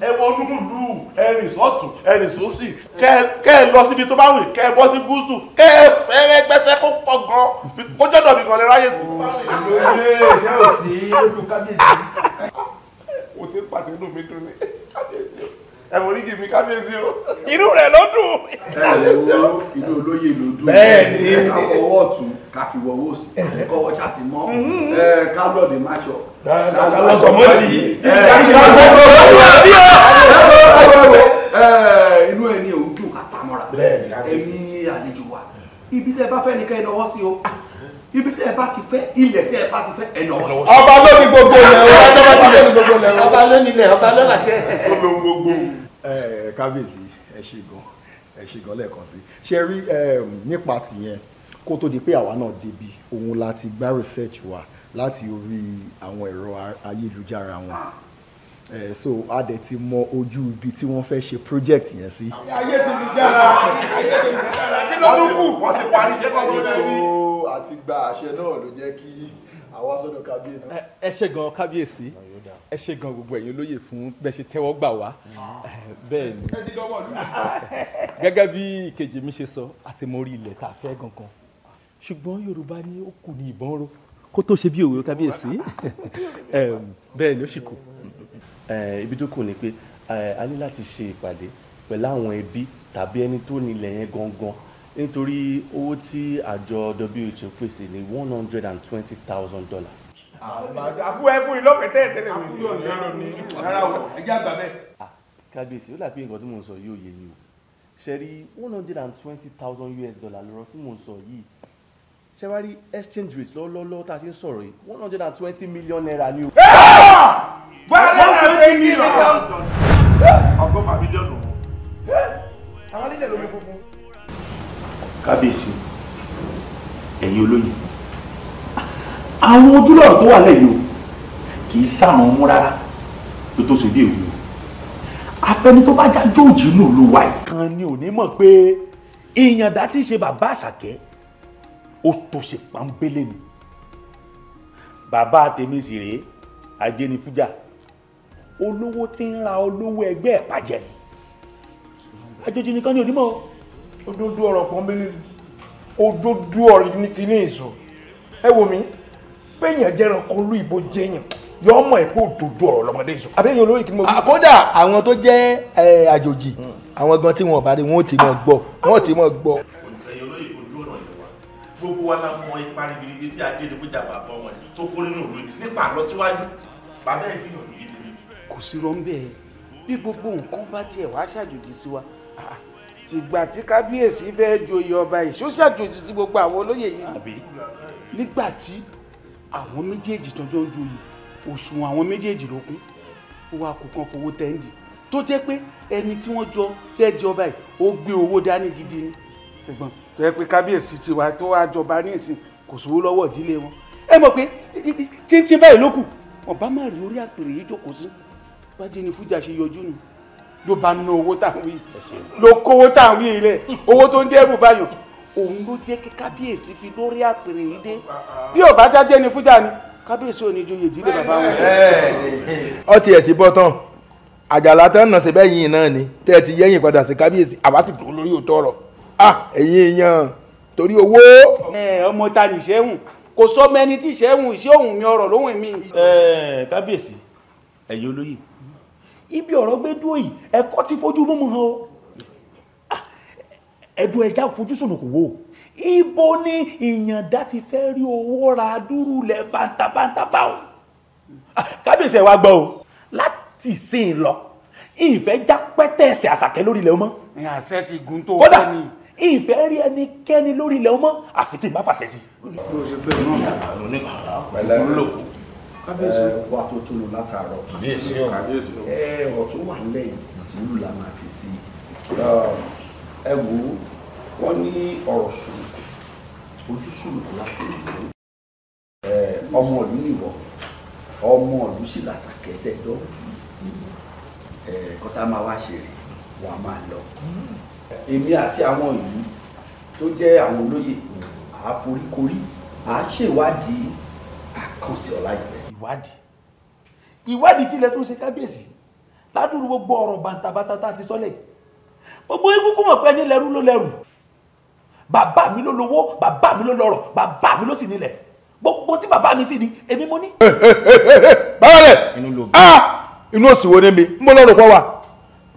ẹ wọ nùdùlù ẹ rìn sọ́tún ẹ rìn sósì kẹ́ ẹ lọ síbi tó bá wù kẹ́ ẹ bọ́ sí gúúsù kẹ́ ẹ fẹ́rẹ́ gbẹ́tẹ́ kó pọ̀ gan kó jọ́dọ̀ mi kan lè ráyè sí. òṣèlú ṣé o sí olùkábíyèsí. o ti pàtẹ́nu mi dún ní kábíyèsí ẹ̀mọ̀ríjì mi kábíyèsí o inú rẹ̀ ló dùn. ẹ lè wo inú olóyè ló dùn bẹ́ẹ̀ni ọwọ́ ọ̀tún ká fi wọ owó sí kọ́wọ́ ṣáàtì mọ́ kálọ̀dì máṣọ. kálọ̀sọ mọ́lì inú ẹ̀ ni òun dùn ká pamọ́ra ẹ̀yin àlejò wa ibi tẹ́ bá fẹ́ ni kẹ́ ẹ náwó sí o ibi tẹ́ ẹ bá ti fẹ́ ilẹ̀ tẹ́ ẹ bá ti fẹ́ ẹ̀nà ọ̀sán. ọba ló ní gbogbo ilẹ̀ ọba ló ní gbogbo ilẹ̀ ọba ló ní ilẹ̀ ọba ló láṣẹ. ó lo gbogbo. ẹ kábíyèsí ẹ ṣe gan ẹ ṣe gan lẹ́ẹ̀kan sí ṣe rí nípa tìyẹn kó tó di pé àwa náà débi òun láti gbá research wa láti orí àwọn ẹ̀rọ ayélujára wọn Uh, so a dẹ̀ ti mọ ojú ibi tí wọ́n fẹ́ ṣe project yẹn sí. ayé ti mi dára ayé ti mi dára kí ló tún kù wọ́n ti parí iṣẹ́ kan tó dẹ́bí. àti gba àṣẹ náà ló jẹ́ kí àwa sọ́dọ̀ kábíyèsí. ẹ ṣe gan kábíyèsí ẹ ṣe gan gbogbo ẹ̀yin olóyè fún bẹ́ẹ̀ ṣe tẹ́wọ́ gbà wá eh, bẹ́ẹ̀ ni gẹ́gẹ́ bí ìkejì mi ṣe sọ àti mo rí ilẹ̀ tá a fẹ́ gangan ṣùgbọ́n Yorùbá ní ó kù ní ìbọn ro kó tó ṣe bí òwe kábíyèsí bẹ́ẹ̀ ni ó sì kù. Eh, ibi tó kù ni pé eh, a ní láti ṣe ìpàdé pẹ̀lú àwọn ẹbí tàbí ẹni tó nílẹ̀ yẹn gangan nítorí owó tí àjọ WHO pèsè ní one hundred and twenty thousand dollars. àbú ẹ fún ìlọ́pẹ̀ tẹ́ ẹ̀ tẹ́lẹ̀ wò ní ọ̀nà ní rárá o ẹ̀jẹ̀ àgbà bẹ́ẹ̀. Ah, kábíyèsí ó là pé nǹkan tí mò ń sọ yìí ò yé mi o ṣe rí one hundred and twenty thousand US dollar lọ́rọ̀ tí mò ń sọ yìí ṣe wá rí exchange rate lọ́wọ́lọ́wọ́ tá a ṣe ń sọ̀rọ̀ yìí one hundred and twenty million naira ni o one twenty million ọgọ́fà mílíọ̀nù àwọn nílẹ̀ ló mú funfun. kábíyèsí ẹ̀yin olóyè àwọn ojúlọ̀rọ̀ tó wà lẹ́yìn o kì í sàrùn mú rárá ló tó ṣe bí èwe o afẹ́ni tó bá já jóòjì inú ló wà yìí. kan ni ò ní mọ̀ pé ìyàndá tí í ṣe bàbá àṣàkẹ́ ó tó ṣe pàǹbélé ni bàbá tèmi sì rèé ajé ni fújà olówó tí ń ra olówó ẹgbẹ́ ẹ̀ pàjẹ́ ni àjòjì nìkan ni onímọ̀ òdodo ọ̀rọ̀ kan bí òdodo ọ̀rọ̀ ní kíní ìsọ ẹ wò mí péyàn jẹ́ran kan lú ìbò jẹ́yàn yọ ọmọ ẹ̀ pé òdodo ọ̀rọ̀ lọ́mọdé ìsọ àbẹ́yìn olóyè kí ni mo wí. àkódà àwọn tó jẹ́ àjòjì hmm. àwọn gan tí wọn bá rí wọn ò tí mọ̀ gbọ́ wọn ò tí mọ ipa ribiribi tí ajé ni fún jàmbá fọwọn tó kó nínú kò sí rọ́ńbẹ́ bí gbogbo nǹkan bá tiẹ̀ wá ṣàjòjì sí wa tìgbà tí kábíyèsí fẹ́ẹ́ joyè ọba yìí ṣó ṣàjòjì sí gbogbo àwọn olóyè yìí nígbà tí àwọn méjèèjì tọjọ́ ń joyè òṣùwọ̀n àwọn méjèèjì ló kún ó wá kó kan fowó tẹ́ǹdì tó jẹ́ pé ẹni tí wọ́n jọ fẹ́ẹ́ jẹ ọba yìí ó gbé owó dání gidi ni ṣùgbọ́n tó yẹ pé kábíyèsí ti wá tó wá jọba ní ìsìn kò sówó lọ́wọ́ ìdílé wọn ẹ mọ̀ pé tíntín báyìí ló kù ọ̀bá má rí orí àpèrè yìí jókòó sí bájí ni fújà ṣe yọjú nù ló bá ná owó táwọn yìí ló kówó táwọn yìí lẹ owó tó ń dẹ́rù báyọ̀ òun ló jẹ́ kí kábíyèsí fi lórí àpèrè yìí dé bí ò bá jájẹ́ ni fújà ni kábíyèsí ò ní joyè ìdílé bàbá wọn. ọtí ẹ ti bọ́ tán àjàlá tán nà síbẹ̀ yìí náà ni tẹ́ ẹ ti yẹ́yìn padà sí kábíyèsí àwa sì dúró lórí òótọ́ ọ̀rọ̀ ah ẹ̀yin èèyàn torí owó. ẹ ọmọ ta ni ìṣẹ́hùn kò sọ mẹ́ni tí ìṣẹ́hùn ìṣẹ́hùn mi ọ̀rọ̀ lóhùn mi. ẹ kábíyèsí ẹ̀yin olóyè ibi ọ̀rọ̀ gbé dúró yìí ẹ̀kọ́ ti fojú mú mu hàn o ah, ẹ̀dùn ẹja fojú sùnùkù wò ibo ni ìyànda ti fẹ́ rí owó ra dúró lẹ̀ bántabántaba o kábíyèsí ẹ̀ wá gbọ́ o láti sìn lọ ìfẹ́ já pẹ́tẹ́ẹ̀sẹ̀ àṣàkẹ́ lórí ilẹ̀ ọmọ. àṣẹ ti gun tó wọ́n ní ìfẹ́ rí ẹnikẹ́ni lórí ilẹ̀ ọmọ àfi tí ì má fàṣẹ sí. bí o ṣe fẹ́ náà àwọn oníkàlà pẹ̀lẹ́ ń lò wa tó tó lò látàárọ̀ ọ̀rọ̀ tó wà lẹ́yìn sùúrù la máa fi sí ẹ wò ó wọ́n ní ọ̀rọ̀ sùúrù ojú sùúrù láti ìlú ọmọ ìlú nìwọ ọmọ ìlú sì làṣàkẹ́tẹ̀ lọ́wọ́ kọ́tà máa wá ṣe rè wàá máa lọ èmi àti àwọn ìlú tó jẹ́ àwọn olóyè àforíkorí à ń ṣèwádìí àkànṣe ọ̀la ìgbẹ́ ìwádìí ìwádìí kí lẹ tún ṣe kábíyèsí ládùúrú gbogbo ọ̀rọ̀ bàǹtàbàtà ti sọ́lẹ̀ gbogbo ikúkú mọ̀ pé ní lẹ́rú ló lẹ́rù bàbá mi ló lówó bàbá mi ló lọ́rọ̀ bàbá mi ló sì nílẹ̀ gbogbo tí bàbá mi sì ní èmi mo ní. báyọ̀lẹ̀ ah! inú òsì wo ni mi ń bọ́ lọ́rùn pọ̀ wá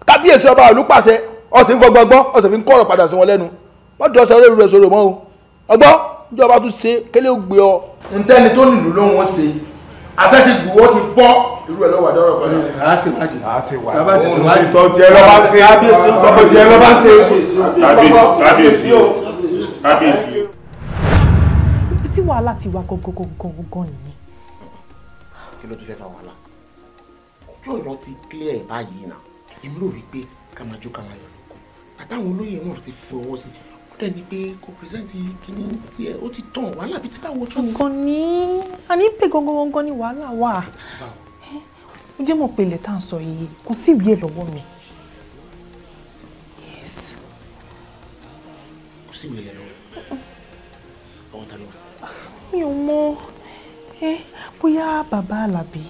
kábíyèsí ọba ìlú pàṣẹ ọ̀sìn fọgbọ́gbọ́ ọ̀sìn fi ń kọ́ ọ̀rọ̀ padà sí wọn lẹ́nu wọ́n ti ọ̀sẹ̀ orí rẹ̀ sọ̀rọ̀ mọ́ o ọgbọ́n ìjọba tún ṣe àṣẹ ti gbùwọ́ ti gbọ́ irú ẹ̀ lọ́wọ́ àdọ́rọ̀ pẹ̀lú. a ti wájú a ti wá bàbá ti wájú tọ́ tiẹ̀ lọ́ bá ṣe tọ́ tiẹ̀ lọ́ bá ṣe. kábíyèsí kábíyèsí. tí wàhálà ti wá gangan nìyẹn. kí ló tún fẹ́ fa wàhálà yóò lọ ti clear ẹ̀ báyìí náà èmi rò wípé ká máa jó ká máa yọ̀ lóko àtàwọn olóyè náà ti fọwọ́ sí i dẹ̀ ni pé kò present kìíní tiẹ̀ ó ti tàn wàhálà bíi tí báwo tún. ọkàn ní àní pé gangan gangan ni wàhálà wà ó jẹ́ mọ̀ pé ilẹ̀ tá à ń sọ yìí kò sí ìwé ẹ̀ lọ́wọ́ mi. kò sí ìwé ẹ̀ lọ́wọ́ àwọn mi ò mọ ẹ bóyá bàbá alábí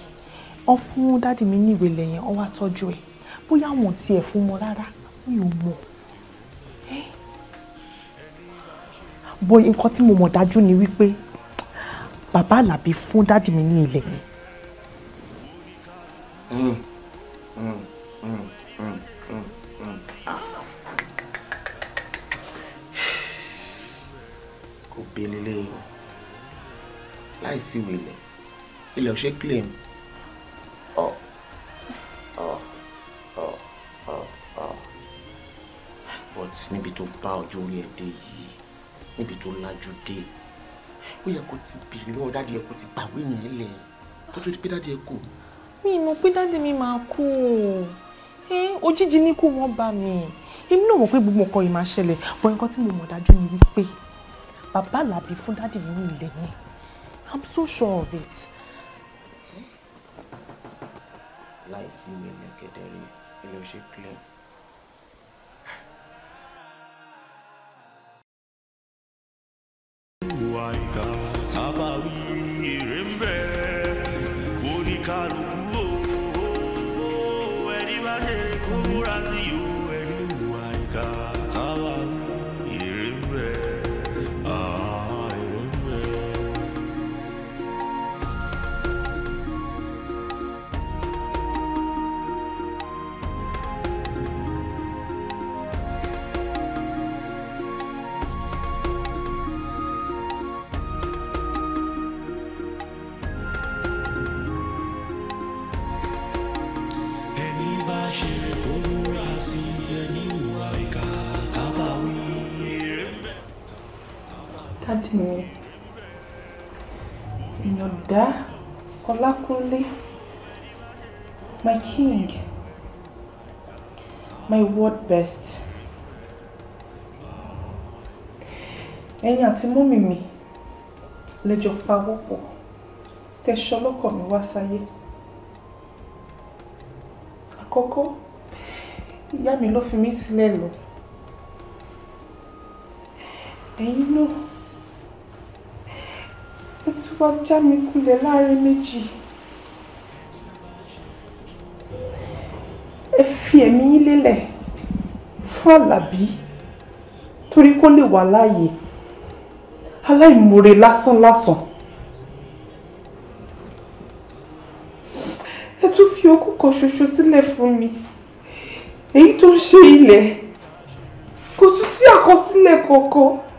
ọ fún dádì mi ní ìwé lẹ́yìn ọ wá tọ́jú ẹ̀ bóyá wọn ò tiẹ̀ fún wọn rárá mi ò mọ̀. bó nǹkan tí mo mọ̀ dájú ni wípé bàbá àlàbí fún dáàdì mi ní ilẹ̀ yìí. Mm, mm, mm, kò bẹ́ẹ̀ lélẹ́yìn o láìsí ìwé ilẹ̀ ilẹ̀ ò ṣe claim ọ ọ ọ ọ but níbi tó bá ọjọ́ orí ẹ̀ dé yìí níbi tó lajú dé ó yẹ kó ti bèrè lọ́wọ́ dáàdi ẹ ti gbàwé yẹn lẹ̀ kó tó di pé dáàdi ẹ mi ì pé dáàdi mi máa kú o òjijì ní kú wọ́n bá mi èmi náà mọ̀ pé gbogbo nǹkan yìí máa ṣẹlẹ̀ bọ́ nǹkan tí mo mọ̀ dájú ni wípé bàbá làbí fún dáàdi mi ní ilẹ̀ yẹn I'm so sure of it. láìsí mi ní kẹdẹrẹ ilé ọṣẹ clear. I got. Olakunle, my king, my word best. Ẹ̀yin àti mọ́mì mi lẹ́jọ́ pawọ́pọ̀ tẹ̀sọ́ lọ́kọ̀ mi wá sáyé. Akoko, ya mi ló fi mí sílẹ̀ lọ. Ẹ̀yin náà wá já mi kulẹ̀ láàrin méjì ẹ fi ẹ̀mí yín lélẹ̀ fún àlàbí torí kó lè wà láàyè aláìmoore lásánlásán ẹ tún fi okú kan ṣoṣo sílẹ̀ fún mi èyí tó ń ṣe ilẹ̀ kò tún sí àkọsílẹ̀ kankan.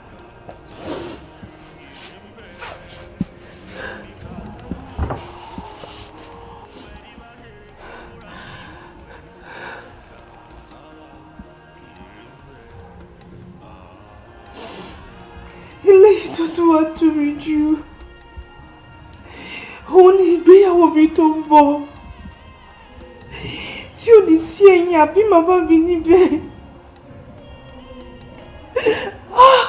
níwájú òun ni ìgbéyàwó mi tó ń bọ̀ tí ò ní sí ẹ̀yin àbí màmá mi níbẹ̀ ah!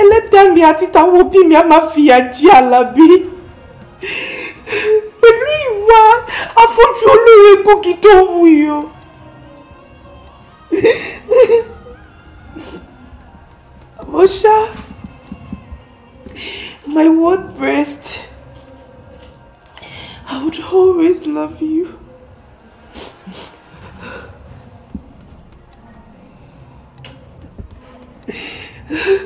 ẹlẹ́dàá mi àti táwọn òbí mi á máa fìyà jẹ Àlàbí pẹ̀lú ìwà afọ́jú olóore gbòógì tó wù yìí Oh! àmọ́ my word breast. I would always love you.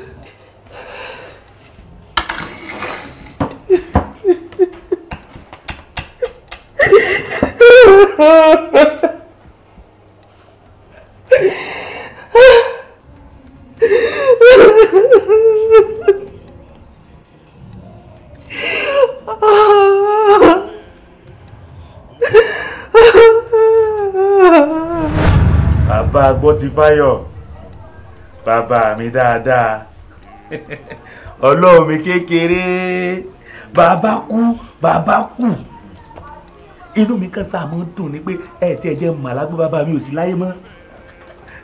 Adébífáyọ̀ bàbá mi dáadáa ọlọ́run mi kékeré bàbá kú bàbá kú inú mi kan sáà mọ́ dùn ni pé ẹ ti ẹ jẹ́ màlágbé bàbá mi ò sí láyé mọ́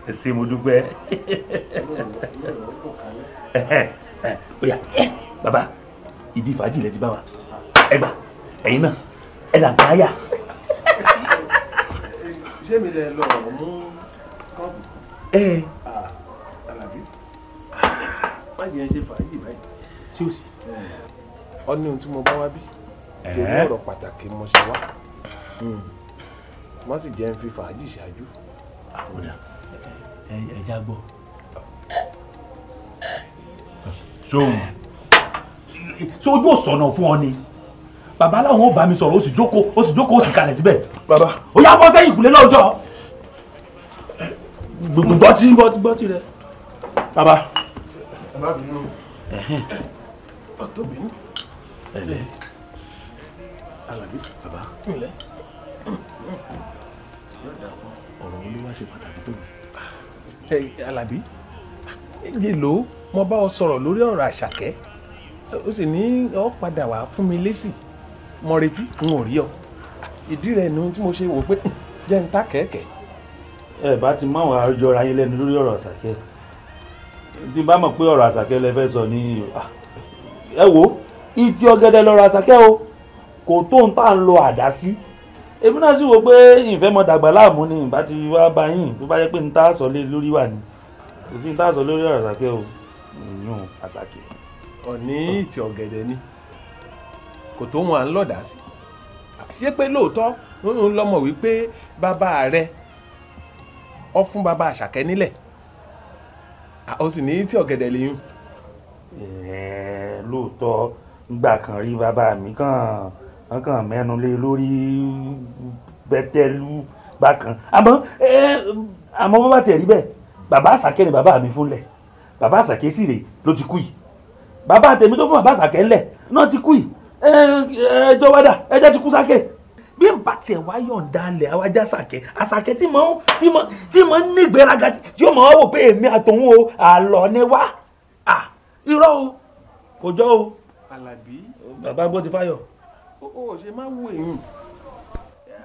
ẹ ṣé mo dúpẹ́ bàbá ìdí fàájì lẹ ti bá wa ẹ gbà ẹ̀yin náà ẹ là ń káyà. ṣé mi lè lọ mú alábí ah, má jẹ́ ẹ ṣe fàájì báyìí tí ò sí ọ oni, ohun tí mo bá wá bí torí ọ̀rọ̀ pàtàkì mo ṣe wá hmm. má sì jẹ́ ń fi fàájì ṣáájú. àwòdà ah, ẹja gbọ́ sóhun so ojú òsànà fún ọ ni bàbá làwọn ò bá mi sọ̀rọ̀ ó sì Joko, ó sì jókòó ó sì kalẹ̀ síbẹ̀. bàbá ó yá bọ́ sẹ́yìn ìkùlé lọ́jọ́ gbọ́tí gbọ́tí gbọ́tí rẹ. bàbá. ẹ má bínú. ọ̀tọ̀ bínú. ẹ lẹ Àlàbí bàbá. ǹlẹ́. ọ̀rọ̀ yìí wá ṣe pàtàkì tó mi. Àlàbí èlò mo bá ọ sọ̀rọ̀ lórí ọ̀rọ̀ Àṣàkẹ́ ó sì ní ọ padà wá fún mi lésì mo retí n ò rí ọ ìdí rẹ ni tí mo ṣe wò pé jẹ́ n ta kẹ̀kẹ́ ẹ bá ti mọ àwọn àjọra yín lẹ́nu lórí ọ̀rọ̀ àṣàkẹ́ tí bá mọ̀ pé ọ̀rọ̀ àṣàkẹ́ lẹ fẹ́ sọ ní ẹ wo ìtì ọ̀gẹ̀dẹ̀ lọ̀rọ̀ àṣàkẹ́ o kò tó ń tà ń lo àdá sí èmi náà sì wò pé ìfẹ́ mọ dàgbà láàmú ni ìbá ti wá bá yín tó bá yẹ pé ń tá sọ lé lórí wà ní kò sí ń tá sọ lórí ọ̀rọ̀ àṣàkẹ́ o ìyún àṣàkẹ́. ọ̀ní ìtì ọ̀gẹ̀dẹ̀ ni kò tó wọn à ń lọ̀dà sí ṣé pé lóòótọ́ ń lọ́mọ wípé bàbá rẹ̀ ọ fún bàbá àṣàkẹ́ nílẹ̀ ó sì ní tí ọ̀gẹ̀dẹ̀ lè yún. lóòótọ́ gbà kan rí bàbá mi kàn kàn mẹ́nu lé lórí bẹ́tẹ́lú bákan àmọ́ àmọ́ bàbá tiẹ̀ rí bẹ́ẹ̀ bàbá àṣàkẹ́ ni bàbá mi fúnlẹ̀ bàbá àṣàkẹ́ sì rèé ló ti kú yìí bàbá tèmi tó fún bàbá àṣàkẹ́ ńlẹ̀ náà ti kú yìí ẹjọ́ wádà ẹjẹ́ ti kú sákẹ́ bí n bá tiẹ̀ wá yọ̀ǹda alẹ̀ awájá sàkẹ́ àsàkẹ́ tí mo tí mo tí mo ní ìgbéraga tí ó máa wò pé èmi àtòun o àlọ́ ni wá à irọ́ o kò jọ o. Àlàbí. bàbá gbọ́ ti fáyọ̀. o ò ṣe máa wo èyàn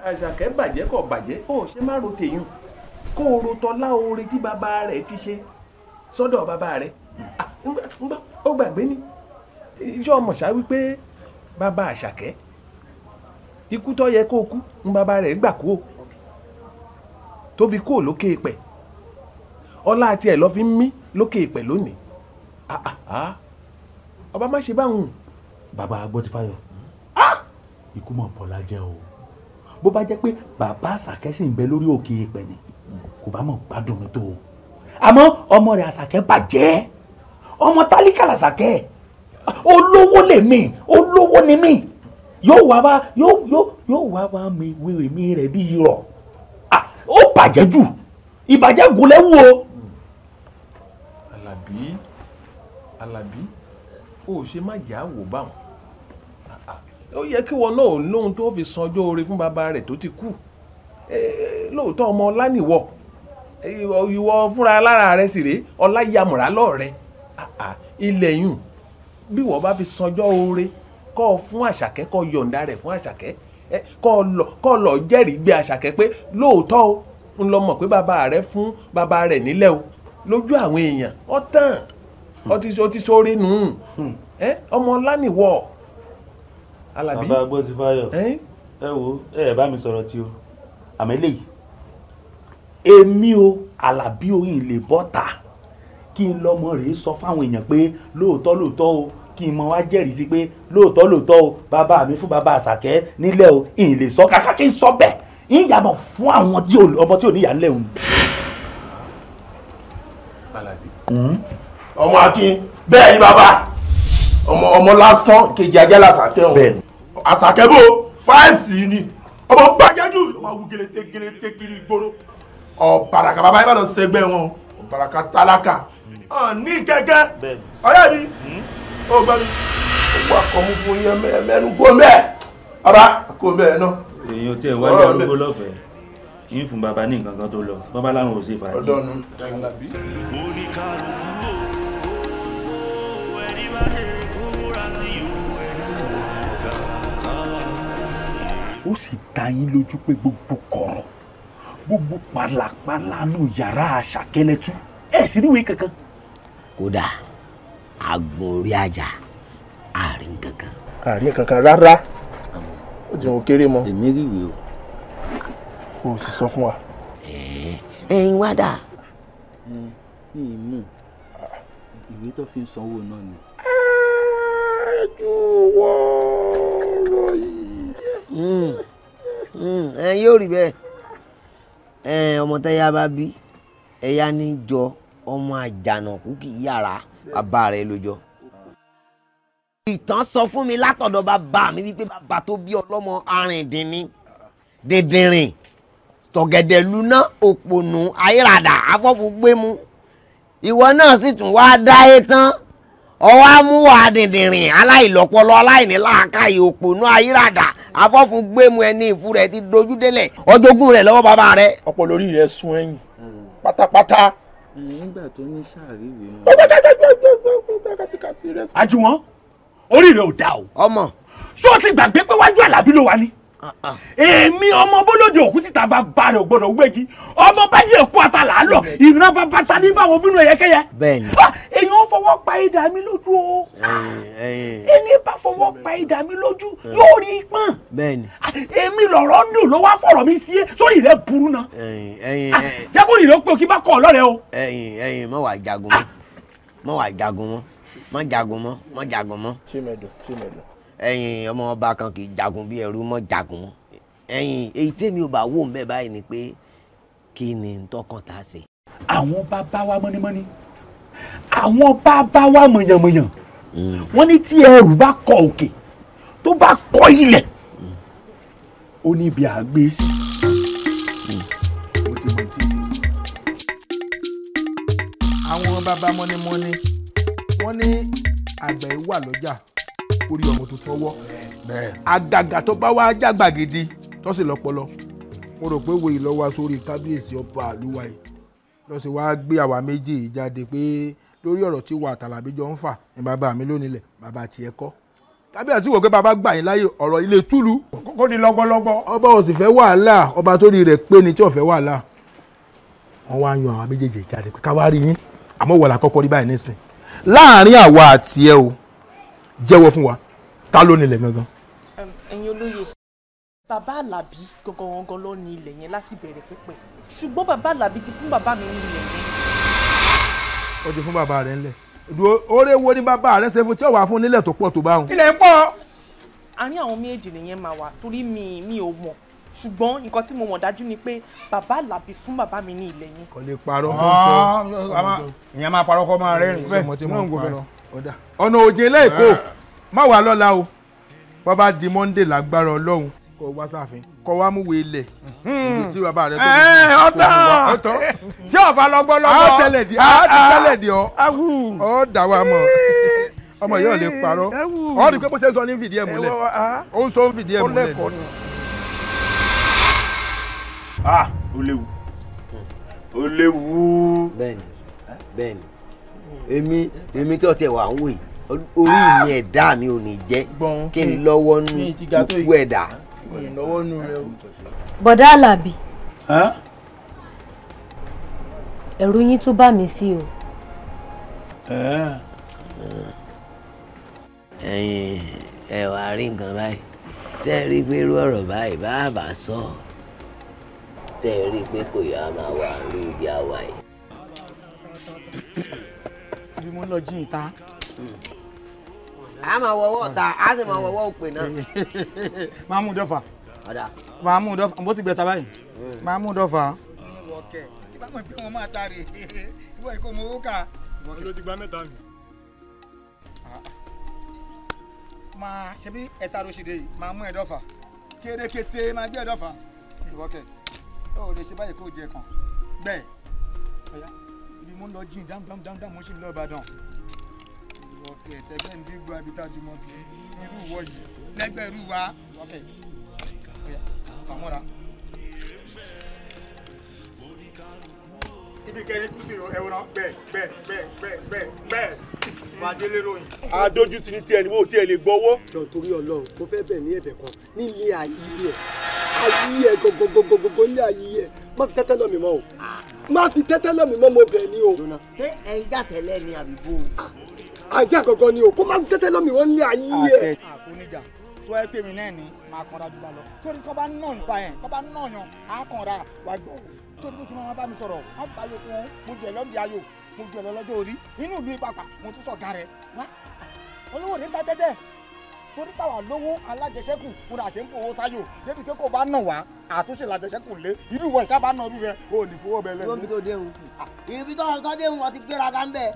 àṣàkẹ́ bàjẹ́ kò bàjẹ́ o ò ṣe máa ro tèyàn kó o ro tọ́lá oore tí bàbá rẹ̀ ti ṣe sọ́dọ̀ bàbá rẹ̀ ó gbàgbé ni iṣẹ́ ọmọ ṣá wípé bàbá àṣàkẹ́ ikú tó yẹ kó kú ń bàbá rẹ̀ gbà kú o tó fi kúò lókè ìpẹ̀ ọlá àti ẹ̀ lọ́ fi ń mí lókè ìpẹ̀ lónìí ah, ah, ah. ọba má ṣe báwọn. bàbá agbọ́tífáyọ̀ hmm? ikú mọ̀ bọ́lá jẹ́ o bó bá jẹ́ pé bàbá àṣàkẹ́ sì ń bẹ lórí òkè ìpẹ̀ ni kò bá mọ̀ gbádùn mi tó o àmọ́ ọmọ rẹ̀ àṣàkẹ́ bàjẹ́ ọmọ tálíkà làṣàkẹ́ olówó lèmi olówó ni mí yóò wá wá yóò yóò yóò wá wá mi wèrè mi rẹ̀ bí irọ́ ó bàjẹ́ jù ìbàjẹ́ gúnlẹ̀ wù o. Àlàbí Àlàbí o ṣe má jà á wò báwọn ó yẹ kí wọn náà lóhun tó fi san ọjọ́ oore fún bàbá rẹ̀ tó ti kú lóòótọ́ ọmọ ọlá nìwọ ìwọ fúnra lára rẹ sì rèé ọlá yamùrá lọ́ọ̀rẹ́ ilẹ̀ yùn bí wọ́n bá fi sanjọ́ oore kọ́ ọ fún àṣàkẹ́ kọ́ ọ yọ̀ǹda rẹ̀ fún àṣàkẹ́ kọ́ ọ lọ jẹ́rìí gbé àṣàkẹ́ pé lóòótọ́ o ń lọ mọ̀ pé bàbá rẹ̀ fún bàbá rẹ̀ nílẹ̀ o lójú àwọn èèyàn ọ tàn ọ ti ọ ti sórí nù hmm. ọmọ lánìwọ alábí. bàbá agbó ti fáyọ ẹ wo ẹ bá mi sọ̀rọ̀ tí o àmì lè èmi o alábí oyin lè bọ́ta kí n lọ́mọ rèé sọ fáwọn èèyàn pé lóòótọ́ lóòótọ́ o kí n mọ wá jẹ́rìí sí pé lóòótọ́ lóòótọ́ o bàbá mi fún bàbá àṣàkẹ́ nílẹ̀ o ìyìn lè sọ kàkà kí n sọ bẹ́ẹ̀ ń yàbọ̀ fún àwọn ọmọ tí ò ní ìyá ńlẹ̀ òun. Hmm? ọmọ akin bẹ́ẹ̀ ni bàbá ọmọ ọmọ lásán kejì ajá làṣàkẹ́ wọn àṣàkẹ́ bò five sí ni ọmọ gbàjájú ọmọ awu gẹlẹtẹ gẹlẹtẹ kiri gbòòrò ọ̀bàràkà bàbá yẹn bá lọ sẹgbẹ́ wọn ọ̀bàràkà tálákà hmm. ọ̀ ní kẹ́kẹ́ ọ̀rẹ́ mi. Hmm? ó gbọ́ mi owó akọ̀mú fún yẹn mẹ́nu kó mẹ́ ọba kó mẹ́ náà. èèyàn tí ẹ wá lọ arúgbó lọ́fẹ̀ẹ́ yín fún bàbá ní nǹkan kan tó lọ bàbá láwọn ò sí fàájì. ọdọ ó sì ta yín lójú pé gbogbo kọ̀rọ̀ gbogbo pàlàpàlà yàrá àṣàkẹ́lẹ́tù ẹ̀ sì níwèé kankan. kódà àgbọ̀n orí àjà àárín gangan. àárín kankan rárá ó ti hàn kéré mọ. èmi rí ìwé o. o sì sọ fún wa. ẹyin wá dà. ẹyin mú ìwé tó fi ń sanwó náà ni. ẹjú wọ ọ̀rọ̀ yìí. ẹ hmm, hmm, yóò rí bẹ́ẹ̀ ọmọ tẹ́yà bá bí ẹ̀yà ní jọ ọmọ àjànàkú kì í yàrá bàbá rẹ lójọ. ìtàn sọ fún mi látọ̀dọ̀ bàbá mi wípé bàbá tó bí ọlọ́mọ arìndínní dìndìnrìn tọ̀gẹ̀dẹ̀ luná òpònú ayírádà afọ́fún gbému ìwọ náà sì tún wá dá é e tán ọwọ́ amúwà dìndìnrìn aláìlọ́pọlọ aláìníláàkàyè òpònú ayírádà afọ́fún gbému ẹni ìfú rẹ ti dojú délẹ̀ ọjọ́gùn rẹ lọ́wọ́ bàbá rẹ. ọpọlọ orí rẹ sún ẹ̀yìn pátápátá nígbà tó ní sàríwé mọ. àjùwọ̀n orí rẹ̀ ò dá o. ọmọ. ṣé o ti gbàgbé pé wájú àlàbí ló wà ní èmi ọmọ bólódì òkú títa bá ba rẹ̀ gbọ́dọ̀ gbégi ọmọ bá díẹ̀ kú ata là á lọ ìran bàbá ta ní báwo bínú ẹ̀yẹkẹ́yẹ. bẹ́ẹ̀ni. èèyàn fọwọ́ pa idà mi lójú o ẹni bá fọwọ́ pa idà mi lójú yóò rí pọ́n. bẹ́ẹ̀ni. èmi lọ̀rọ̀ ń dùn ló wá fọ̀rọ̀ mi sí ẹ sórí rẹ burú náà. jẹ́ kó ìrẹ́ pé o kí bá kọ̀ lọ́rẹ̀ o. ẹyin ẹyin mọ wàá jagun mọ mọ wàá jagun mọ mọ jagun mọ mọ ẹ̀yin ọmọ ọba kan kì í jagun bí ẹrú mọ́ jagun ẹ̀yin èyí tèmi ò bá wò ń bẹ̀ báyìí ni pé kí ni tọkàn tá a ṣe. àwọn bàbá wa mọ́nímọ́ní àwọn bàbá wa mọ̀yànmọ̀yàn hmm. wọ́n ní tí ẹrù bá kọ òkè tó bá kọ ilẹ̀ ó ní ibi àgbé sí. Hmm. àwọn bàbá mọ́nímọ́ní wọ́n ní àgbẹ̀ wà lọ́jà kórìí ọmọ tuntun ọwọ́ àgàgà tó bá wá jágbà gidi tó sì lọ́pọlọ mo rò pé wòye lọ́wọ́ sórí kábíyèsí ọba àlúwa yìí lọ́sẹ̀ wá gbé àwa méjì yìí jáde pé lórí ọ̀rọ̀ tí wà àtàlàbí jọ ń fà ní bàbá mi lónìí lẹ̀ bàbá tiẹ̀ kọ́ kábíyèsí wò pé bàbá gbà yín láyè ọ̀rọ̀ ilé túlù. kókó ni lọ́gbọ́lọ́gbọ́. ọba ò sì fẹ́ wàhálà ọba tó rí rẹ̀ pé ni tí ò fẹ́ wàhálà. wọ́n wá yan àwọn méjèèjì jáde pé káwá rí yín àmọ́ wọ̀là kọ́kọ́ rí báyìí nísìn. láàárín àwa àti ẹ o jẹ́wọ́ fún wa ta ló nílẹ̀ gangan. ẹ̀yin olóye bàbá alábí gangan gangan ló ní ilẹ̀ yẹn láti bẹ̀rẹ̀ pẹ́pẹ́ ṣùgbọ́n bàbá alábí ti fún bàbá mi ní ilẹ̀ yẹn. ó ti fún bàbá rẹ̀ ńlẹ̀ oore wo ni bàbá rẹ̀ ṣe fún tí ó wà fún nílẹ̀ tó pọ̀ tó bá wọn. ilẹ̀ pọ̀. àárín àwọn méjì nìyẹn máa wà torí mi mi ò mọ̀ ṣùgbọ́n nǹkan tí mo mọ̀ dájú ni pé bàbá làbí fún bàbá mi ní ilẹ̀ yẹn. kò lè parọ́ tó ń tọ́ ìyẹn máa parọ́ kọ́ máa rẹ́rìn-ín bẹ́ẹ̀ ní òǹgò bẹ́ẹ̀ ọ̀nà òjìnlẹ̀ èkó ah má wàá lọ́la o bàbá di monday lágbára ọlọ́run kọ wá sáfin kọ wá múwe ilẹ̀ hmm. tí bàbá rẹ tó ní ọtọ ọtọ tí ọba lọgbọ lọgbọ a tẹlẹ di a ah, ti ah. tẹlẹ di ọ ọ dà mọ ọmọ yóò lè parọ́ ọ ní pé bó ṣe ń sọ ní fìdí ẹ̀ múlẹ̀ ah. ó ń sọ ń fìdí ẹ̀ múlẹ̀ ah ó léwu ó léwu. bẹ́ẹ̀ni bẹ́ẹ̀ni èmi èmi tí ọtí ẹ wà ń wò yìí orí mi ẹ̀dá mi ò ní jẹ́ kí n lọ́wọ́ nù kúkú ẹ̀dá. bọ̀dá alábì ẹ̀rù yín tún bá mi sí o. ẹ̀yin ẹ wàá rí nǹkan báyìí ṣe rí pé irú ọ̀rọ̀ báyìí bá a bá sọ ṣe rí pé kò yá máa wà lórí ìyá wa yìí. bí mo lọ jí ìta. Hmm. a máa wọ ọwọ́ ọ̀tá a sì máa wọ ọwọ́ òpè náà. máa mú dọ́fà máa mú dọ́fà bó ti gbẹ ta báyìí hmm. máa mú dọ́fà. ìbá mọ̀ pé wọ́n máa ta rè é ìwọ ìkó mọ owó kà. wọ́n ló ti gba mẹ́ta mi. Ah. máa ṣebí ẹ̀ta ló ṣe dé yìí máa mú ẹ̀dọ́fà kérékété máa gbé ẹ̀dọ́fà ìwọ́kẹ̀ ó lè ṣe báyìí kó jẹ kàn bẹ́ẹ̀ ibi mo ń lọ jìn dáhùn dáhùn dáhùn mo ń ń lọ Ìbàdàn ọkẹ tẹgbẹ́ ní gbọ́ abitájú mọ́ bí irú wọ yìí lẹ́gbẹ́ irú wa ọkẹ fàmọ́ra. ibi kẹyìn kú sí ẹwọn náà bẹ́ẹ̀ bẹ́ẹ̀ bẹ́ẹ̀ bẹ́ẹ̀ bẹ́ẹ̀ bẹ́ẹ̀ wà á délé ròyìn. adójú ti ní tiẹ̀ ni mo ò tiẹ̀ lè gbọ́wọ́. jọ̀ọ́ torí ọlọ́run mo fẹ́ bẹ̀ ní ẹ̀bẹ̀ kan nílé ayé ẹ̀ ayé ẹ̀ gògògògògò nílé ayé ẹ̀ má fi tẹ́tẹ́ lọ mi mọ́ o má fi tẹ́tẹ́ lọ mi mọ́ mo bẹ̀ ni o. ṣé ẹ ń jà tẹ́lẹ̀ ni àbí bò ó ajá gangan ni o kó má tẹ́tẹ́ lọ́mì wọn lé ayé ẹ̀. àkóníjà tó ẹ pè mí náà ni máa kanra jù bá lọ torí kọ́ bá náà nípa yẹn kọ́ bá náà yan á kanra wá gbọ́ torí bó ṣe máa bá mi sọ̀rọ̀ wọ́n fi tayọ kún mo jẹ̀ lọ́mì ayò mo jẹ̀ lọ́jọ́ orí inú ìlú ìpapà mo tún sọ̀ gàrẹ́ wá olówó rẹ̀ ta tẹ́tẹ́ torí táwa lówó alájẹsẹ́kù kó ra ń fowó sáyò débi pé kò bá nà wá àtúnṣe làjẹsẹ́kù lé irú ìwọ ìka bá nà irú rẹ o ò ní fowó bẹ lẹ́nu. ibi tó déhùn ibi tó sọ déhùn ọtí gbéraga ń bẹ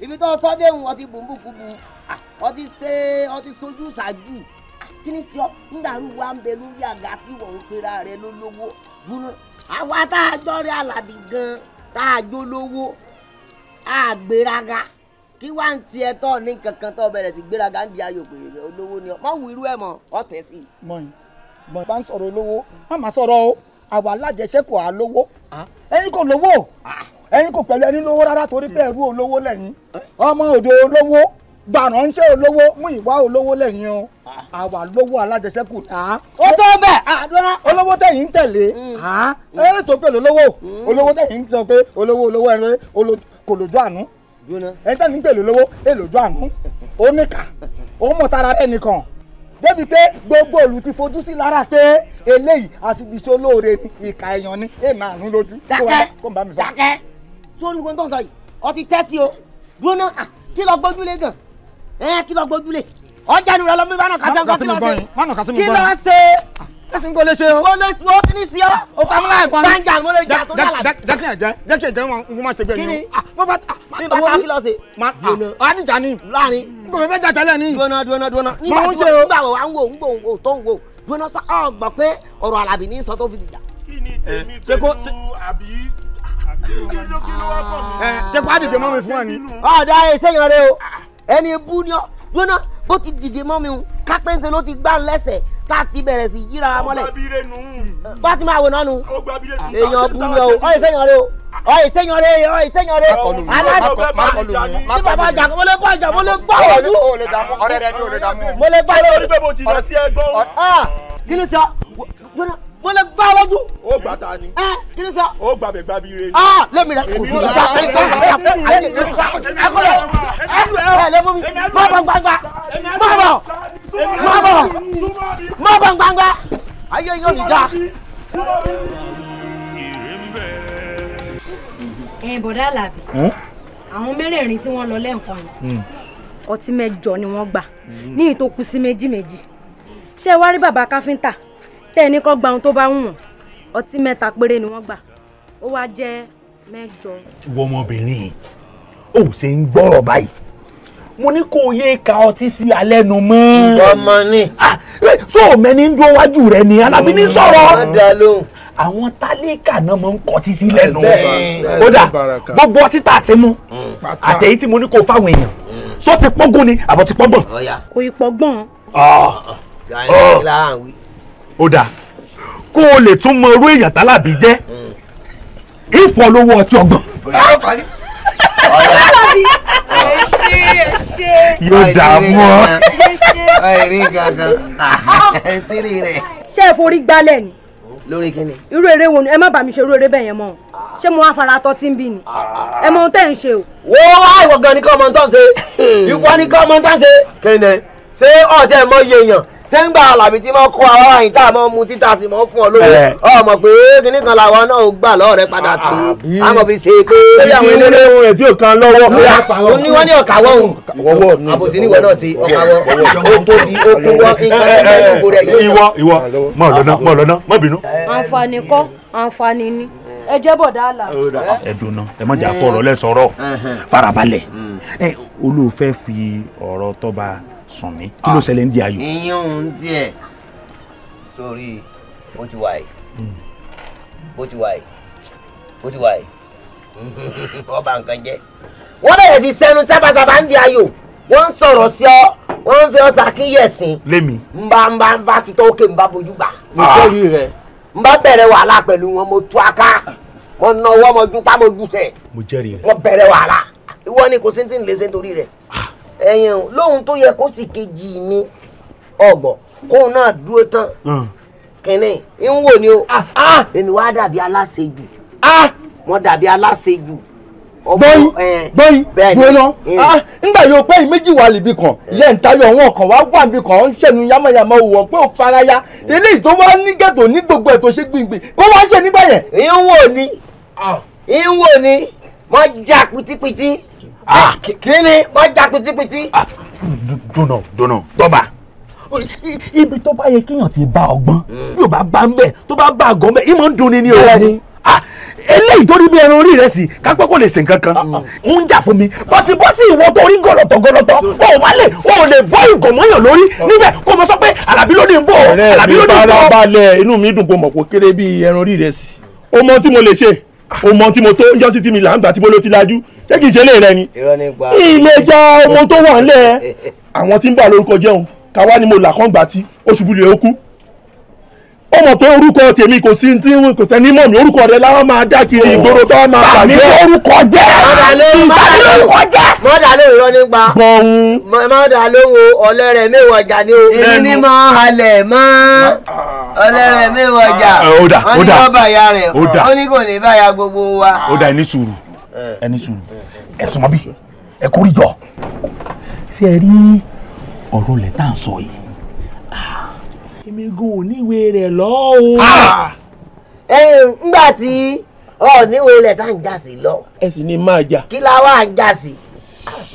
ibi tó sọdẹ ń wọ́n ti bùnbùkúbu ah, wọ́n ti ṣe wọ́n ti sojú ṣáájú ah, kí ni sọ ńdàrú wa ń bẹ lórí àga tí wọ́n ń pera rẹ lólówó dúró àwa tá a jọ rí aládì gan tá a jó lówó àgbéraga kí wá ń tiẹ̀ tọ́ ní kankan tó bẹ̀rẹ̀ sí gbéraga ń di ayò pé olówó ni ọ mọ̀ wù irú ẹ̀ mọ̀ ọ́ tẹ̀ sí. mọ̀yìn mọ̀yìn bá ń sọ̀rọ̀ olówó má má sọ̀rọ̀ o àwa alájẹsẹ́kù àlówó ah. ẹ̀yin kò lówó ẹ̀yin kò pẹ̀lú ẹni lówó rárá torí pé ẹrú olówó lẹ́yìn ọmọ òde olówó gbàránṣẹ́ olówó mú ìwá olówó lẹ́yìn o àwa lówó alájẹsẹ́kù tá. ó tó bẹ́ẹ̀ àdúrà. olówó tẹ̀yìn ń tẹ̀lé mm. ẹ tó pè lólówó mm. olówó tẹ̀yìn ń sọ pé olówó olówó ẹ̀rẹ́ kò lójú àánú ẹ tẹ̀yìn ń pè lólówó ẹ lójú àánú ó níkà ó mọ̀ tara rẹ̀ nìkan débi pé gbogbo òlù ti fojú sí lára pé eléyìí àfi iṣẹ́ olóore ìka ẹ̀yàn ni èèmà àánú lójú. dákẹ́ dákẹ́ sórí gbogbo tó ń sọ yìí ọtí tẹ́sí o dúró náà kí lọ gbójúlé gan ẹ kí lọ gbójúlé ọjà nira lọ bí bánà kàtà nǹkan kí lọ ṣe kí lọ ṣe ẹsìn kò lè ṣe o. kò lè sọ ó ní sí ọ. o kà mọ́ láìpọ́n. gbàǹjà mo lè jà tó dàlà. jákè jẹ jákè jẹ wọn kò má ṣe gbẹ̀yìn. kíni mo bá ta mi bá ta kí lọ ṣe. ma a ní jà ní. láàrin. n kò fẹ́ bẹ́ẹ̀ jà tẹ́lẹ̀ ní. dúró náà dúró náà dúró náà. nígbà tí wọ́n gbà wò wá ń wò ń gbò ń tó ń wò dúró náà sọ ọ gbọ́ pé ọ̀rọ̀ ṣe kó a dìde mọ́ mi fún ẹ ni. ọ̀dà ìṣèyàn rẹ o ẹni bú ni ọ gbóná bó ti dìde mọ́ mi o kápẹ́ńsẹ̀ ló ti gbá lẹ́sẹ̀ tá a ti bẹ̀rẹ̀ sí yíra mọ́lẹ̀. bá ti máa wò náà nu èèyàn bú ni o ọ̀ ìṣèyàn rẹ o ọ ìsẹyàn rẹ ọ ìsẹyàn rẹ aláàjì tí bàbá jà mo lè bá jà mo lè gbá òdu ọ̀rẹ́ rẹ ni o lè dààmú mo lè gbá òdu ah, kí ló sọ mo lè gbá ọlọ́dún. ó gbà ta ni. ẹ kí ni sọ. ó gbà bẹ gbà bí ire. aa ah, lẹ́mi rẹ kò fún mi. ẹ kọ́lẹ̀ ẹ lẹ́mu mi má bọ̀ gbangba má bọ̀ má bọ̀ má bọ̀ gbangba ayé yóò ní da. ẹ bọ̀dá Àlàbí hm? àwọn mẹ́rẹ̀ẹ̀rin tí wọ́n lọ lẹ́ǹkan yìí hm. ọtí mẹ́jọ ni wọ́n gbà hm. ní ìtòkùsí méjì ṣé ẹ wá rí bàbá káfíńtà tẹ́ ẹ ní kọ́ gba ohun tó bá wù wọ́n ọtí mẹ́ta péré ni wọ́n gbà ó wá jẹ́ mẹ́jọ. wọ ọmọbìnrin yìí ó ṣe ń gbọ́rọ̀ báyìí mo ní kó o yé ka ọtí sí alẹ́ nu mọ́. ọmọ ni. Ah, so mẹni ń dúró wájú rẹ ni alábí ní sọ̀rọ̀ àwọn tálíkà náà mo ń kọtí sí lẹ́nu ó dà gbogbo ọtí tá a ti mú hmm. àtẹ̀yí tí mo ní kó o fáwọn èèyàn sọ ti pọ́gùn ni àbọ̀ ti pọ́gbọ̀n. kò ì pọ́gbọ̀n. Ah ó dáa kó o lè tún mọ orú èèyàn tálàbí jẹ́ ìfọlówó ọtí ọgbọ̀n. yóò dààmú ọ. Ah. ṣé ẹ forí gbálẹ̀ ni. lórí kíni. irú eré wo ni ẹ má bàa mi ṣe irú eré bẹ́ẹ̀ yẹn mọ́ ṣé mo wá fara tọ́ tí ń bì ni ẹ mọ ohun tẹ́ ń ṣe o. wo àìwọ̀ gan ni kọ́ ọmọ ń tán ṣe ìwọ ni kọ́ ọmọ ń tán ṣe kéde ṣé ọ̀sẹ̀ mọ iye èèyàn sẹ́ńgbà àlàbí tí mo kọ́ àwọn àyìn tá a mọ̀ mu títa sí mọ́ fún ọ lóye ọmọ pé kíní kan làwọn náà ò gbà lọ́ọ̀ rẹ padà pé àmọ̀ fi ṣe pé. ṣé àwọn ilé ohun ẹ̀ tí ò kan lọ́wọ́. ó ní wọ́n ní ọ̀kàwọ́ òun àbòsí níwọ̀ náà ṣe ọ̀kàwọ́ ó tóbi ó kúnwọ́ ìkànnì ìwọ ìwọ mọ̀ lọ́nà mọ̀ lọ́nà mọ̀ bínú. àǹfààní kọ́ àǹfààní ni ẹ jẹ́ bọ̀dá àlà. ẹ dùnà ẹ sùn mí kí ah. ló ṣẹlẹ̀ ń di ayò. ìyẹn òun díẹ̀ sórí hmm. bó ti wà yìí bó ti wà yìí bó ti wà yìí ọba nǹkan jẹ́ wọ́n bẹ̀rẹ̀ sí sẹ́nu sábàsábà ń di ayò wọ́n ń sọ̀rọ̀ sí ọ wọ́n ń fi ọ ṣàkíyèsí. lémi. nba nba nba tutọ́ òkè nba bojú gbà. nítorí ah. rẹ. nba bẹ̀rẹ̀ wàhálà pẹ̀lú wọn mo tú aká mo nà mo dúpá mo dùsẹ̀. mo jẹ́rìí rẹ. mo bẹ̀rẹ̀ wàhálà ìwọ ni kò sí ti ń lè ṣe rẹ. Ah ẹ̀yìn o lóhun tó yẹ kó sì kejì mi ọ̀gọ̀ kóun náà dúró tán kínní ń wò ni o ah, ah. èmi wá dàbí aláṣejù wọ́n ah. dàbí aláṣejù. gbọ́yì gbọ́yì gbọ́nà nígbà yóò pé méjì wà níbi kan ìyá ìtayọ̀ wọn kan wá wà níbi kan ń ṣẹ̀nu yamayama òwò pé ó faraya eléyìí tó wá ní gẹ̀tò ní gbogbo ẹ̀ tó ṣe gbìngbìn kó wá ṣe nígbà yẹn. ń wò ni ń wò ni wọ́n já pitipiti. Ah. Ah, kí ni wọ́n já pitipiti. Ah, dùnà dùnà tọ́ba. ibi tó bá yẹ kéèyàn ti bá ọgbọ́n bí o bá bá ń bẹ̀ tó bá bá àgọ́ ń bẹ̀ ìmọ̀ ń dunni ni o eléyìí tó rí bí ẹran orí rẹ sí kápẹ́ ko le ṣe nǹkan kan ń jà fún mi bọ́sibọ́sì ìwọ tó rí gọ̀lọ̀tọ̀ gọ̀lọ̀tọ̀ o ò má lè o ò lè bọ́ ìgọ̀mọ́yàn lórí mm. níbẹ̀ kó o mọ sọ pé àlàbí ló ní bò ó àlàbí ló ní bò ó. ẹ̀rẹ́ mi bára balẹ̀ inú mi dùn kó mọ̀ kó kéré bí ẹran orí rẹ sí o mọ tí mo lè ṣe o mọ tí mo tó ń jọ́sí tí mi là ń gbà tí mo ló ti lajú ṣé kìí ṣe lè rẹ ni ilé ja ọmọ tó wà ńlẹ̀ àwọn tí ń bà lórúkọ jẹun káwa ni mo là kán gbà tí oṣù bùrẹ̀ ó kú ó mọ̀ pé orúkọ tèmi kò sí tí kò sẹ́ni mọ̀ mi orúkọ rẹ̀ láwọn máa dá kiri ìgboro tó máa bà jẹ́. bàmí orúkọ jẹ́ bàmí orúkọ jẹ́. mọ́dà ló rọ nípa bọ̀hún. mọ́dà ló wo ọlẹ́rẹ̀ mẹ́wàá ọjà ni o. èmi ni mo halẹ̀ mọ́ ah. ọlẹ́rẹ̀ mẹ́wàá ọjà. ọ̀dà ah, ọ̀dà wọ́n ní kò báyà rẹ̀ wọ́n ní kò ní báyà gbogbo wa. ọ̀dà ẹni sùúrù ẹni sùúrù ẹ̀sùn mọ́bí ẹ̀kú rí jọ. ṣé ẹ rí ọ̀rọ̀ lẹ̀ tá à ń sọ yìí ah gan ò níwèé rẹ̀ lọ́ọ́ o. ńgbà tí ọ níwèé rẹ̀ tá à ń jà sí lọ. ẹ sì ní máa jà. kí la wá ń jà sí.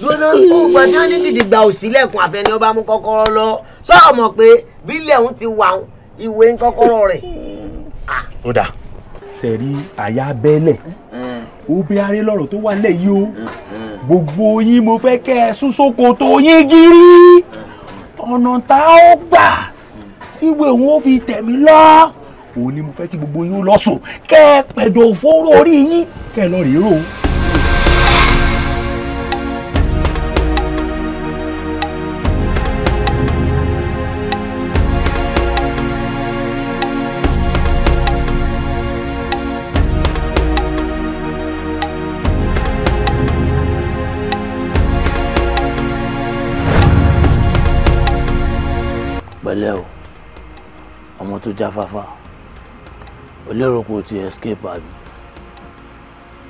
lónà ògbà tí wọ́n ní gidigba ò sílẹ̀kùn àfẹni ọba mú kọ́kọ́rọ́ lọ sọ ọmọ pé bílẹ̀ ń ti wà ìwé ń kọ́kọ́rọ́ ó dà sẹ̀rí àyà abẹ́lẹ̀ obìnrin mm-hmm. lọ́rọ̀ tó wà lẹ̀ o mm-hmm. gbogbo yín mo fẹ́ kẹ́ ẹ sún sóko tó yín gírí mm-hmm. ọ̀nà tá a ó gbà tíwé òun ó fi tẹ̀mí lọ òun ni mo fẹ́ kí gbogbo yín lọ sùn kẹ́ ẹ pẹ̀dọ̀ fóró orí yín kẹ́ ẹ lọ rèé rò. pẹ̀lẹ́ tó jáfáfá o lérò pé o ti escape àbí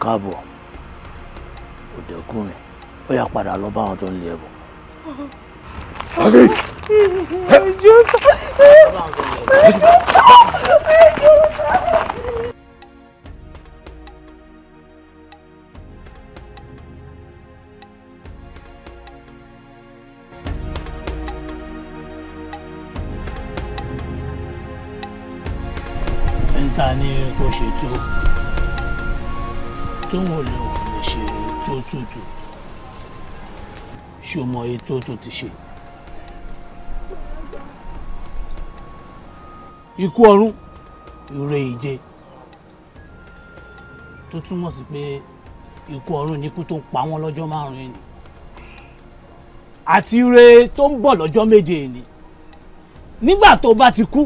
káàbọ̀ òdẹkùnrin ó yà padà lọ bá àwọn tó ń lé ẹbọ. Abi. Ẹjọ́ sá. Ẹjọ́ sá. Ẹjọ́ sá. mẹ́ta ni tó ń bọ̀ lọ́jọ́ méje ni nígbà tó bá ti kú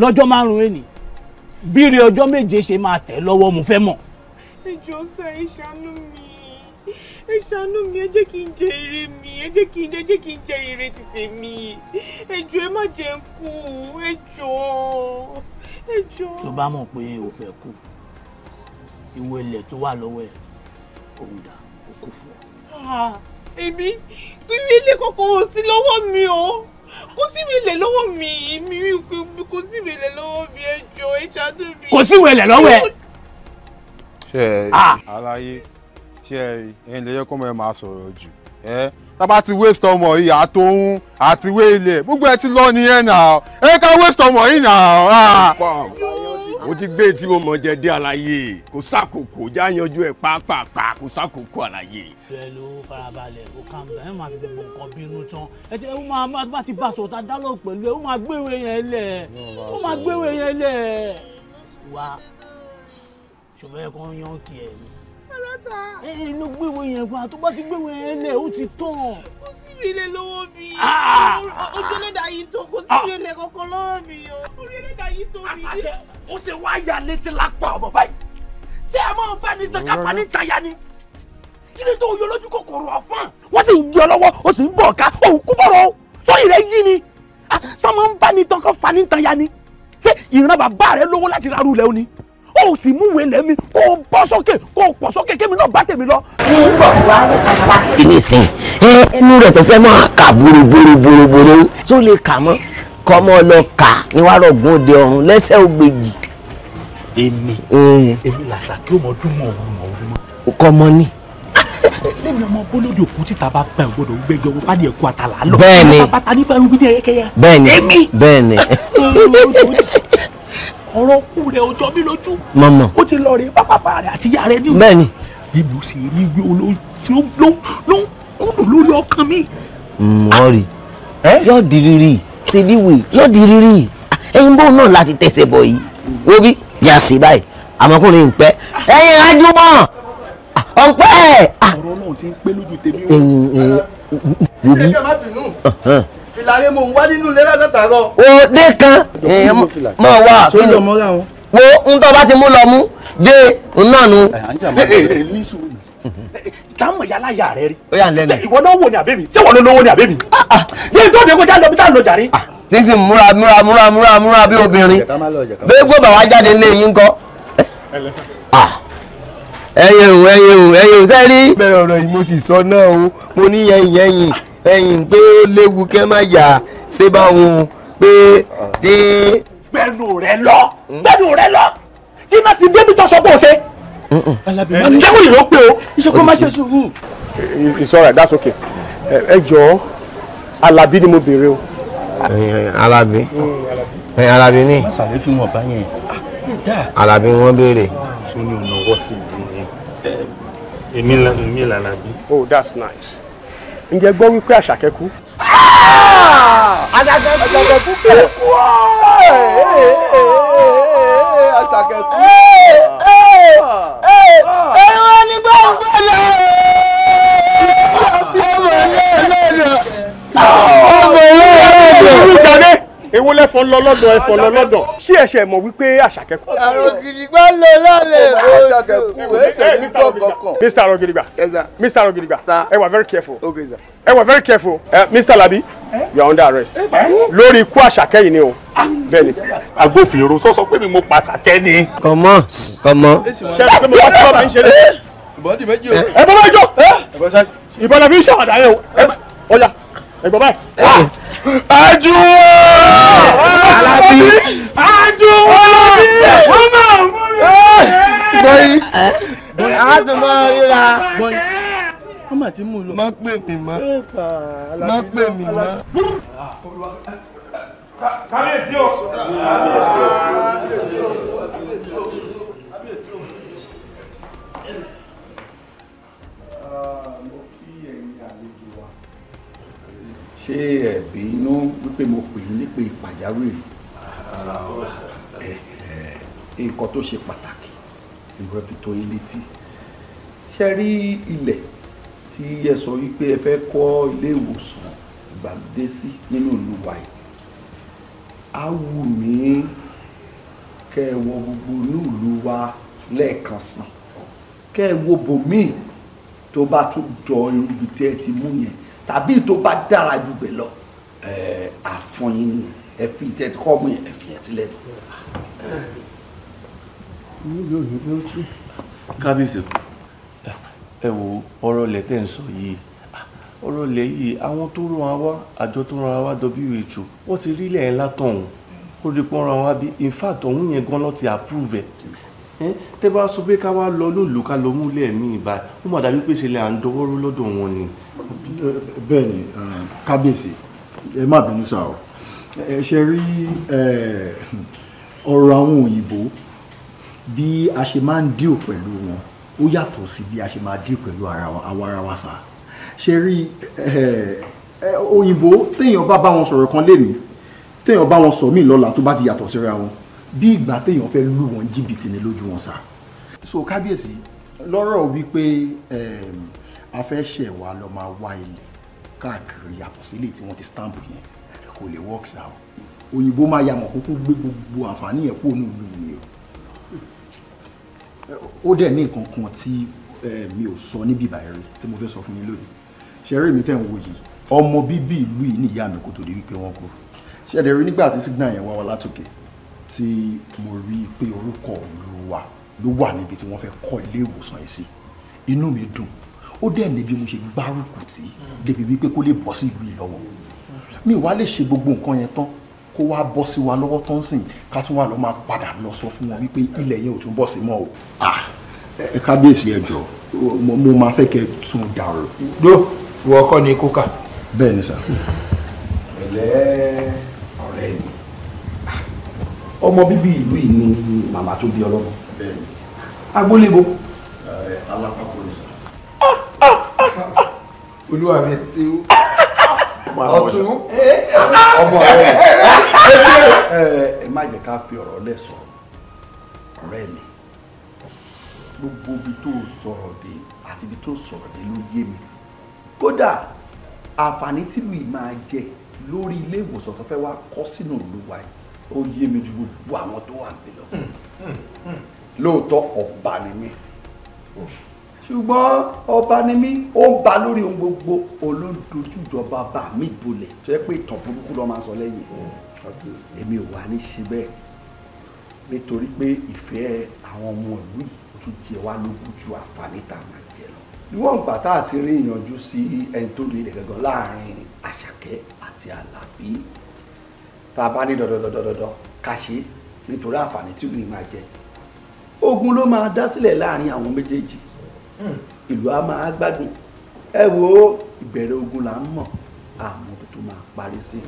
lọ́jọ́ márùn-ún ni bíire ọjọ́ méje ṣe máa tẹ̀ lọ́wọ́ mo fẹ́ mọ̀. ìjọ sá ẹ ṣàánú mi ẹ ṣàánú mi ẹ jẹ́ kí n jẹ ire mi ẹ jẹ́ kí n jẹ́ kí n jẹ ire tètè mi ẹ jọ̀ọ́ ẹ má jẹ́ n kú ẹ jọ̀ọ́ ẹ jọ̀ọ́. tó bá mọ̀ pé o fẹ́ kú ìwọ ilẹ̀ tó wà lọ́wọ́ ẹ̀ òun dà ó kú fún ọ. Ah, èmi ìwé ilé kọ̀ọ̀kan ò sí lọ́wọ́ mi o kò sí ìwélẹ̀ lọ́wọ́ mi mi kò sí ìwélẹ̀ lọ́wọ́ mi ẹ jọ ẹ ṣàánú mi. kò sí ìwélẹ̀ lọ́wọ́ ẹ. ṣe ẹ àlàyé ṣe ẹ ẹyin lè yẹ kó mọ ẹ máa sọ̀rọ̀ jù ẹ tábà ti waste ọmọ yìí àtòhún àti wéèlè gbogbo ẹ ti lọ nìyẹn náà ẹ ká waste ọmọ yìí náà mo ti gbé tí mo mọ̀ jẹ dé àlàyé kò sàkókò já yanjú ẹ̀ pàápàá kò sàkókò àlàyé. fẹ ló farabalẹ̀ o kàn bẹ́ẹ̀ ẹ̀ máa fi gbogbo nǹkan bínú tán ẹ jẹ́ ó máa bá ti bá a sọ̀tà dálọ̀ pẹ̀lú ó máa gbéwèé yẹn lẹ̀ ó máa gbéwèé yẹn lẹ̀ wá ṣùgbọ́n ẹ̀ kàn yàn kì ẹ̀ ni ọlọ́sà. ẹ ẹ ló gbéwò yẹn wá tó bá ti gbéwò yẹn lẹ̀ ó ti tán. kò síbi ilé lọ́wọ́ mi ah! ojú ẹlẹ́dàá yìí tó kò síbi ilé ah! kankan lọ́wọ́ mi o orí ẹlẹ́dàá yìí tó mi. àṣàkẹ́ ó ṣe wá ya létí lápá ọmọ báyìí ṣé ẹ máa ń bá ní takapa ní tayá ni kí ni tó yọ lójú kòkòrò ọ̀fọ́n wọ́n sì ń gbé ọ lọ́wọ́ ó sì ń bọ̀ ká òun kú bọ̀rọ̀ sórí rẹ̀ yí ni sọ́mọ́ ah, ń bá ní tán kọ́ fa ní tayá ni ṣé ìran bàbá rẹ̀ lówó láti rárú lẹ́wọ́ ni kó o sì múwèé lẹ́mí kó o bọ́ sókè kó o pọ̀ sókè kémi náà bá tèmi lọ. ní bọ̀ wá ní kasaba ìní sìn ẹnu rẹ̀ tó fẹ́ máa kà boroboroboro tó lè kà mọ́ kọ́ mọ́ lọ kà ní wàá rọ̀gùn òde ọ̀run lẹ́sẹ̀ ògbèjì. èmi èmi làṣà kí o mọ dún mọ òun mọ òun mọ. kọ́ mọ ni lẹ́mi ọmọ bólódì òkú títa bá pẹ́ ò gbọ́dọ̀ gbẹ́jọ wọn bá ní ẹ̀kú àtàlà lọ. bẹ́ẹ̀ni bàbá ta ní ọ̀rọ̀ kú rẹ̀ ọjọ́ mi lójú. mọ̀mọ́ ó ti lọ rẹ̀ pápápá rẹ̀ àti ìyá rẹ̀ ní. bẹ́ẹ̀ni. bí mo ṣe rí ìwé olóhùn ló ń kúndùn lórí ọkàn mi. wọ́n rí yóò di rírì ṣe níwèé yóò di rírì ẹyin bóun náà láti tẹ̀sẹ̀ bọ̀ yìí wo bí yà sí báyìí àmọ́kùnrin ń pẹ́ ẹyin ajúmọ̀ ọ̀pẹ́. ọ̀rọ̀ náà ti ń pé lójú tèmi o. ẹyin ẹyin wo bí ìlàrí mò ń wá nínú ilé látàtàrọ. o dé kan mọ wá kí ló wo ń tọ́ bá ti mú lọ mú dé náà nu. táwọn yàrá yà rẹ rí ìwọ náà wò ní àbẹ́mi ṣé wọn ló lówó ah, ah. ní àbẹ́mi ní tó dé kó já lọ bí tá à ń lọ jàre. Ah, nísì múra múra múra múra múra bí obìnrin bẹ́ẹ̀ gbọ́ bàwá jáde lé yín kọ́ ẹyẹ o ẹyẹ o ẹyẹ o sẹ́ẹ̀rí. bẹ́ẹ̀ ọ̀rọ̀ yìí mo sì sọ náà o mo ní yẹ̀yìn yẹ̀yìn ẹ̀yìn pé ó léwu kẹ́ má yà ṣé báwọn pé dé. gbẹnu rẹ lọ gbẹnu rẹ lọ kí n bá ti débi tó sọ pé o ṣe. ǹjẹ́wò ìró pé o ìṣòkò má ṣe sùúrù. it's alright. that's okay ẹ jọ̀ọ́ Alábí ni mo béèrè o. Alábí Alábí ni. masale fi wọn bá yẹn ah, Alábí wọn béèrè. sọ ni ọ̀nà wọ́sí ìlú yẹn èmi lànà oh that's nice ǹjẹ́ gbọ́ wípé àṣàkẹ́ kú. àṣàkẹ́ kú kẹ́ kú àṣàkẹ́ kú. ẹ èwo lẹ́fọ̀n lọ lọ́dọ̀ ẹ̀fọ̀n lọ lọ́dọ̀ ṣé ẹ̀ṣẹ̀ mọ̀ wípé àṣàkẹ́kọ̀ọ́. àrògìdìgbà lọ lálẹ́ àṣàkẹ́kọ̀ọ́ ẹ̀ṣẹ̀ ní kọ̀ọ̀kan. Mr. Arogidigba Mr. Arogidigba ẹ wà very careful ẹ wà very careful Mr. Labi you are under arrest lórí ikú àṣàkẹ́ yìí ni o ah. bẹ́ẹ̀ ni. agbófinró sọ́sọ́ pé mi mo pa àṣàkẹ́ ni. kọ̀mọ́ kọ̀mọ́. ṣé ẹ mo bá sọ́ọ́ mi ṣe lé. ìbọn méjì o. ẹ bọ́ méjì o. ìbọn la fi ń ṣàwàdà yẹn o. ọ̀ya ẹgbọ́n báyìí. àjùwọ̀ alábí àjùwọ̀ wọ́n máa ń mú mi. bọ́yì a tún máa ríra. bọ́yì wọ́n máa ti mú un lọ. má pè mí mọ́ má pè mí mọ́. kábíyèsí o kábíyèsí o. ṣé ẹ bínú wípé mo pè yín nípe ìpàjáwìrì nǹkan tó ṣe pàtàkì ìwé fi tó yín létí ṣe rí ilẹ̀ tí ẹ sọ wípé ẹ fẹ́ kọ́ ilé ìwòsàn ìgbàlódé sí nínú ìlú wa yìí á wù mí kẹ́ ẹ wọ gbogbo inú ìlú wa lẹ́ẹ̀kan sàn kẹ́ ẹ wo bòmíì tó bá tún jọ irú ibi ẹ ti mú yẹn tàbí tó bá dára jù bẹ́ẹ̀ lọ àfọyín ni ẹ fi ìtẹ́tí kọ́ mú yẹn ẹ fi yẹn sílẹ̀. kábíyèsí ẹ wo ọ̀rọ̀ ilẹ̀ tẹ́ ń sọ yìí ọ̀rọ̀ ilẹ̀ yìí àwọn tó ràn án wá àjọ tó ràn án wá WHO wọ́n ti rí ilẹ̀ ńlá tọ̀hún kó rí pọ́n ràn án wá bí in fact ọ̀hún yẹn gan-an ti approve ẹ̀ tẹ́ bá sọ pé ká wá lọ lóòlù ká lọ múlẹ̀ mí ìbá ó mà dàbí pé ṣe lè à ń dọwọ́rú lọ́dọ̀ wọn ni bẹ́ẹ̀ ni kábíyèsí ẹ má bínú sá o ẹ ṣe rí ọ̀rọ̀ àwọn òyìnbó bí a ṣe máa ń díò pẹ̀lú wọn ó yàtọ̀ sí bí a ṣe máa díò pẹ̀lú àwa ara wa sá ṣe rí òyìnbó téèyàn bá bá wọn sọ̀rọ̀ kan lénìí téèyàn bá wọn sọ míì lọ́la tó bá ti yàtọ̀ síra wọn bí ìgbà téèyàn fẹ́ lù wọ́n jìbìtì ní lójú wọn sá. so kábíyèsí lọ́rọ̀ wípé afẹ́ṣẹ̀ wa lọ máa wá ilẹ̀ káàkiri yàtọ̀ sílé tí wọ́n ti stamp yẹn kò lè work sa o òyìnbó máa yàmọ̀ kókó gbé gbogbo àǹfààní yẹn kúrò nílùú mi o ó dẹ̀ ní nǹkan kan tí mi ò sọ níbi ìbàyẹ̀rẹ̀ tí mo fẹ́ sọ fún yín lónìí ṣeré mi tẹ̀ ń wo yìí ọmọ bíbí ìlú yìí nìyá mi kò tó di wípé wọ́n kú ṣẹ̀dẹ̀ rí nígbà tí signal yẹn wá wá látòkè tí mo rí i pé orúkọ ìlú wa ló wà níbi tí wọ́n fẹ́ kọ́ ilé ìwòsàn yìí sí inú mi dùn ó dẹ̀ níbi mo ṣe gbárùkù tí débi wípé kó lè bọ́ sí ìlú ìlọ́wọ́ mi wá lè ṣe gbogbo nǹkan yẹn tán kó wá bọ́ sí wa lọ́wọ́ tó ń sìn ká tún wà lọ́ máa padà lọ sọ fún wọn wípé ilẹ̀ yẹn ò tún bọ̀ sí mọ́ o. kábíyèsí ẹ jọ mo máa fẹ́ kẹ́ tún dàrú. dúró ìwọ ọkọ ni kókà. bẹ́ẹ̀ ni sà. pẹ̀lẹ́ ọ̀rẹ́ mi ọmọ bíbí ìlú yìí ni màmá tó bí ọlọ́mọ. agbólébó. alápákó ni olúwa mi ṣe ó ọtún ọmọ rẹ ẹ má jẹ ká fi ọ̀rọ̀ lẹ̀ sọ̀rọ̀ ọ̀rẹ́ mi gbogbo ibi tó sọ̀rọ̀ dé àti ibi tó sọ̀rọ̀ dé ló yé mi kódà àǹfààní tìlú yìí máa jẹ lórí ilé ìwòsàn tó fẹ́ wá kọ́ sínú ìlú wa yìí ó yé mi ju gbogbo àwọn tó wà nílò hmm, hmm, hmm. lóòótọ́ ọba ni mí. Mm ṣùgbọ́n ọba ni mí ó ń ba lórí ohun gbogbo olóńdojú bá mi bolẹ̀ tó yẹ pé ìtàn burúkú ló máa sọ lẹ́yìn èmi ò wá ní ṣe bẹ́ẹ̀ nítorí pé ìfẹ́ àwọn ọmọ ìlú yìí ó tún jẹ wá lógún ju àǹfààní tá a máa jẹ lọ. níwọ̀n ìgbà tá a ti rí ìyànjú sí ẹni tó lè gẹ̀gẹ̀ láàrin àṣàkẹ́ àti àlàbí tá a bá ní dandandandandan ká ṣe nítorí àǹfààní tí ìlú yìí máa jẹ ogun ló máa dá sílẹ̀ láàrin àwọn méjèèjì ìlú a máa gbádùn ẹ wo ìbẹ̀rẹ̀ ogun là ń mọ̀ àmọ́ tó máa parí sí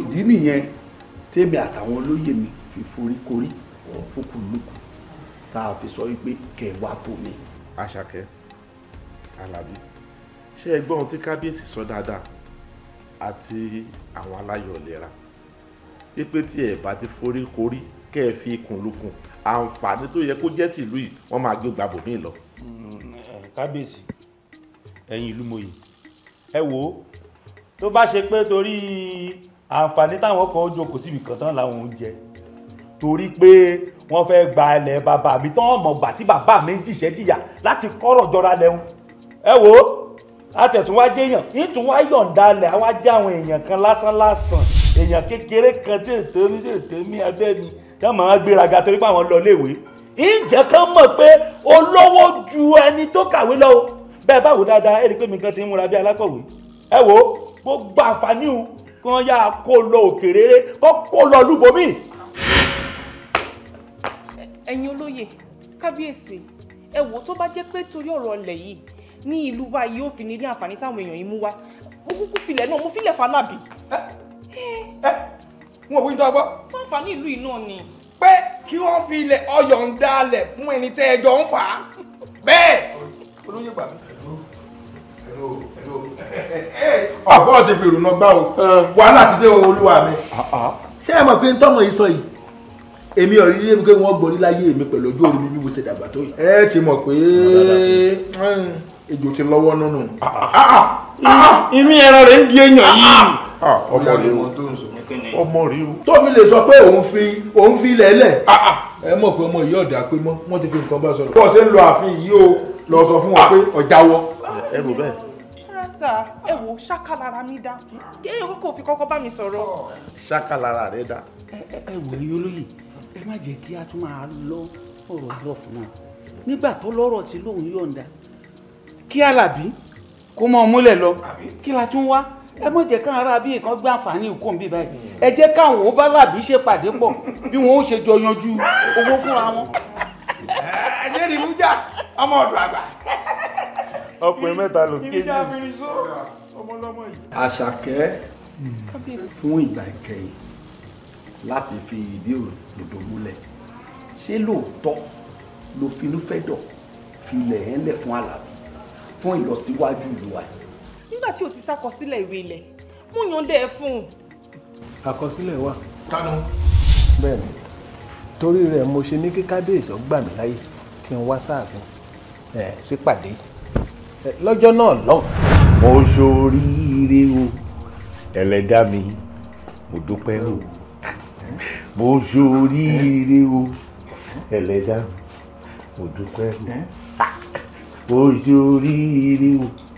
ìdí nìyẹn tèmi àtàwọn olóyè mi fi forí korí fúkúlùkù tá a fi sọ wípé kẹwàá bò mí. àṣàkẹ́ alábí ṣé ẹ gbọ́ ohun tí kábíyèsí sọ dáadáa àti àwọn aláyọ̀ ìlera wípé tí ẹ bá ti forí korí kẹ́ ẹ fi ikùn lukùn àǹfààní tó yẹ kó jẹ́ tìlú yìí wọ́n máa gbé gbàbọ̀ mí lọ. Mm -hmm kábíyèsí ẹ̀yin ìlú mòye ẹ wò ó tó bá ṣe pé torí àǹfààní táwọn kan ó jókòó síbi kan tán làwọn ń jẹ torí pé wọ́n fẹ́ gba ilẹ̀ bàbá mi tán ọmọ gbà tí bàbá mi ń jìṣẹ́ jìyà láti kọ́rọ̀ jọra lẹ́hún ẹ wò ó àtẹ̀túnwájé èèyàn ìtúnwá yọ̀ǹda alẹ̀ àwa jẹ́ àwọn èèyàn kan lásán lásán èèyàn kékeré kan tí ètò mi tí ètò mi abẹ́ mi táwọn máa gbéraga torí pé àwọn lọ léèwé ìjẹ́ kan mọ̀ pé olówó ju ẹni tó kàwé lọ o bẹ́ẹ̀ báwo dáadáa ẹ rí i pé mi kan ti ń múra bí alákọ̀wé ẹ wo gbogbo àǹfààní o kí wọ́n yáa kó lọ òkèrè kó kó lọ lúbomí. ẹ̀yin olóye kábíyèsí ẹ wò tó bá jẹ́ pé torí ọ̀rọ̀ ọlẹ̀ yìí ní ìlú wa yìí ó fi ní rí àǹfààní táwọn èèyàn yìí mú wá mo kúkú filẹ̀ náà mo filẹ̀ falábì. ẹ ẹ wọn ò wí dáa bá. fún àǹfààní ìlú yìí náà ni pé kí wọ́n fi ilẹ̀ ọyọ̀ ń dalẹ̀ fún ẹni tẹ́ ẹ jọ ń fà á bẹ́ẹ̀. olóyè gbà mí. ọ̀pọ̀ ti fi ìrùnà gbá o eh. wàhálà ti dé olúwa mi. Ah, ah. ṣé ẹ mọ̀ pé ntọ́mọ̀ yìí sọ yìí èmi ò rí rí pé wọ́n gbọ́ níláyé mi pẹ̀lú ojú orí mi bí mo ṣe dàgbà tó yìí. ẹ ti mọ̀ pé ejò ti lọ́wọ́ nínú. Ah, ìmí ẹran rẹ̀ ń di èèyàn yìí. ọmọ rẹ̀ wọ́n tó ń sọ ọmọ rí o tó fi lè sọ pé òun fi òun fi lẹ́lẹ̀ ah, ah. ẹ mọ̀ pé ọmọ yìí ọ̀dà pé mọ́ wọ́n ti fi nǹkan bá sọ̀rọ̀ bọ́ọ̀ ṣe ń lo ààfin yìí o lọ sọ fún wọn ah. pé ọjà wọ. ẹ rò bẹ́ẹ̀. rásà ẹ wo ṣáká lára mi dá kéèyàn kò fi kọ́kọ́ bá mi sọ̀rọ̀. ṣáká lára rẹ dá. ẹ wò ó olóyè ẹ má jẹ́ kí a tún máa lọ ọ̀rọ̀ lọ fún wa nígbà tó lọ́rọ̀ tí lóun yọ̀ǹda kí alábí kó mọ́ ọmúlẹ̀ lọ kí la tún wá ẹ mọ̀ jẹ́ káwọn ará bí nǹkan gbé àǹfààní nǹkan bí báyìí hmm. ẹ jẹ́ káwọn ó bá làbí ṣe pàdé pọ̀ bí wọ́n ó ṣe jọ yanjú owó fúnra wọn. ẹ̀jẹ̀ ni mújà ọmọ ọ̀dọ̀ àgbà. ọkùnrin mẹ́ta ló ké sí. àṣàkẹ́ fún ìgbà ìkẹyìn láti fi ìdí òdòdó múlẹ̀ ṣé lóòótọ́ ló finúfẹ́dọ̀ filẹ̀ ẹ̀ ń lẹ̀ fún àlàbí fún ìlọsíwájú ìlú wa yìí nígbà tí o ti ṣàkọsílẹ̀ ìwé ilẹ̀ mo yànda ẹ fún un. àkọsílẹ̀ wà. kánú. bẹ́ẹ̀ni torí rẹ̀ mo ṣe ní kí kábíyèsí gbà mí láyè kí n wá sáàfin ẹ sípàdé lọ́jọ́ náà lọ́hùn. mo ṣoríire o ẹlẹ́dá mi mo dúpẹ́ o mo ṣoríire o ẹlẹ́dá mi mo dúpẹ́ o mo ṣoríire o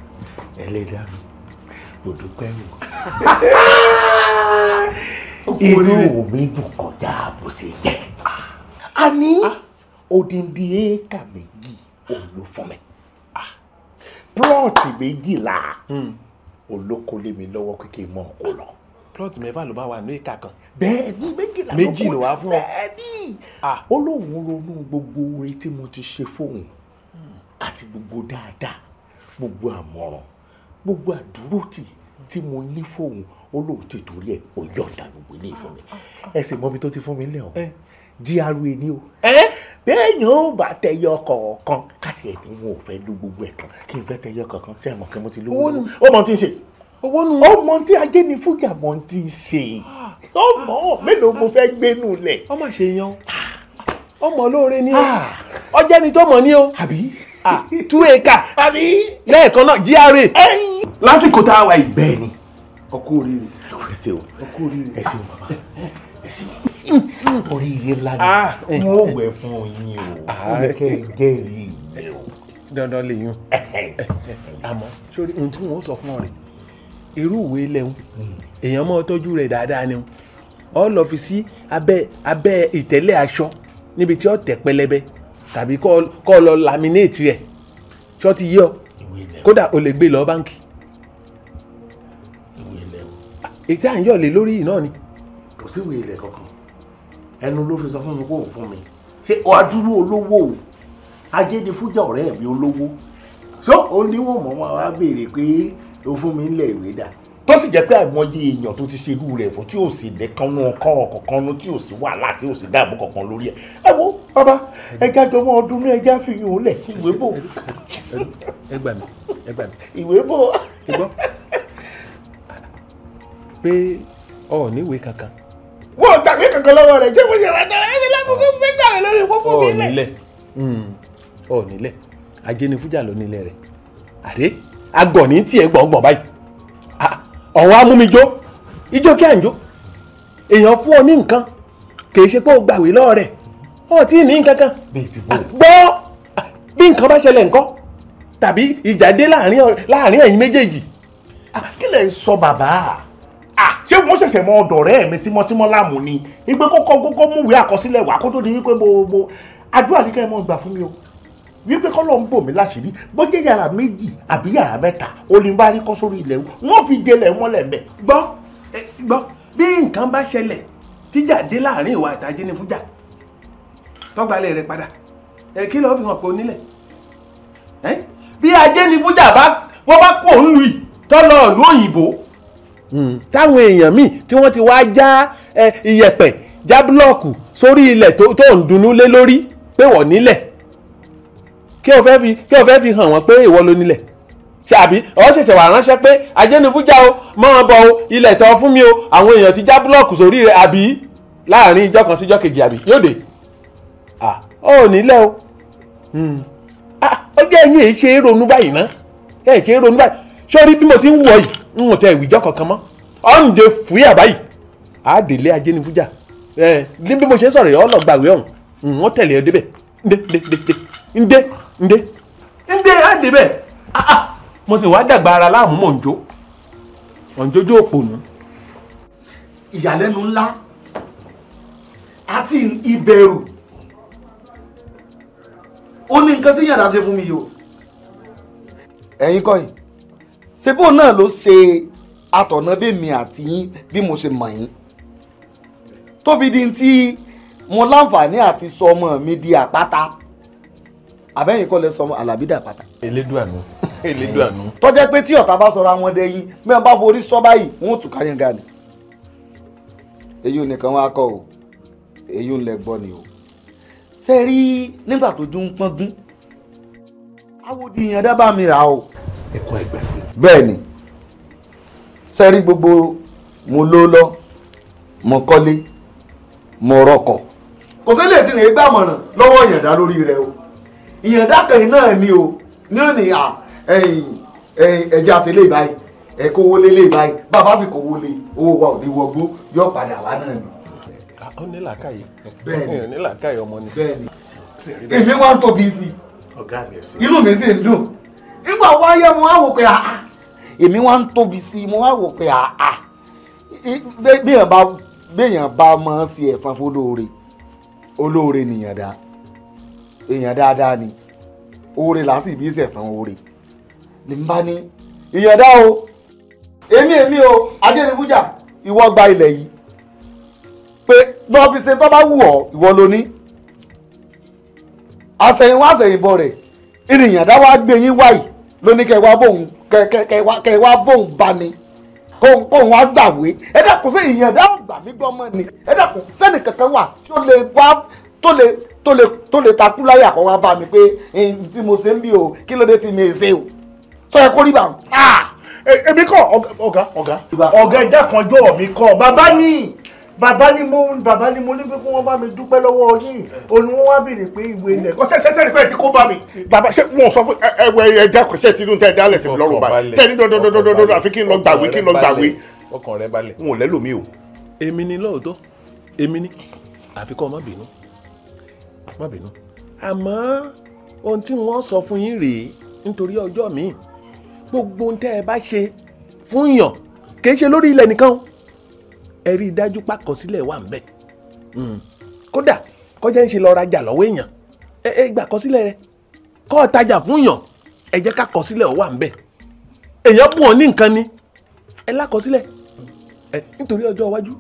ẹlẹ́dàá òdùpẹ́ wò inú omi dùn kọjá bó ṣe yẹ àní ah. odindi éékà méjì òun ló fún mi ah. plọ́ọ̀tì méjìlá olóko hmm. lé mi lọ́wọ́ pé kí n mọ̀ kó lọ. plọ́ọ̀tì mẹ́fà ló bá wà ní ìka kan. bẹ́ẹ̀ ni méjìlá ló kó méjì ló wá fún ọ. bẹ́ẹ̀ ni olóhùn ah. ronú gbogbo oore tí mo ti ṣe fóun hmm. àti gbogbo dáadáa gbogbo àmọ̀ràn gbogbo àdúró tì tí mo ní fóun ó lóun ti torí ẹ̀ ó yọ̀ǹda gbogbo ilé ìfún mi ah, ah, ah. ẹ sì mọ ibi tó ti fún mi lẹ̀ ọ́ dra ni o bẹ́ẹ̀ yẹn ó bá tẹyọ ọkọ̀ kan káti ẹ̀ ní wọn ò fẹ́ lu gbogbo ẹ̀ kan kí n fẹ́ tẹyọ ọkọ̀ kan tí ẹ̀ mọ̀ kí mo ti lówó nù ó mọ tí ń ṣe owó nù ó tí ajé ni fújà mọ tí ń ṣe ó mélòó mo fẹ́ gbé nù lẹ̀. ọmọ ṣe yan ọmọ olóore ni ọjẹ́ ni tó ni ó. Ah, two acre lẹ́ẹ̀kan náà GRA. lásìkò tá a wà ìgbẹ́ ni. ọkọ oríire. ẹ ṣeun ẹ ṣeun bàbá ẹ ṣeun. Ah, oríire ńlá ni ah, n ó wẹ̀ fún yín o ó yẹ kẹ́ ẹ jẹ́rìí dandan lè yún àmọ́ sórí ohun tí wọ́n sọ fún ọ rẹ̀ irú ìwé lẹ́hún hmm. èèyàn mọ́ tọ́jú rẹ̀ dáadáa ni ọ lọ fi sí abẹ́ abẹ́ ìtẹ́lẹ̀ aṣọ níbi tí ó tẹ̀ pẹlẹbẹ tàbí kọ́ lọ laminate rẹ̀ ṣọ́ ti yọ kódà o lè gbé lọ báǹkì. ètò à ń yọ̀ lé lórí yìí náà ni. kò sí ìwé ilẹ̀ kankan ẹnu ló fi sọ fún mi kó o fún mi ṣé ọ adúrú olówó o ajédefújà ọ̀rẹ́ mi olówó ṣó o níwọ̀n mọ́ wa béèrè pé o fún mi ń lẹ̀ ìwé dà sì jẹ́ pé àìmọye èèyàn tó ti ṣe irú rẹ̀ fún tí ò sì lẹ́kànnú ọkàn ọ̀kọ̀ọ̀kan nu tí ò sì wàhálà tí ò sì dáàbò kankan lórí ẹ̀ ẹ wo bàbá ẹja jọmọ ọdún ní ẹja fi yùn lẹ̀ ìwé bò. ẹ gbà mí ẹ gbà mí. ìwé bò. ìgbọ́ pé ọ ò níwèé kankan. wọ́n gbàgbé kankan lọ́wọ́ rẹ̀ ṣé mo ṣe rà dára ẹ̀mí lákòókò fẹ́ gbàgbé lórí ìwọ́pọ̀ mi lẹ̀. ọ ò nílẹ̀ hmm, ajé ni fújà ló nílẹ̀ rẹ̀ àdé agọ̀ ní tiẹ̀ ọ̀wọ́ amúmijó ijó kí à ń jó èèyàn fún ọ ní nǹkan kì í ṣe pé ó gbàwé lọ́ọ̀ rẹ̀ ó ti ní nǹkan kan gbọ́ bí nǹkan bá ṣẹlẹ̀ ńkọ́ tàbí ìjà dé láàrin ẹ̀yin méjèèjì kí lẹ̀ ń sọ bàbá ṣé wọ́n ṣẹ̀ṣẹ̀ mọ ọ̀dọ̀ rẹ̀ mi tímọ́tímọ́ láàmú ni ìgbẹ́ kọ́kọ́ kọ́kọ́ múwèé àkọsílẹ̀ wà kó tó di wípé mo mo àdúrà ní kẹ́ ẹ mọ́ gbà fún mi o wípé kọ́lọ̀ ń bò mí láṣìírí bó jẹ́ yàrá méjì àbí yàrá mẹ́ta olùbárí kọ́ sórí ilẹ̀ wọn fi délẹ̀ wọn lẹ̀ mbẹ́. gbọ́ gbọ́ bí nǹkan bá ṣẹlẹ̀ tíjà dé láàrin ìwà àtàjẹ́ ni fújà tọ́gbalẹ̀ rẹ̀ padà ẹ̀ kí lọ́ọ́ fi hàn pé onílẹ̀ bí ajé ni fújà bá wọ́n bá kó òun lù yìí tọ́lọ̀ ìlú òyìnbó. Hmm. táwọn èèyàn míì tí wọ́n ti wá já iyẹ̀pẹ̀ já búlọ̀kù sórí ilẹ̀ tó ń dunnú lé lórí pé wọ́n nílẹ̀ kí o fẹ́ fi kí o fẹ́ fi hàn wọ́n pé ìwọ ló nílẹ̀ ṣàbí ọ ṣẹ̀ṣẹ̀ wà ránṣẹ́ pé ajẹ́nifújà o máa bọ̀ o ilẹ̀ tọ́ fún mi o àwọn èèyàn ti já búlọ̀kù sórí rẹ̀ àbí láàrin ìjọ kan sí ìjọ kejì àbí yóò dé ọ ò nílẹ̀ o hmm. ó jẹ́ ẹ̀yin èyí ṣe é ronú báyìí ná ẹ̀ ṣe é ronú báyìí sórí bí mo ti ń wọ̀ yìí n ò tẹ ìwìjọ́ kankan mọ́ de fúyà báyìí àdèlé ajẹ́nifújà ẹ̀ ní bí mo ṣe ń sọ̀rọ̀ yìí ọlọ́gbàwé ọ̀hún wọ́n tẹ̀lé ẹ débẹ̀ ndé ndé ndé ndé ǹdẹ ǹdẹ á dé bẹ́ẹ̀ ah ah mo sì wá dàgbà ara láàmú mò ń jó mò ń jójó òpònú. ìyàlẹ́nu ńlá àti ìbẹ̀rù ó ní nǹkan tí yàrá ṣe fún mi yìí o. ẹ̀yin kọ́ yìí ṣebó náà ló ṣe àtọ̀nà bèmi àti yín bí mo ṣe mọ̀ yín tóbi di ti mo láǹfààní àti sọ ọmọ mi di àpáta àbẹ́yìn kọ́ lè sọ ọmọ àlàbídà pátá. elédùà nù elédùà nù. tó jẹ́ pé tí ọ̀tá bá sọra wọn dẹ yín mẹ́wọ́n bá forí sọ báyìí wọ́n tù káyọ̀ ga ni. èyí ò nìkan wá kọ́ o èyí ò ń lẹ gbọ́ ni o. ṣe rí nígbà tó dún pọ́ngún awòdì ìyàn dábàá mi rà o. ẹ̀kọ́ ẹgbẹ̀gbẹ̀. bẹ́ẹ̀ ni ṣe rí gbogbo mo ló lọ mo kọ́lé mo rọkọ̀ kò sí lè ti rìn gbàmọ̀ràn lọ́wọ́ ìyàndá ìyàndá kan náà ni o ní ò ní ẹ̀jẹ̀ àṣẹ lè báyìí ẹ̀kọ́wó lé lè báyìí bàbá sì kọ́wó lé owó wa ò ní wọgbó yóò padà wá náà ni. ó ní làákàyè bẹ́ẹ̀ni ó ní làákàyè ọmọ ni. bẹ́ẹ̀ni èmi wá ń tóbi sí i inú mi sì ń dùn nígbà wáyé mo wá wò pé àá ah, ah. èmi wá ń tóbi sí i mo wá wò pé àá ah, béèyàn bá béèyàn bá máa ń ṣe fún olóore olóore nìyàn dáa èèyàn dáadáa ni oore là á sì bí sẹ̀sán oore lè ń bá ní èèyàn dá o èmi èmi o ajẹ́nifújà ìwọ gba ilẹ̀ yìí pé lọ́ọ́ fi ṣe tó bá wù ọ́ ìwọ ló ní àṣẹ̀yìnwá àṣẹ̀yìnbọ̀ rẹ̀ ènìyàn dá wá gbé yín wáyìí ló ní kẹwàá bóun kẹwàá bóun bá ni kóun wá gbàwé ẹ dákun sí ìyàn dá ọgbà mí gbọ́ mọ́ ni ẹ dákun sẹ́nì kankan wà tí ó lè wá tó lè tó lè tó lè takú láyà kó wá bá mi pé tí mo ṣe ń bí o kí ló dé tí mi ṣe o sọ yẹ kó rí bá ah! e, èmi kọ́ ọ̀gá ọ̀gá ọ̀gá ẹ̀dá kan jọ mi kọ́ bàbá ni bàbá ni mo bàbá ni mo ní pé kí wọ́n bá mi dúpẹ́ lọ́wọ́ yín òun wọ́n wá béèrè pé ìwé ilẹ̀ kọ́ sẹ́sẹ́ sẹ́ni pé ti kó bá mi. bàbá ṣé wọn sọ fún ẹwẹ ẹja kò ṣe ti dún tẹ dálẹ̀ sí mi lọ́rùn bá tẹ ní dọdọdọdọdọdọ àfi kí n lọ gbàwé kí n lọ gbàwé. ọkàn rẹ balẹ̀. n ò lẹ́lòmí o. èmi ni lóòótọ́ èmi ni àfikún ọmọ má bínú àmọ́ ohun tí wọ́n sọ fún yín rèé nítorí ọjọ́ mi gbogbo ohun tẹ́ ẹ bá ṣe fún yàn kìí ṣe lórí ilẹ̀ nìkan ẹ rí i dájú pàkọsílẹ̀ wà ń bẹ̀ hmm. kódà kọjá ń ṣe lọ rajà lọ́wọ́ èèyàn ẹ gbà kọsílẹ̀ rẹ kọ́ ọ tajà fún yàn ẹ jẹ́ ká kọsílẹ̀ ọ wà ń bẹ̀ èèyàn bù ọ́ ní nǹkan ni ẹ lákọsílẹ̀ nítorí ọjọ́ iwájú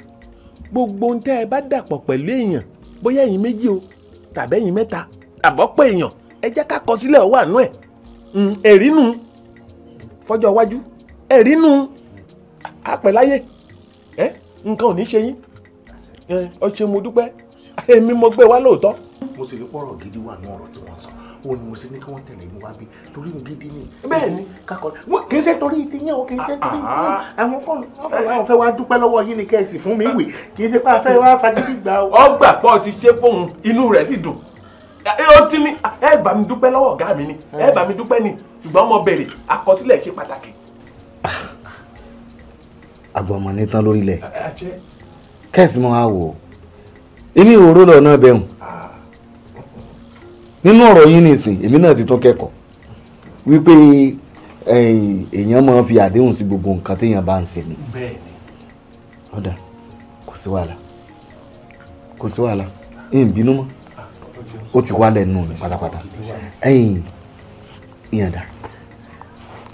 gbogbo ohun tẹ́ ẹ bá dàpọ̀ pẹ̀lú èèyàn bóyá ẹ̀yin méjì o tàbẹ́yìn mẹ́ta àbọ̀pọ̀ èèyàn ẹ jẹ́ ká kọ sílẹ̀ ọwọ́ àánú ẹ̀ hmm, ẹ̀rínú fọjọ́ iwájú ẹ̀rínú àpẹ̀láyé ẹ nǹkan ò ní ṣe yín ọ ṣe mo dúpẹ́ èmi mo gbé wá lóòótọ́. mo sì rí pọ̀rọ̀ gidi wà ní ọ̀rọ̀ tí wọ́n sọ. òun ni mo ṣe ní kí wọ́n tẹ̀lé mi wá bí torí mi gidi ni. bẹ́ẹ̀ ni kakọ wọn kì í ṣe torí ti yẹn o kì í ṣe torí ti yẹn ah, ah. àwọn kọ́ àwọn fẹ́ wá dúpẹ́ lọ́wọ́ yín ni kẹ́sì fún mi ìwé kì í ṣe pé a fẹ́ wá fagídí gbà o. ọgbà pọ̀ ti ṣe fóun inú rẹ̀ sì dùn ó ti ní ẹ bá mi dúpẹ́ lọ́wọ́ ọ̀gá mi ni ẹ bá mi dúpẹ́ ni ṣùgbọ́n mo bèrè àkọsílẹ̀ ṣe pàtàkì. Ah, àgbọ̀mọ̀ ní tán lórílẹ̀ kẹ́sì mọ́ àwò èmi ò nínú ọ̀rọ̀ yín nìsín èmi náà ti tún kẹ́kọ̀ọ́ wípé èèyàn máa ń fi àdéhùn sí gbogbo nǹkan téèyàn bá ń ṣe ni ọ̀dà kò sí wàhálà kò sí wàhálà ń bínú mọ́ ó ti wá lẹ́nu mi pátápátá ẹ̀yìn ìyànda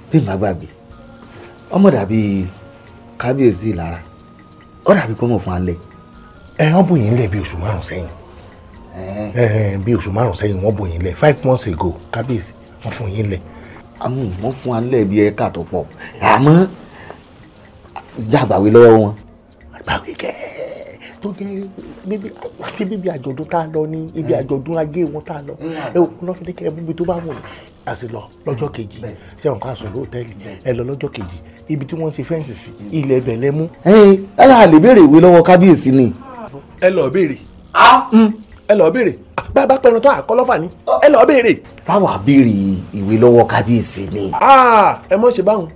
bí màá gbàgbé ọmọ dàbí kábíyèsí lára ó dàbí pé mo fún alẹ́. ẹ ọ́ bùn yín lẹ̀ bí oṣù márùn-ún sẹ́yìn Eh. Eh, bí oṣù márùn sẹ́yìn wọ́n bò yín lẹ̀ five months ago kábíyèsí wọ́n fún yín lẹ̀. àmọ́ wọ́n fún wa lẹ́ẹ̀bi ẹ̀ka tó pọ̀ àmọ́ jẹ́ àgbàwé lọ́wọ́ wọn. àgbàwé kẹ́ tó jẹ́ bíbí àti bíbí àjọ̀dún tá a lọ ní ibi eh. àjọ̀dún ajé wọn tá a lọ ẹ òkú lọ́fẹ́ ní kẹ́kẹ́ bíbi tó bá wọ̀ a sì lọ lọ́jọ́ kejì ṣé wọn kà sọ lóòtẹ́ẹ̀lì ẹ lọ lọ́jọ́ kejì ibi tí wọ́n ṣe fẹ́ǹsì sí ilẹ̀ ibẹ̀ lẹ́mú. ẹ ẹ lè béèrè ìwé lọ́wọ́ kábíyèsí ni. ẹ lọ béèrè. Ah, hmm ẹ lọ́ọ́ béèrè ah, bá a bá pẹ̀lú tán àkọlọ́fà ni ẹ lọ́ọ́ béèrè. sáwọn abéèrè ìwé lọ́wọ́ kábíyèsí ni. Ah, ẹ mọ̀ ṣe báwọn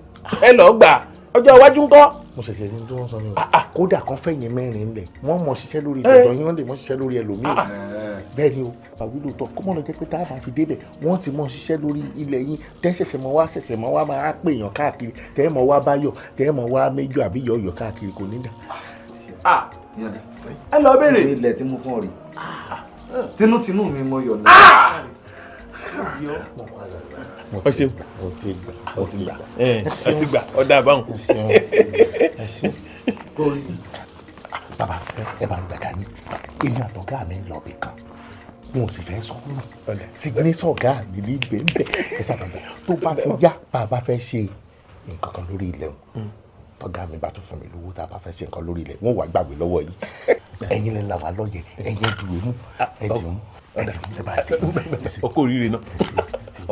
ẹ lọ́ọ́ gbà ọjọ́ iwájú ńkọ́. mo ṣẹ̀ṣẹ̀ ní tí wọ́n sọ nínú. Ah, kódà kan fẹ̀yìn mẹ́rin lẹ̀ wọ́n mọ̀ ṣiṣẹ́ lórí ìtọ́jọ́ yín wọ́n lè mọ̀ ṣiṣẹ́ lórí ẹlòmíì. bẹ́ẹ̀ ni o àwílò tọ kọ́mọ́ lọ jẹ́ pé táwọn máa fi débẹ̀ wọ́n ti mọ̀ ṣiṣẹ́ lórí ilẹ̀ yín tẹ́ ṣẹ̀ṣẹ̀ mọ̀ wá ṣẹ̀ṣẹ̀ mọ̀ wá máa pè yàn káàkiri tẹ́ mọ̀ wá báyọ̀ tẹ́ mọ̀ wá méjọ àbí yọ̀ọ̀yọ̀ káàkiri kò ní dà. ẹ lọ béèrè. ilẹ̀ tí mo fún ọ rèé tinútinú mi mo yọ̀ náà. Ah! mo ti gbà mo ti gbà mo ti gbà mo ti gbà ọ̀dà àbáwọn. bàbá ẹ bá ń gbàgbà ní èmi àtọ̀gá mi ń lọ bì kan wọn ò sì fẹ́ sọ fún mi signation ọ̀gá mi ní bẹ́ẹ̀ bẹ́ẹ̀ ẹ sábà tó bá ti yá bàbá fẹ́ ṣe nǹkan kan lórí ilẹ̀ wọn tọ́gá mi bá tún fún mi lówó tá a bá fẹ́ ṣe nǹkan lórí ilẹ̀ wọ́n wàá gbàgbé lọ́wọ́ yìí ẹ̀yin lè la wà lọ́yẹ ẹ̀yin ẹ̀dùn ẹ̀mú ẹ̀dùn ẹ̀dùn ẹ̀ bá dé. ọkọ oríire náà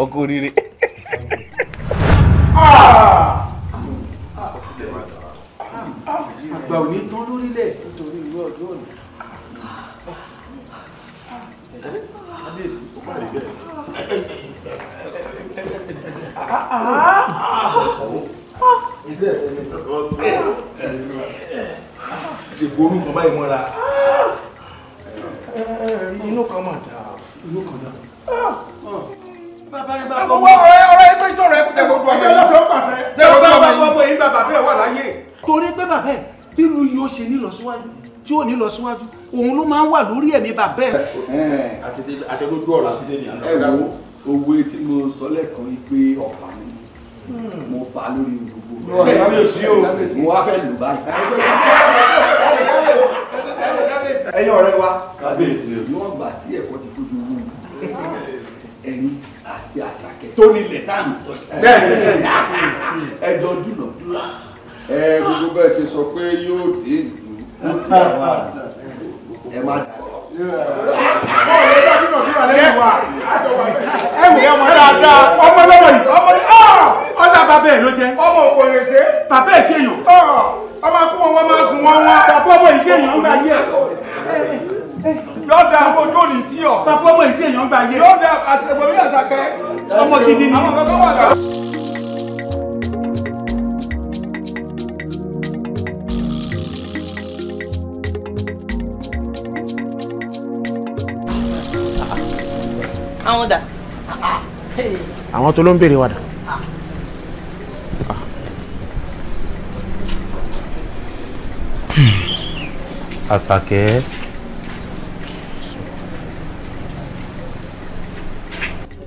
ọkọ oríire. àgbà ò ní tán lórílẹ̀ nítorí ah, ìlú ah. ọ̀dọ́ ọ̀nà. kábíyèsí ó bá rí bẹ́ẹ̀ ìgbò orú nǹkan báyìí mọ́ra. inú kan mà dáa inú kan dáa. bàbá ní bàbá ọmọ ọ̀rẹ́ ọ̀rẹ́ ẹgbẹ́ ìṣòro ẹkùn tẹ gbogbo ọmọ yìí. ọjọ́ sọ pàṣẹ. tẹ gbogbo ọmọ ọmọ yìí bàbá bẹ́ẹ̀ wà láyé. torí pé bàbá ẹ bírú yìí ó ṣe nílọsíwájú tí ò nílọsíwájú òun ló máa ń wà lórí ẹ̀mí bàbá ẹ. àtẹ̀lójú ọ̀rọ̀ àtẹ̀lójú ọ̀rọ̀ àtẹ̀lójú ọ̀rọ̀ owó tí mo sọ lẹ́ẹ̀kan yìí ọ̀pá mo pa lórí gbogbo rẹ̀ mo wá fẹ́ lù báyìí. ẹ̀yin ọ̀rẹ́ wa níwọ̀n gbà tí ẹ̀kọ́ ti fojú wù mí ẹ̀yin àti àṣàkẹ́ tó nílẹ̀ tá à ń sọ ẹ̀jọ̀ dúnàdúrà ẹ gbogbo bẹ́ẹ̀ ṣe sọ pé yóò dé ìlú ẹ má dà ẹ wò ọmọ dáadáa ọmọ lọ́wọ́ yìí ọmọ ní ọ̀dà bàbá ẹ̀ ló jẹ́. ọmọ kò lè ṣe. bàbá ẹ̀ ṣèyàn. ọmọ kú wọn wọn máa sùn wọn wọn. bàbá ọmọ yìí ṣèyàn ń gba yé. yọ̀dà ojú òní tí ọ̀. bàbá ọmọ yìí ṣèyàn ń gba yé. yọ̀dà àti ẹ̀gbọ́n mi àṣàkẹ́. ọmọ gidi ni. àwọn tó ló ń béèrè wa dà. Àṣàkẹ́.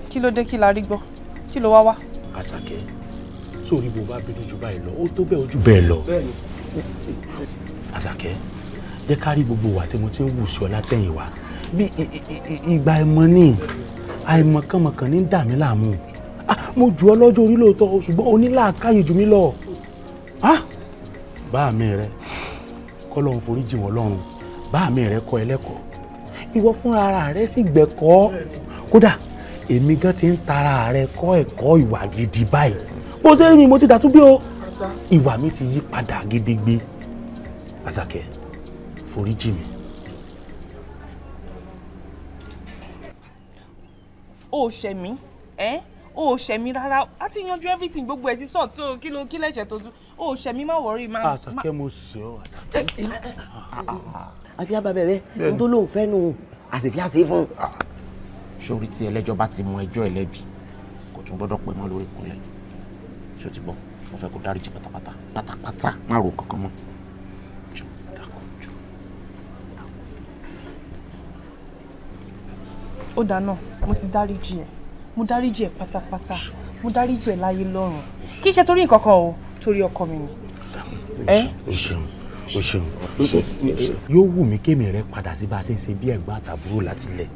kí ló dé kí la rí gbọ́ kí ló wá wá. Àṣàkẹ́ sórí bó bá bínú jù báyìí lọ ó tó bẹ́ẹ̀ ojú bẹ́ẹ̀ lọ. Àṣàkẹ́ jẹ́ ká rí gbogbo wa tí mo ti ń wù sí ọ látẹ̀yìnwá bí ìgbà ẹ̀mọ́ ní àìmọ̀kànmọ̀kàn ní dà mí ah, mo jù ọ lọ́jọ́ orí lóòótọ́ ṣùgbọ́n onílàákàyè jù mí lọ. Ah! bá mi rẹ kọ́lọ́hún foríjì wọ́n lọ́rùn bá mi rẹ kọ́ ẹlẹ́kọ̀ọ́ ìwọ fúnra rẹ sì gbẹ̀kọ́ kódà èmi gan ti ń tara rẹ kọ́ ẹ̀kọ́ ìwà gidi báyìí bó ṣe rí mi mo ti dàtú bí o ìwà mi ti yí padà gidigbe Àṣàkẹ́ foríjì mi. o ò ṣẹ̀ mí ẹ́ o ò ṣẹ̀ mí rárá a ti yanjú everything gbogbo ẹ̀ ti sọ̀ tó kí ló kí lẹ̀ṣẹ̀ tó dùn o ṣe mi má wọrí má. àṣàkẹ́ mo sì ọ́ àṣàkẹ́. Eh, eh, eh, ah, ah, ah. àfi abàbẹ̀ rẹ n tó lóun fẹ́ nu àṣèfi àṣe fún. sórí tí ẹlẹ́jọ́ bá ti mọ ẹjọ́ ẹlẹ́bi kò tún gbọ́dọ̀ pẹ́ mọ́ lórí ìpínlẹ̀ ṣó ti bọ̀ mo fẹ́ kó dáríjì pátápátá pátápátá má ro kankan mọ́. ó dáná mo ti dáríjì ẹ mo dáríjì ẹ pátápátá mo dáríjì ẹ láyé lọ́run kì í ṣe torí nǹkan kan o torí ọkọ mi ni. o ṣeun o ṣeun yóò wù mí kémi rẹ padà sí bá a ṣe ń ṣe bí ẹ̀gbọ́n àtàbúrò láti lẹ̀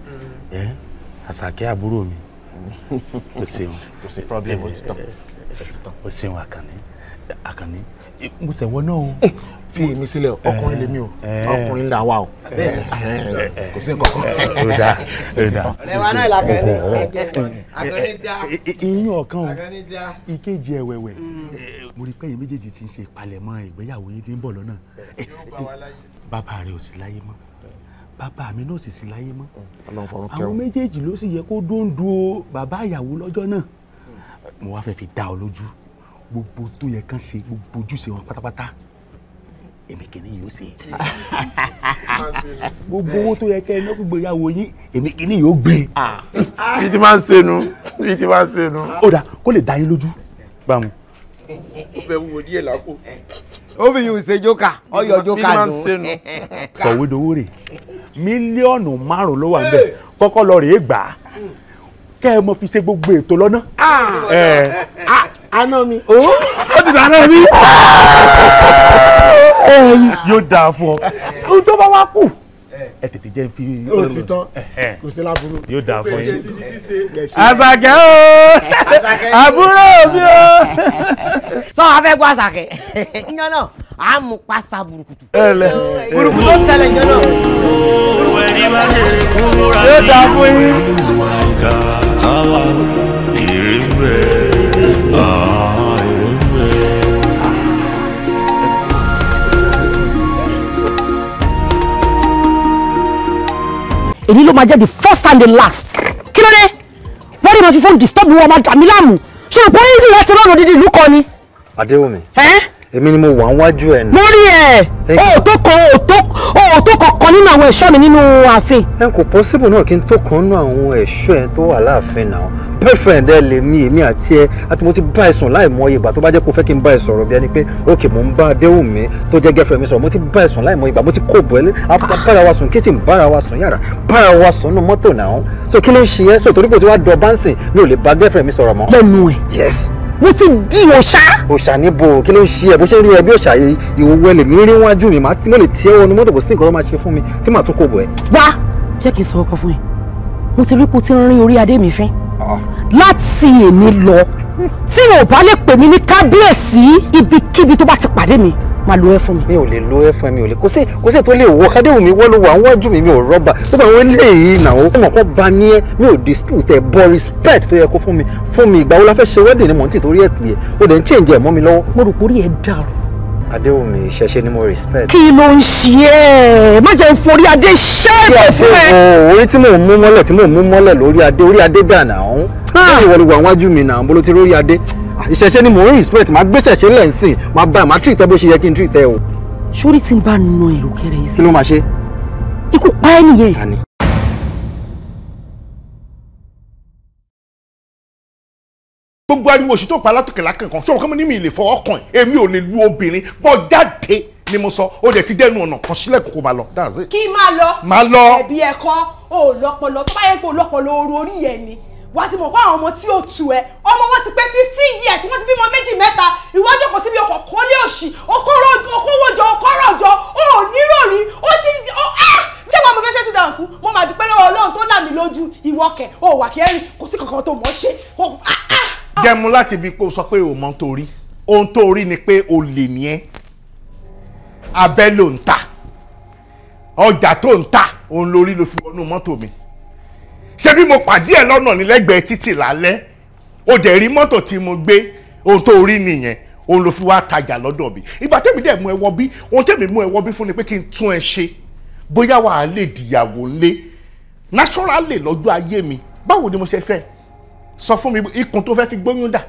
àṣàkẹ́ àbúrò mi o ṣeun kò problem o ti tán o ṣeun àkànní àkànní mo ṣẹ̀wọ́ náà o fi èmi sílẹ̀ ọkùnrin lèmi o eh. ọkùnrin là wà o eh, kò sí nǹkan kan. o eh, da o da ọ̀rẹ́wà náà la kẹ́ni akẹ́nìtíà. iyín ọ̀kan o ìkejì ẹ̀wẹ̀wẹ̀ mm. mo rí pẹ́yìn méjèèjì ti ń ṣe ìpalẹ̀mọ́ ìgbéyàwó yìí ti ń bọ̀ lọ́nà bàbá rẹ̀ ò sí láyé mọ́ bàbá mi náà sì sí láyé mọ́ mm, àwọn méjèèjì ló sì yẹ kó dóńdó bàbá ìyàwó lọ́jọ́ náà mm. mo wá fẹ́ fi dá ọ lójú gbogbo tó yẹ kán ṣe gbogbo ojúṣe wọn pátápátá èmi kìíní yóò ṣe gbogbo owó tó yẹ kẹ́ ẹ náà fún gbéyàwó yín èmi kìíní yóò gbé. Ah. bí ti máa ń ṣe nu bí ti máa ń ṣe nu. ó dà kó lè dá yín lójú bámu. ó fẹ́ wúwo díẹ̀ lápò. ó fi yóò ṣe jókà ọyọ jókà dùn. sọ̀wédowó rè mílíọ̀nù márùn-ún ló wà ń bẹ̀ eh. kọ́kọ́ lọ rèé gbà á kẹ́ ẹ mọ fi ṣe gbogbo ètò lọ́nà. àná ah. eh. ah, mi. Oh, ó ti dáná mi yóò dáa fún ọ ohun tó bá wá kù ẹ tètè jẹ́ fi. o ti tán kò sí láburú. yóò dáa fún yín. àṣàkẹ́ o àbúrò mi o. sọ wàá fẹ́ gbọ́ àṣàkẹ́ ǹjọ́ náà a mú pàṣà burúkutu. burúkutu tó ṣẹlẹ̀ ǹjọ́ náà. yóò dáa fún yín. èyí ló máa jẹ́ the first and the last kí ló dé wọ́n dé máa fi fóònù disturb wọn máa dà mí láàmú ṣé o pọ́n yín sì lọ́sẹ̀ lọ́rùn dídì ìlú kan ni. Adéwùmí. ẹ́ èmi ni mo wà níwájú ẹ̀ nù. mo rí ẹ o tó kan o tó o tó kankan nínú àwọn ẹ̀ṣọ́ mi nínú ààfin. ẹ kò possible náà kí n tó kan nínú àwọn ẹ̀ṣọ́ ẹ tó wà láàfin náà boyfriend ẹ lè mi èmi àti ẹ àti mo ti bá ẹ sùn láì mọ ìgbà tó bá jẹ́ pé o fẹ́ kí n bá ẹ sọ̀rọ̀ bí ẹni pé okay mo ń bá Adéwùmí tó jẹ́ girlfriend mi sọ̀rọ̀ mo ti bá ẹ sùn láì mọ ìgbà mo ti kó bọ̀ ẹ́ bára wa sùn kitchen bára wa sùn yàrá bára wa sùn nù mọ́tò náà so kí ló ń ṣe ẹ́ so torí pé o ti wá dọ̀ báńsì mi ò lè bá girlfriend mi sọ̀rọ̀ mọ́. lẹ́nu ẹ̀. yes mo ti di òṣà. òṣà níbo kí ló ń ṣe ẹ bó ṣe ń rí ẹ bí òṣà yìí ìwòwò ẹlẹ́mí rí wájú mi màá tí mo lè tiẹ́ wọnú mọ́tò bó sí nǹkan tó máa ṣe fún mi tí màá tó kò bọ̀ ẹ́. wá jẹ́ kí n sọ ọkọ fún ẹ mo ti rí kó tí ń rí orí adé mi fín ah. láti èmi lọ tí o bá lè pè mí ní kábíyèsí ibikíbi tó bá ti pàdé mi máa lo ẹ fún mi. mi ò lè lo ẹ fún mi ò lè kò sí kò sí ètò ilé ìwọ kádéwù mi wọ́n ló wà wọ́n jù mí mi ò rọ́bà gbogbo àwọn eléyìí ìnáwó ọmọ kan bá ní ẹ mi ò dispute ẹ bọ respect tó yẹ kó fún mi fún mi ìgbà wo la fẹ́ ṣe wedding ni mò ń tì torí ẹ̀ pè é o dẹ̀ ń change ẹ̀ mọ́ mi lọ́wọ́. mo rò pé orí ẹ dàrú Adéwùmí ṣẹṣẹ ni mo respect. kí ló ń ṣe ẹ́ má jẹ́ forí adé ṣe é pẹ̀ fún ẹ. orí tí mò ń mú mọ́lẹ̀ tí mò ń mú mọ́lẹ̀ lórí adé orí adé dànà ọ̀hún. Ah. lórí ìwọlùwọ̀ àwọn ajú mi náà bolo ti lórí adé. ìṣẹ̀ṣẹ̀ ni mò ń respect máa gbé ṣẹ̀ṣẹ̀ lẹ́ǹsìn máa bá máa tírì tẹ́ bó ṣe yẹ kí n tírì tẹ́ o. sórí tí ń bá nu èrò kẹrẹ yìí kí ló máa ṣe. ikú pa ẹ́ nìyẹn. gbogbo ariwo òsì tó pa látòkè lákànkàn ṣé òkè mi ní mi lè fọwọ́ kàn èmi ò lè lu obìnrin bọ́ jáde ni mo sọ ó dẹ̀ ti dẹnu ọ̀nà kan sílẹ̀ kókó máa lọ that's it. kí máa lọ máa lọ ẹ̀bí ẹ̀kọ́ ò tó bá yẹ kó lọ́pọlọ oru orí yẹn ni wà á mọ̀ pé àwọn ọmọ tí ò tu ẹ ọmọ wọn ti pé fifteen years wọ́n ti bímọ méjì mẹ́ta ìwájú ọkọ̀ síbi ọkọ̀ kọ́lé òsì okòwòjọ okòròjọ ò nírọ̀rí ó ti ṣé ah! wọn mo fẹ́ ṣètò dáhùn fún mo máa dúpẹ́ lọ́wọ́ Ọlọ́run tó là mí lójú ìwọ́kẹ̀ ò wà kẹ́rin kò sí kankan tó mọ̀ ṣe ah, ah! jẹ́mu láti ibi pé o sọ pé o mọ̀ torí ohun tó rí ni pé o lè ní ẹ́ abẹ́ ló ń ta ọjà tó ń ta òun lórí ló fi wọnú mọ́tò mi ṣé bí mo pàdé ẹ̀ lọ́nà nílẹ́gbẹ̀ẹ́ títì lálẹ́ o dẹ̀ rí mọ́tò tí mo gbé ohun tó rí nìyẹn òun ló fi wá tajà lọ́dọ̀ mi ìgbà tẹ́mi dẹ̀ mú ẹ wọ bí ohun tẹ́mi mú ẹ wọ bí fún ni pé kí n tún ẹ ṣe bóyá wàá lè dìyàwó ńlé naturally lọ́jọ́ ayé mi báwo ni mo ṣe fẹ́ sọ fún mi ikùn tó fẹ́ fi gbóyún dà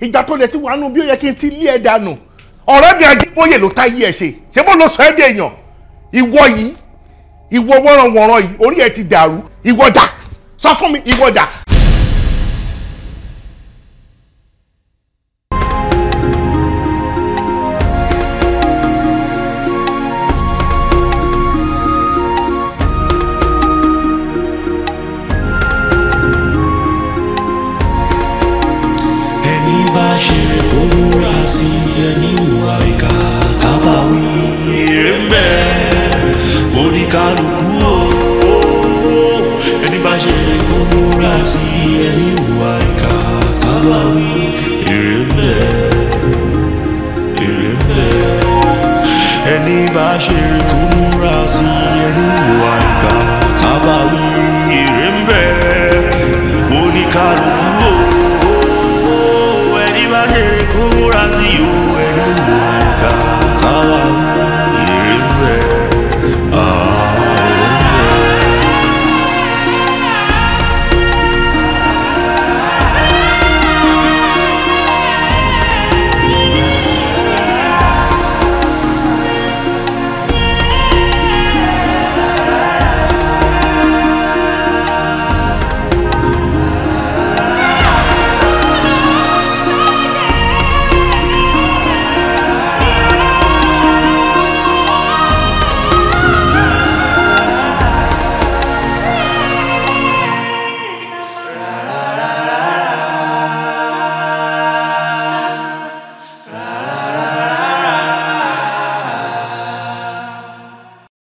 ìgbà tó lè ti wà nù bí ó yẹ kí n ti lé ẹ dànù ọ̀rẹ́ mi Ajíbóyè ló ta yí ẹ ṣe ṣé bó ló sọ ẹ́ dé èèyàn ìwọ yìí ìwọ wọ́ranwọ̀ran yìí orí ẹ ti dàrú ìwọ dà sọ fún mi ìwọ dà. ṣe kó múra sí ẹni ìwà ìka kábàáwí èrè ń bẹ èrè ń bẹ bá ṣe kó múra sí ẹni ìwà ìka.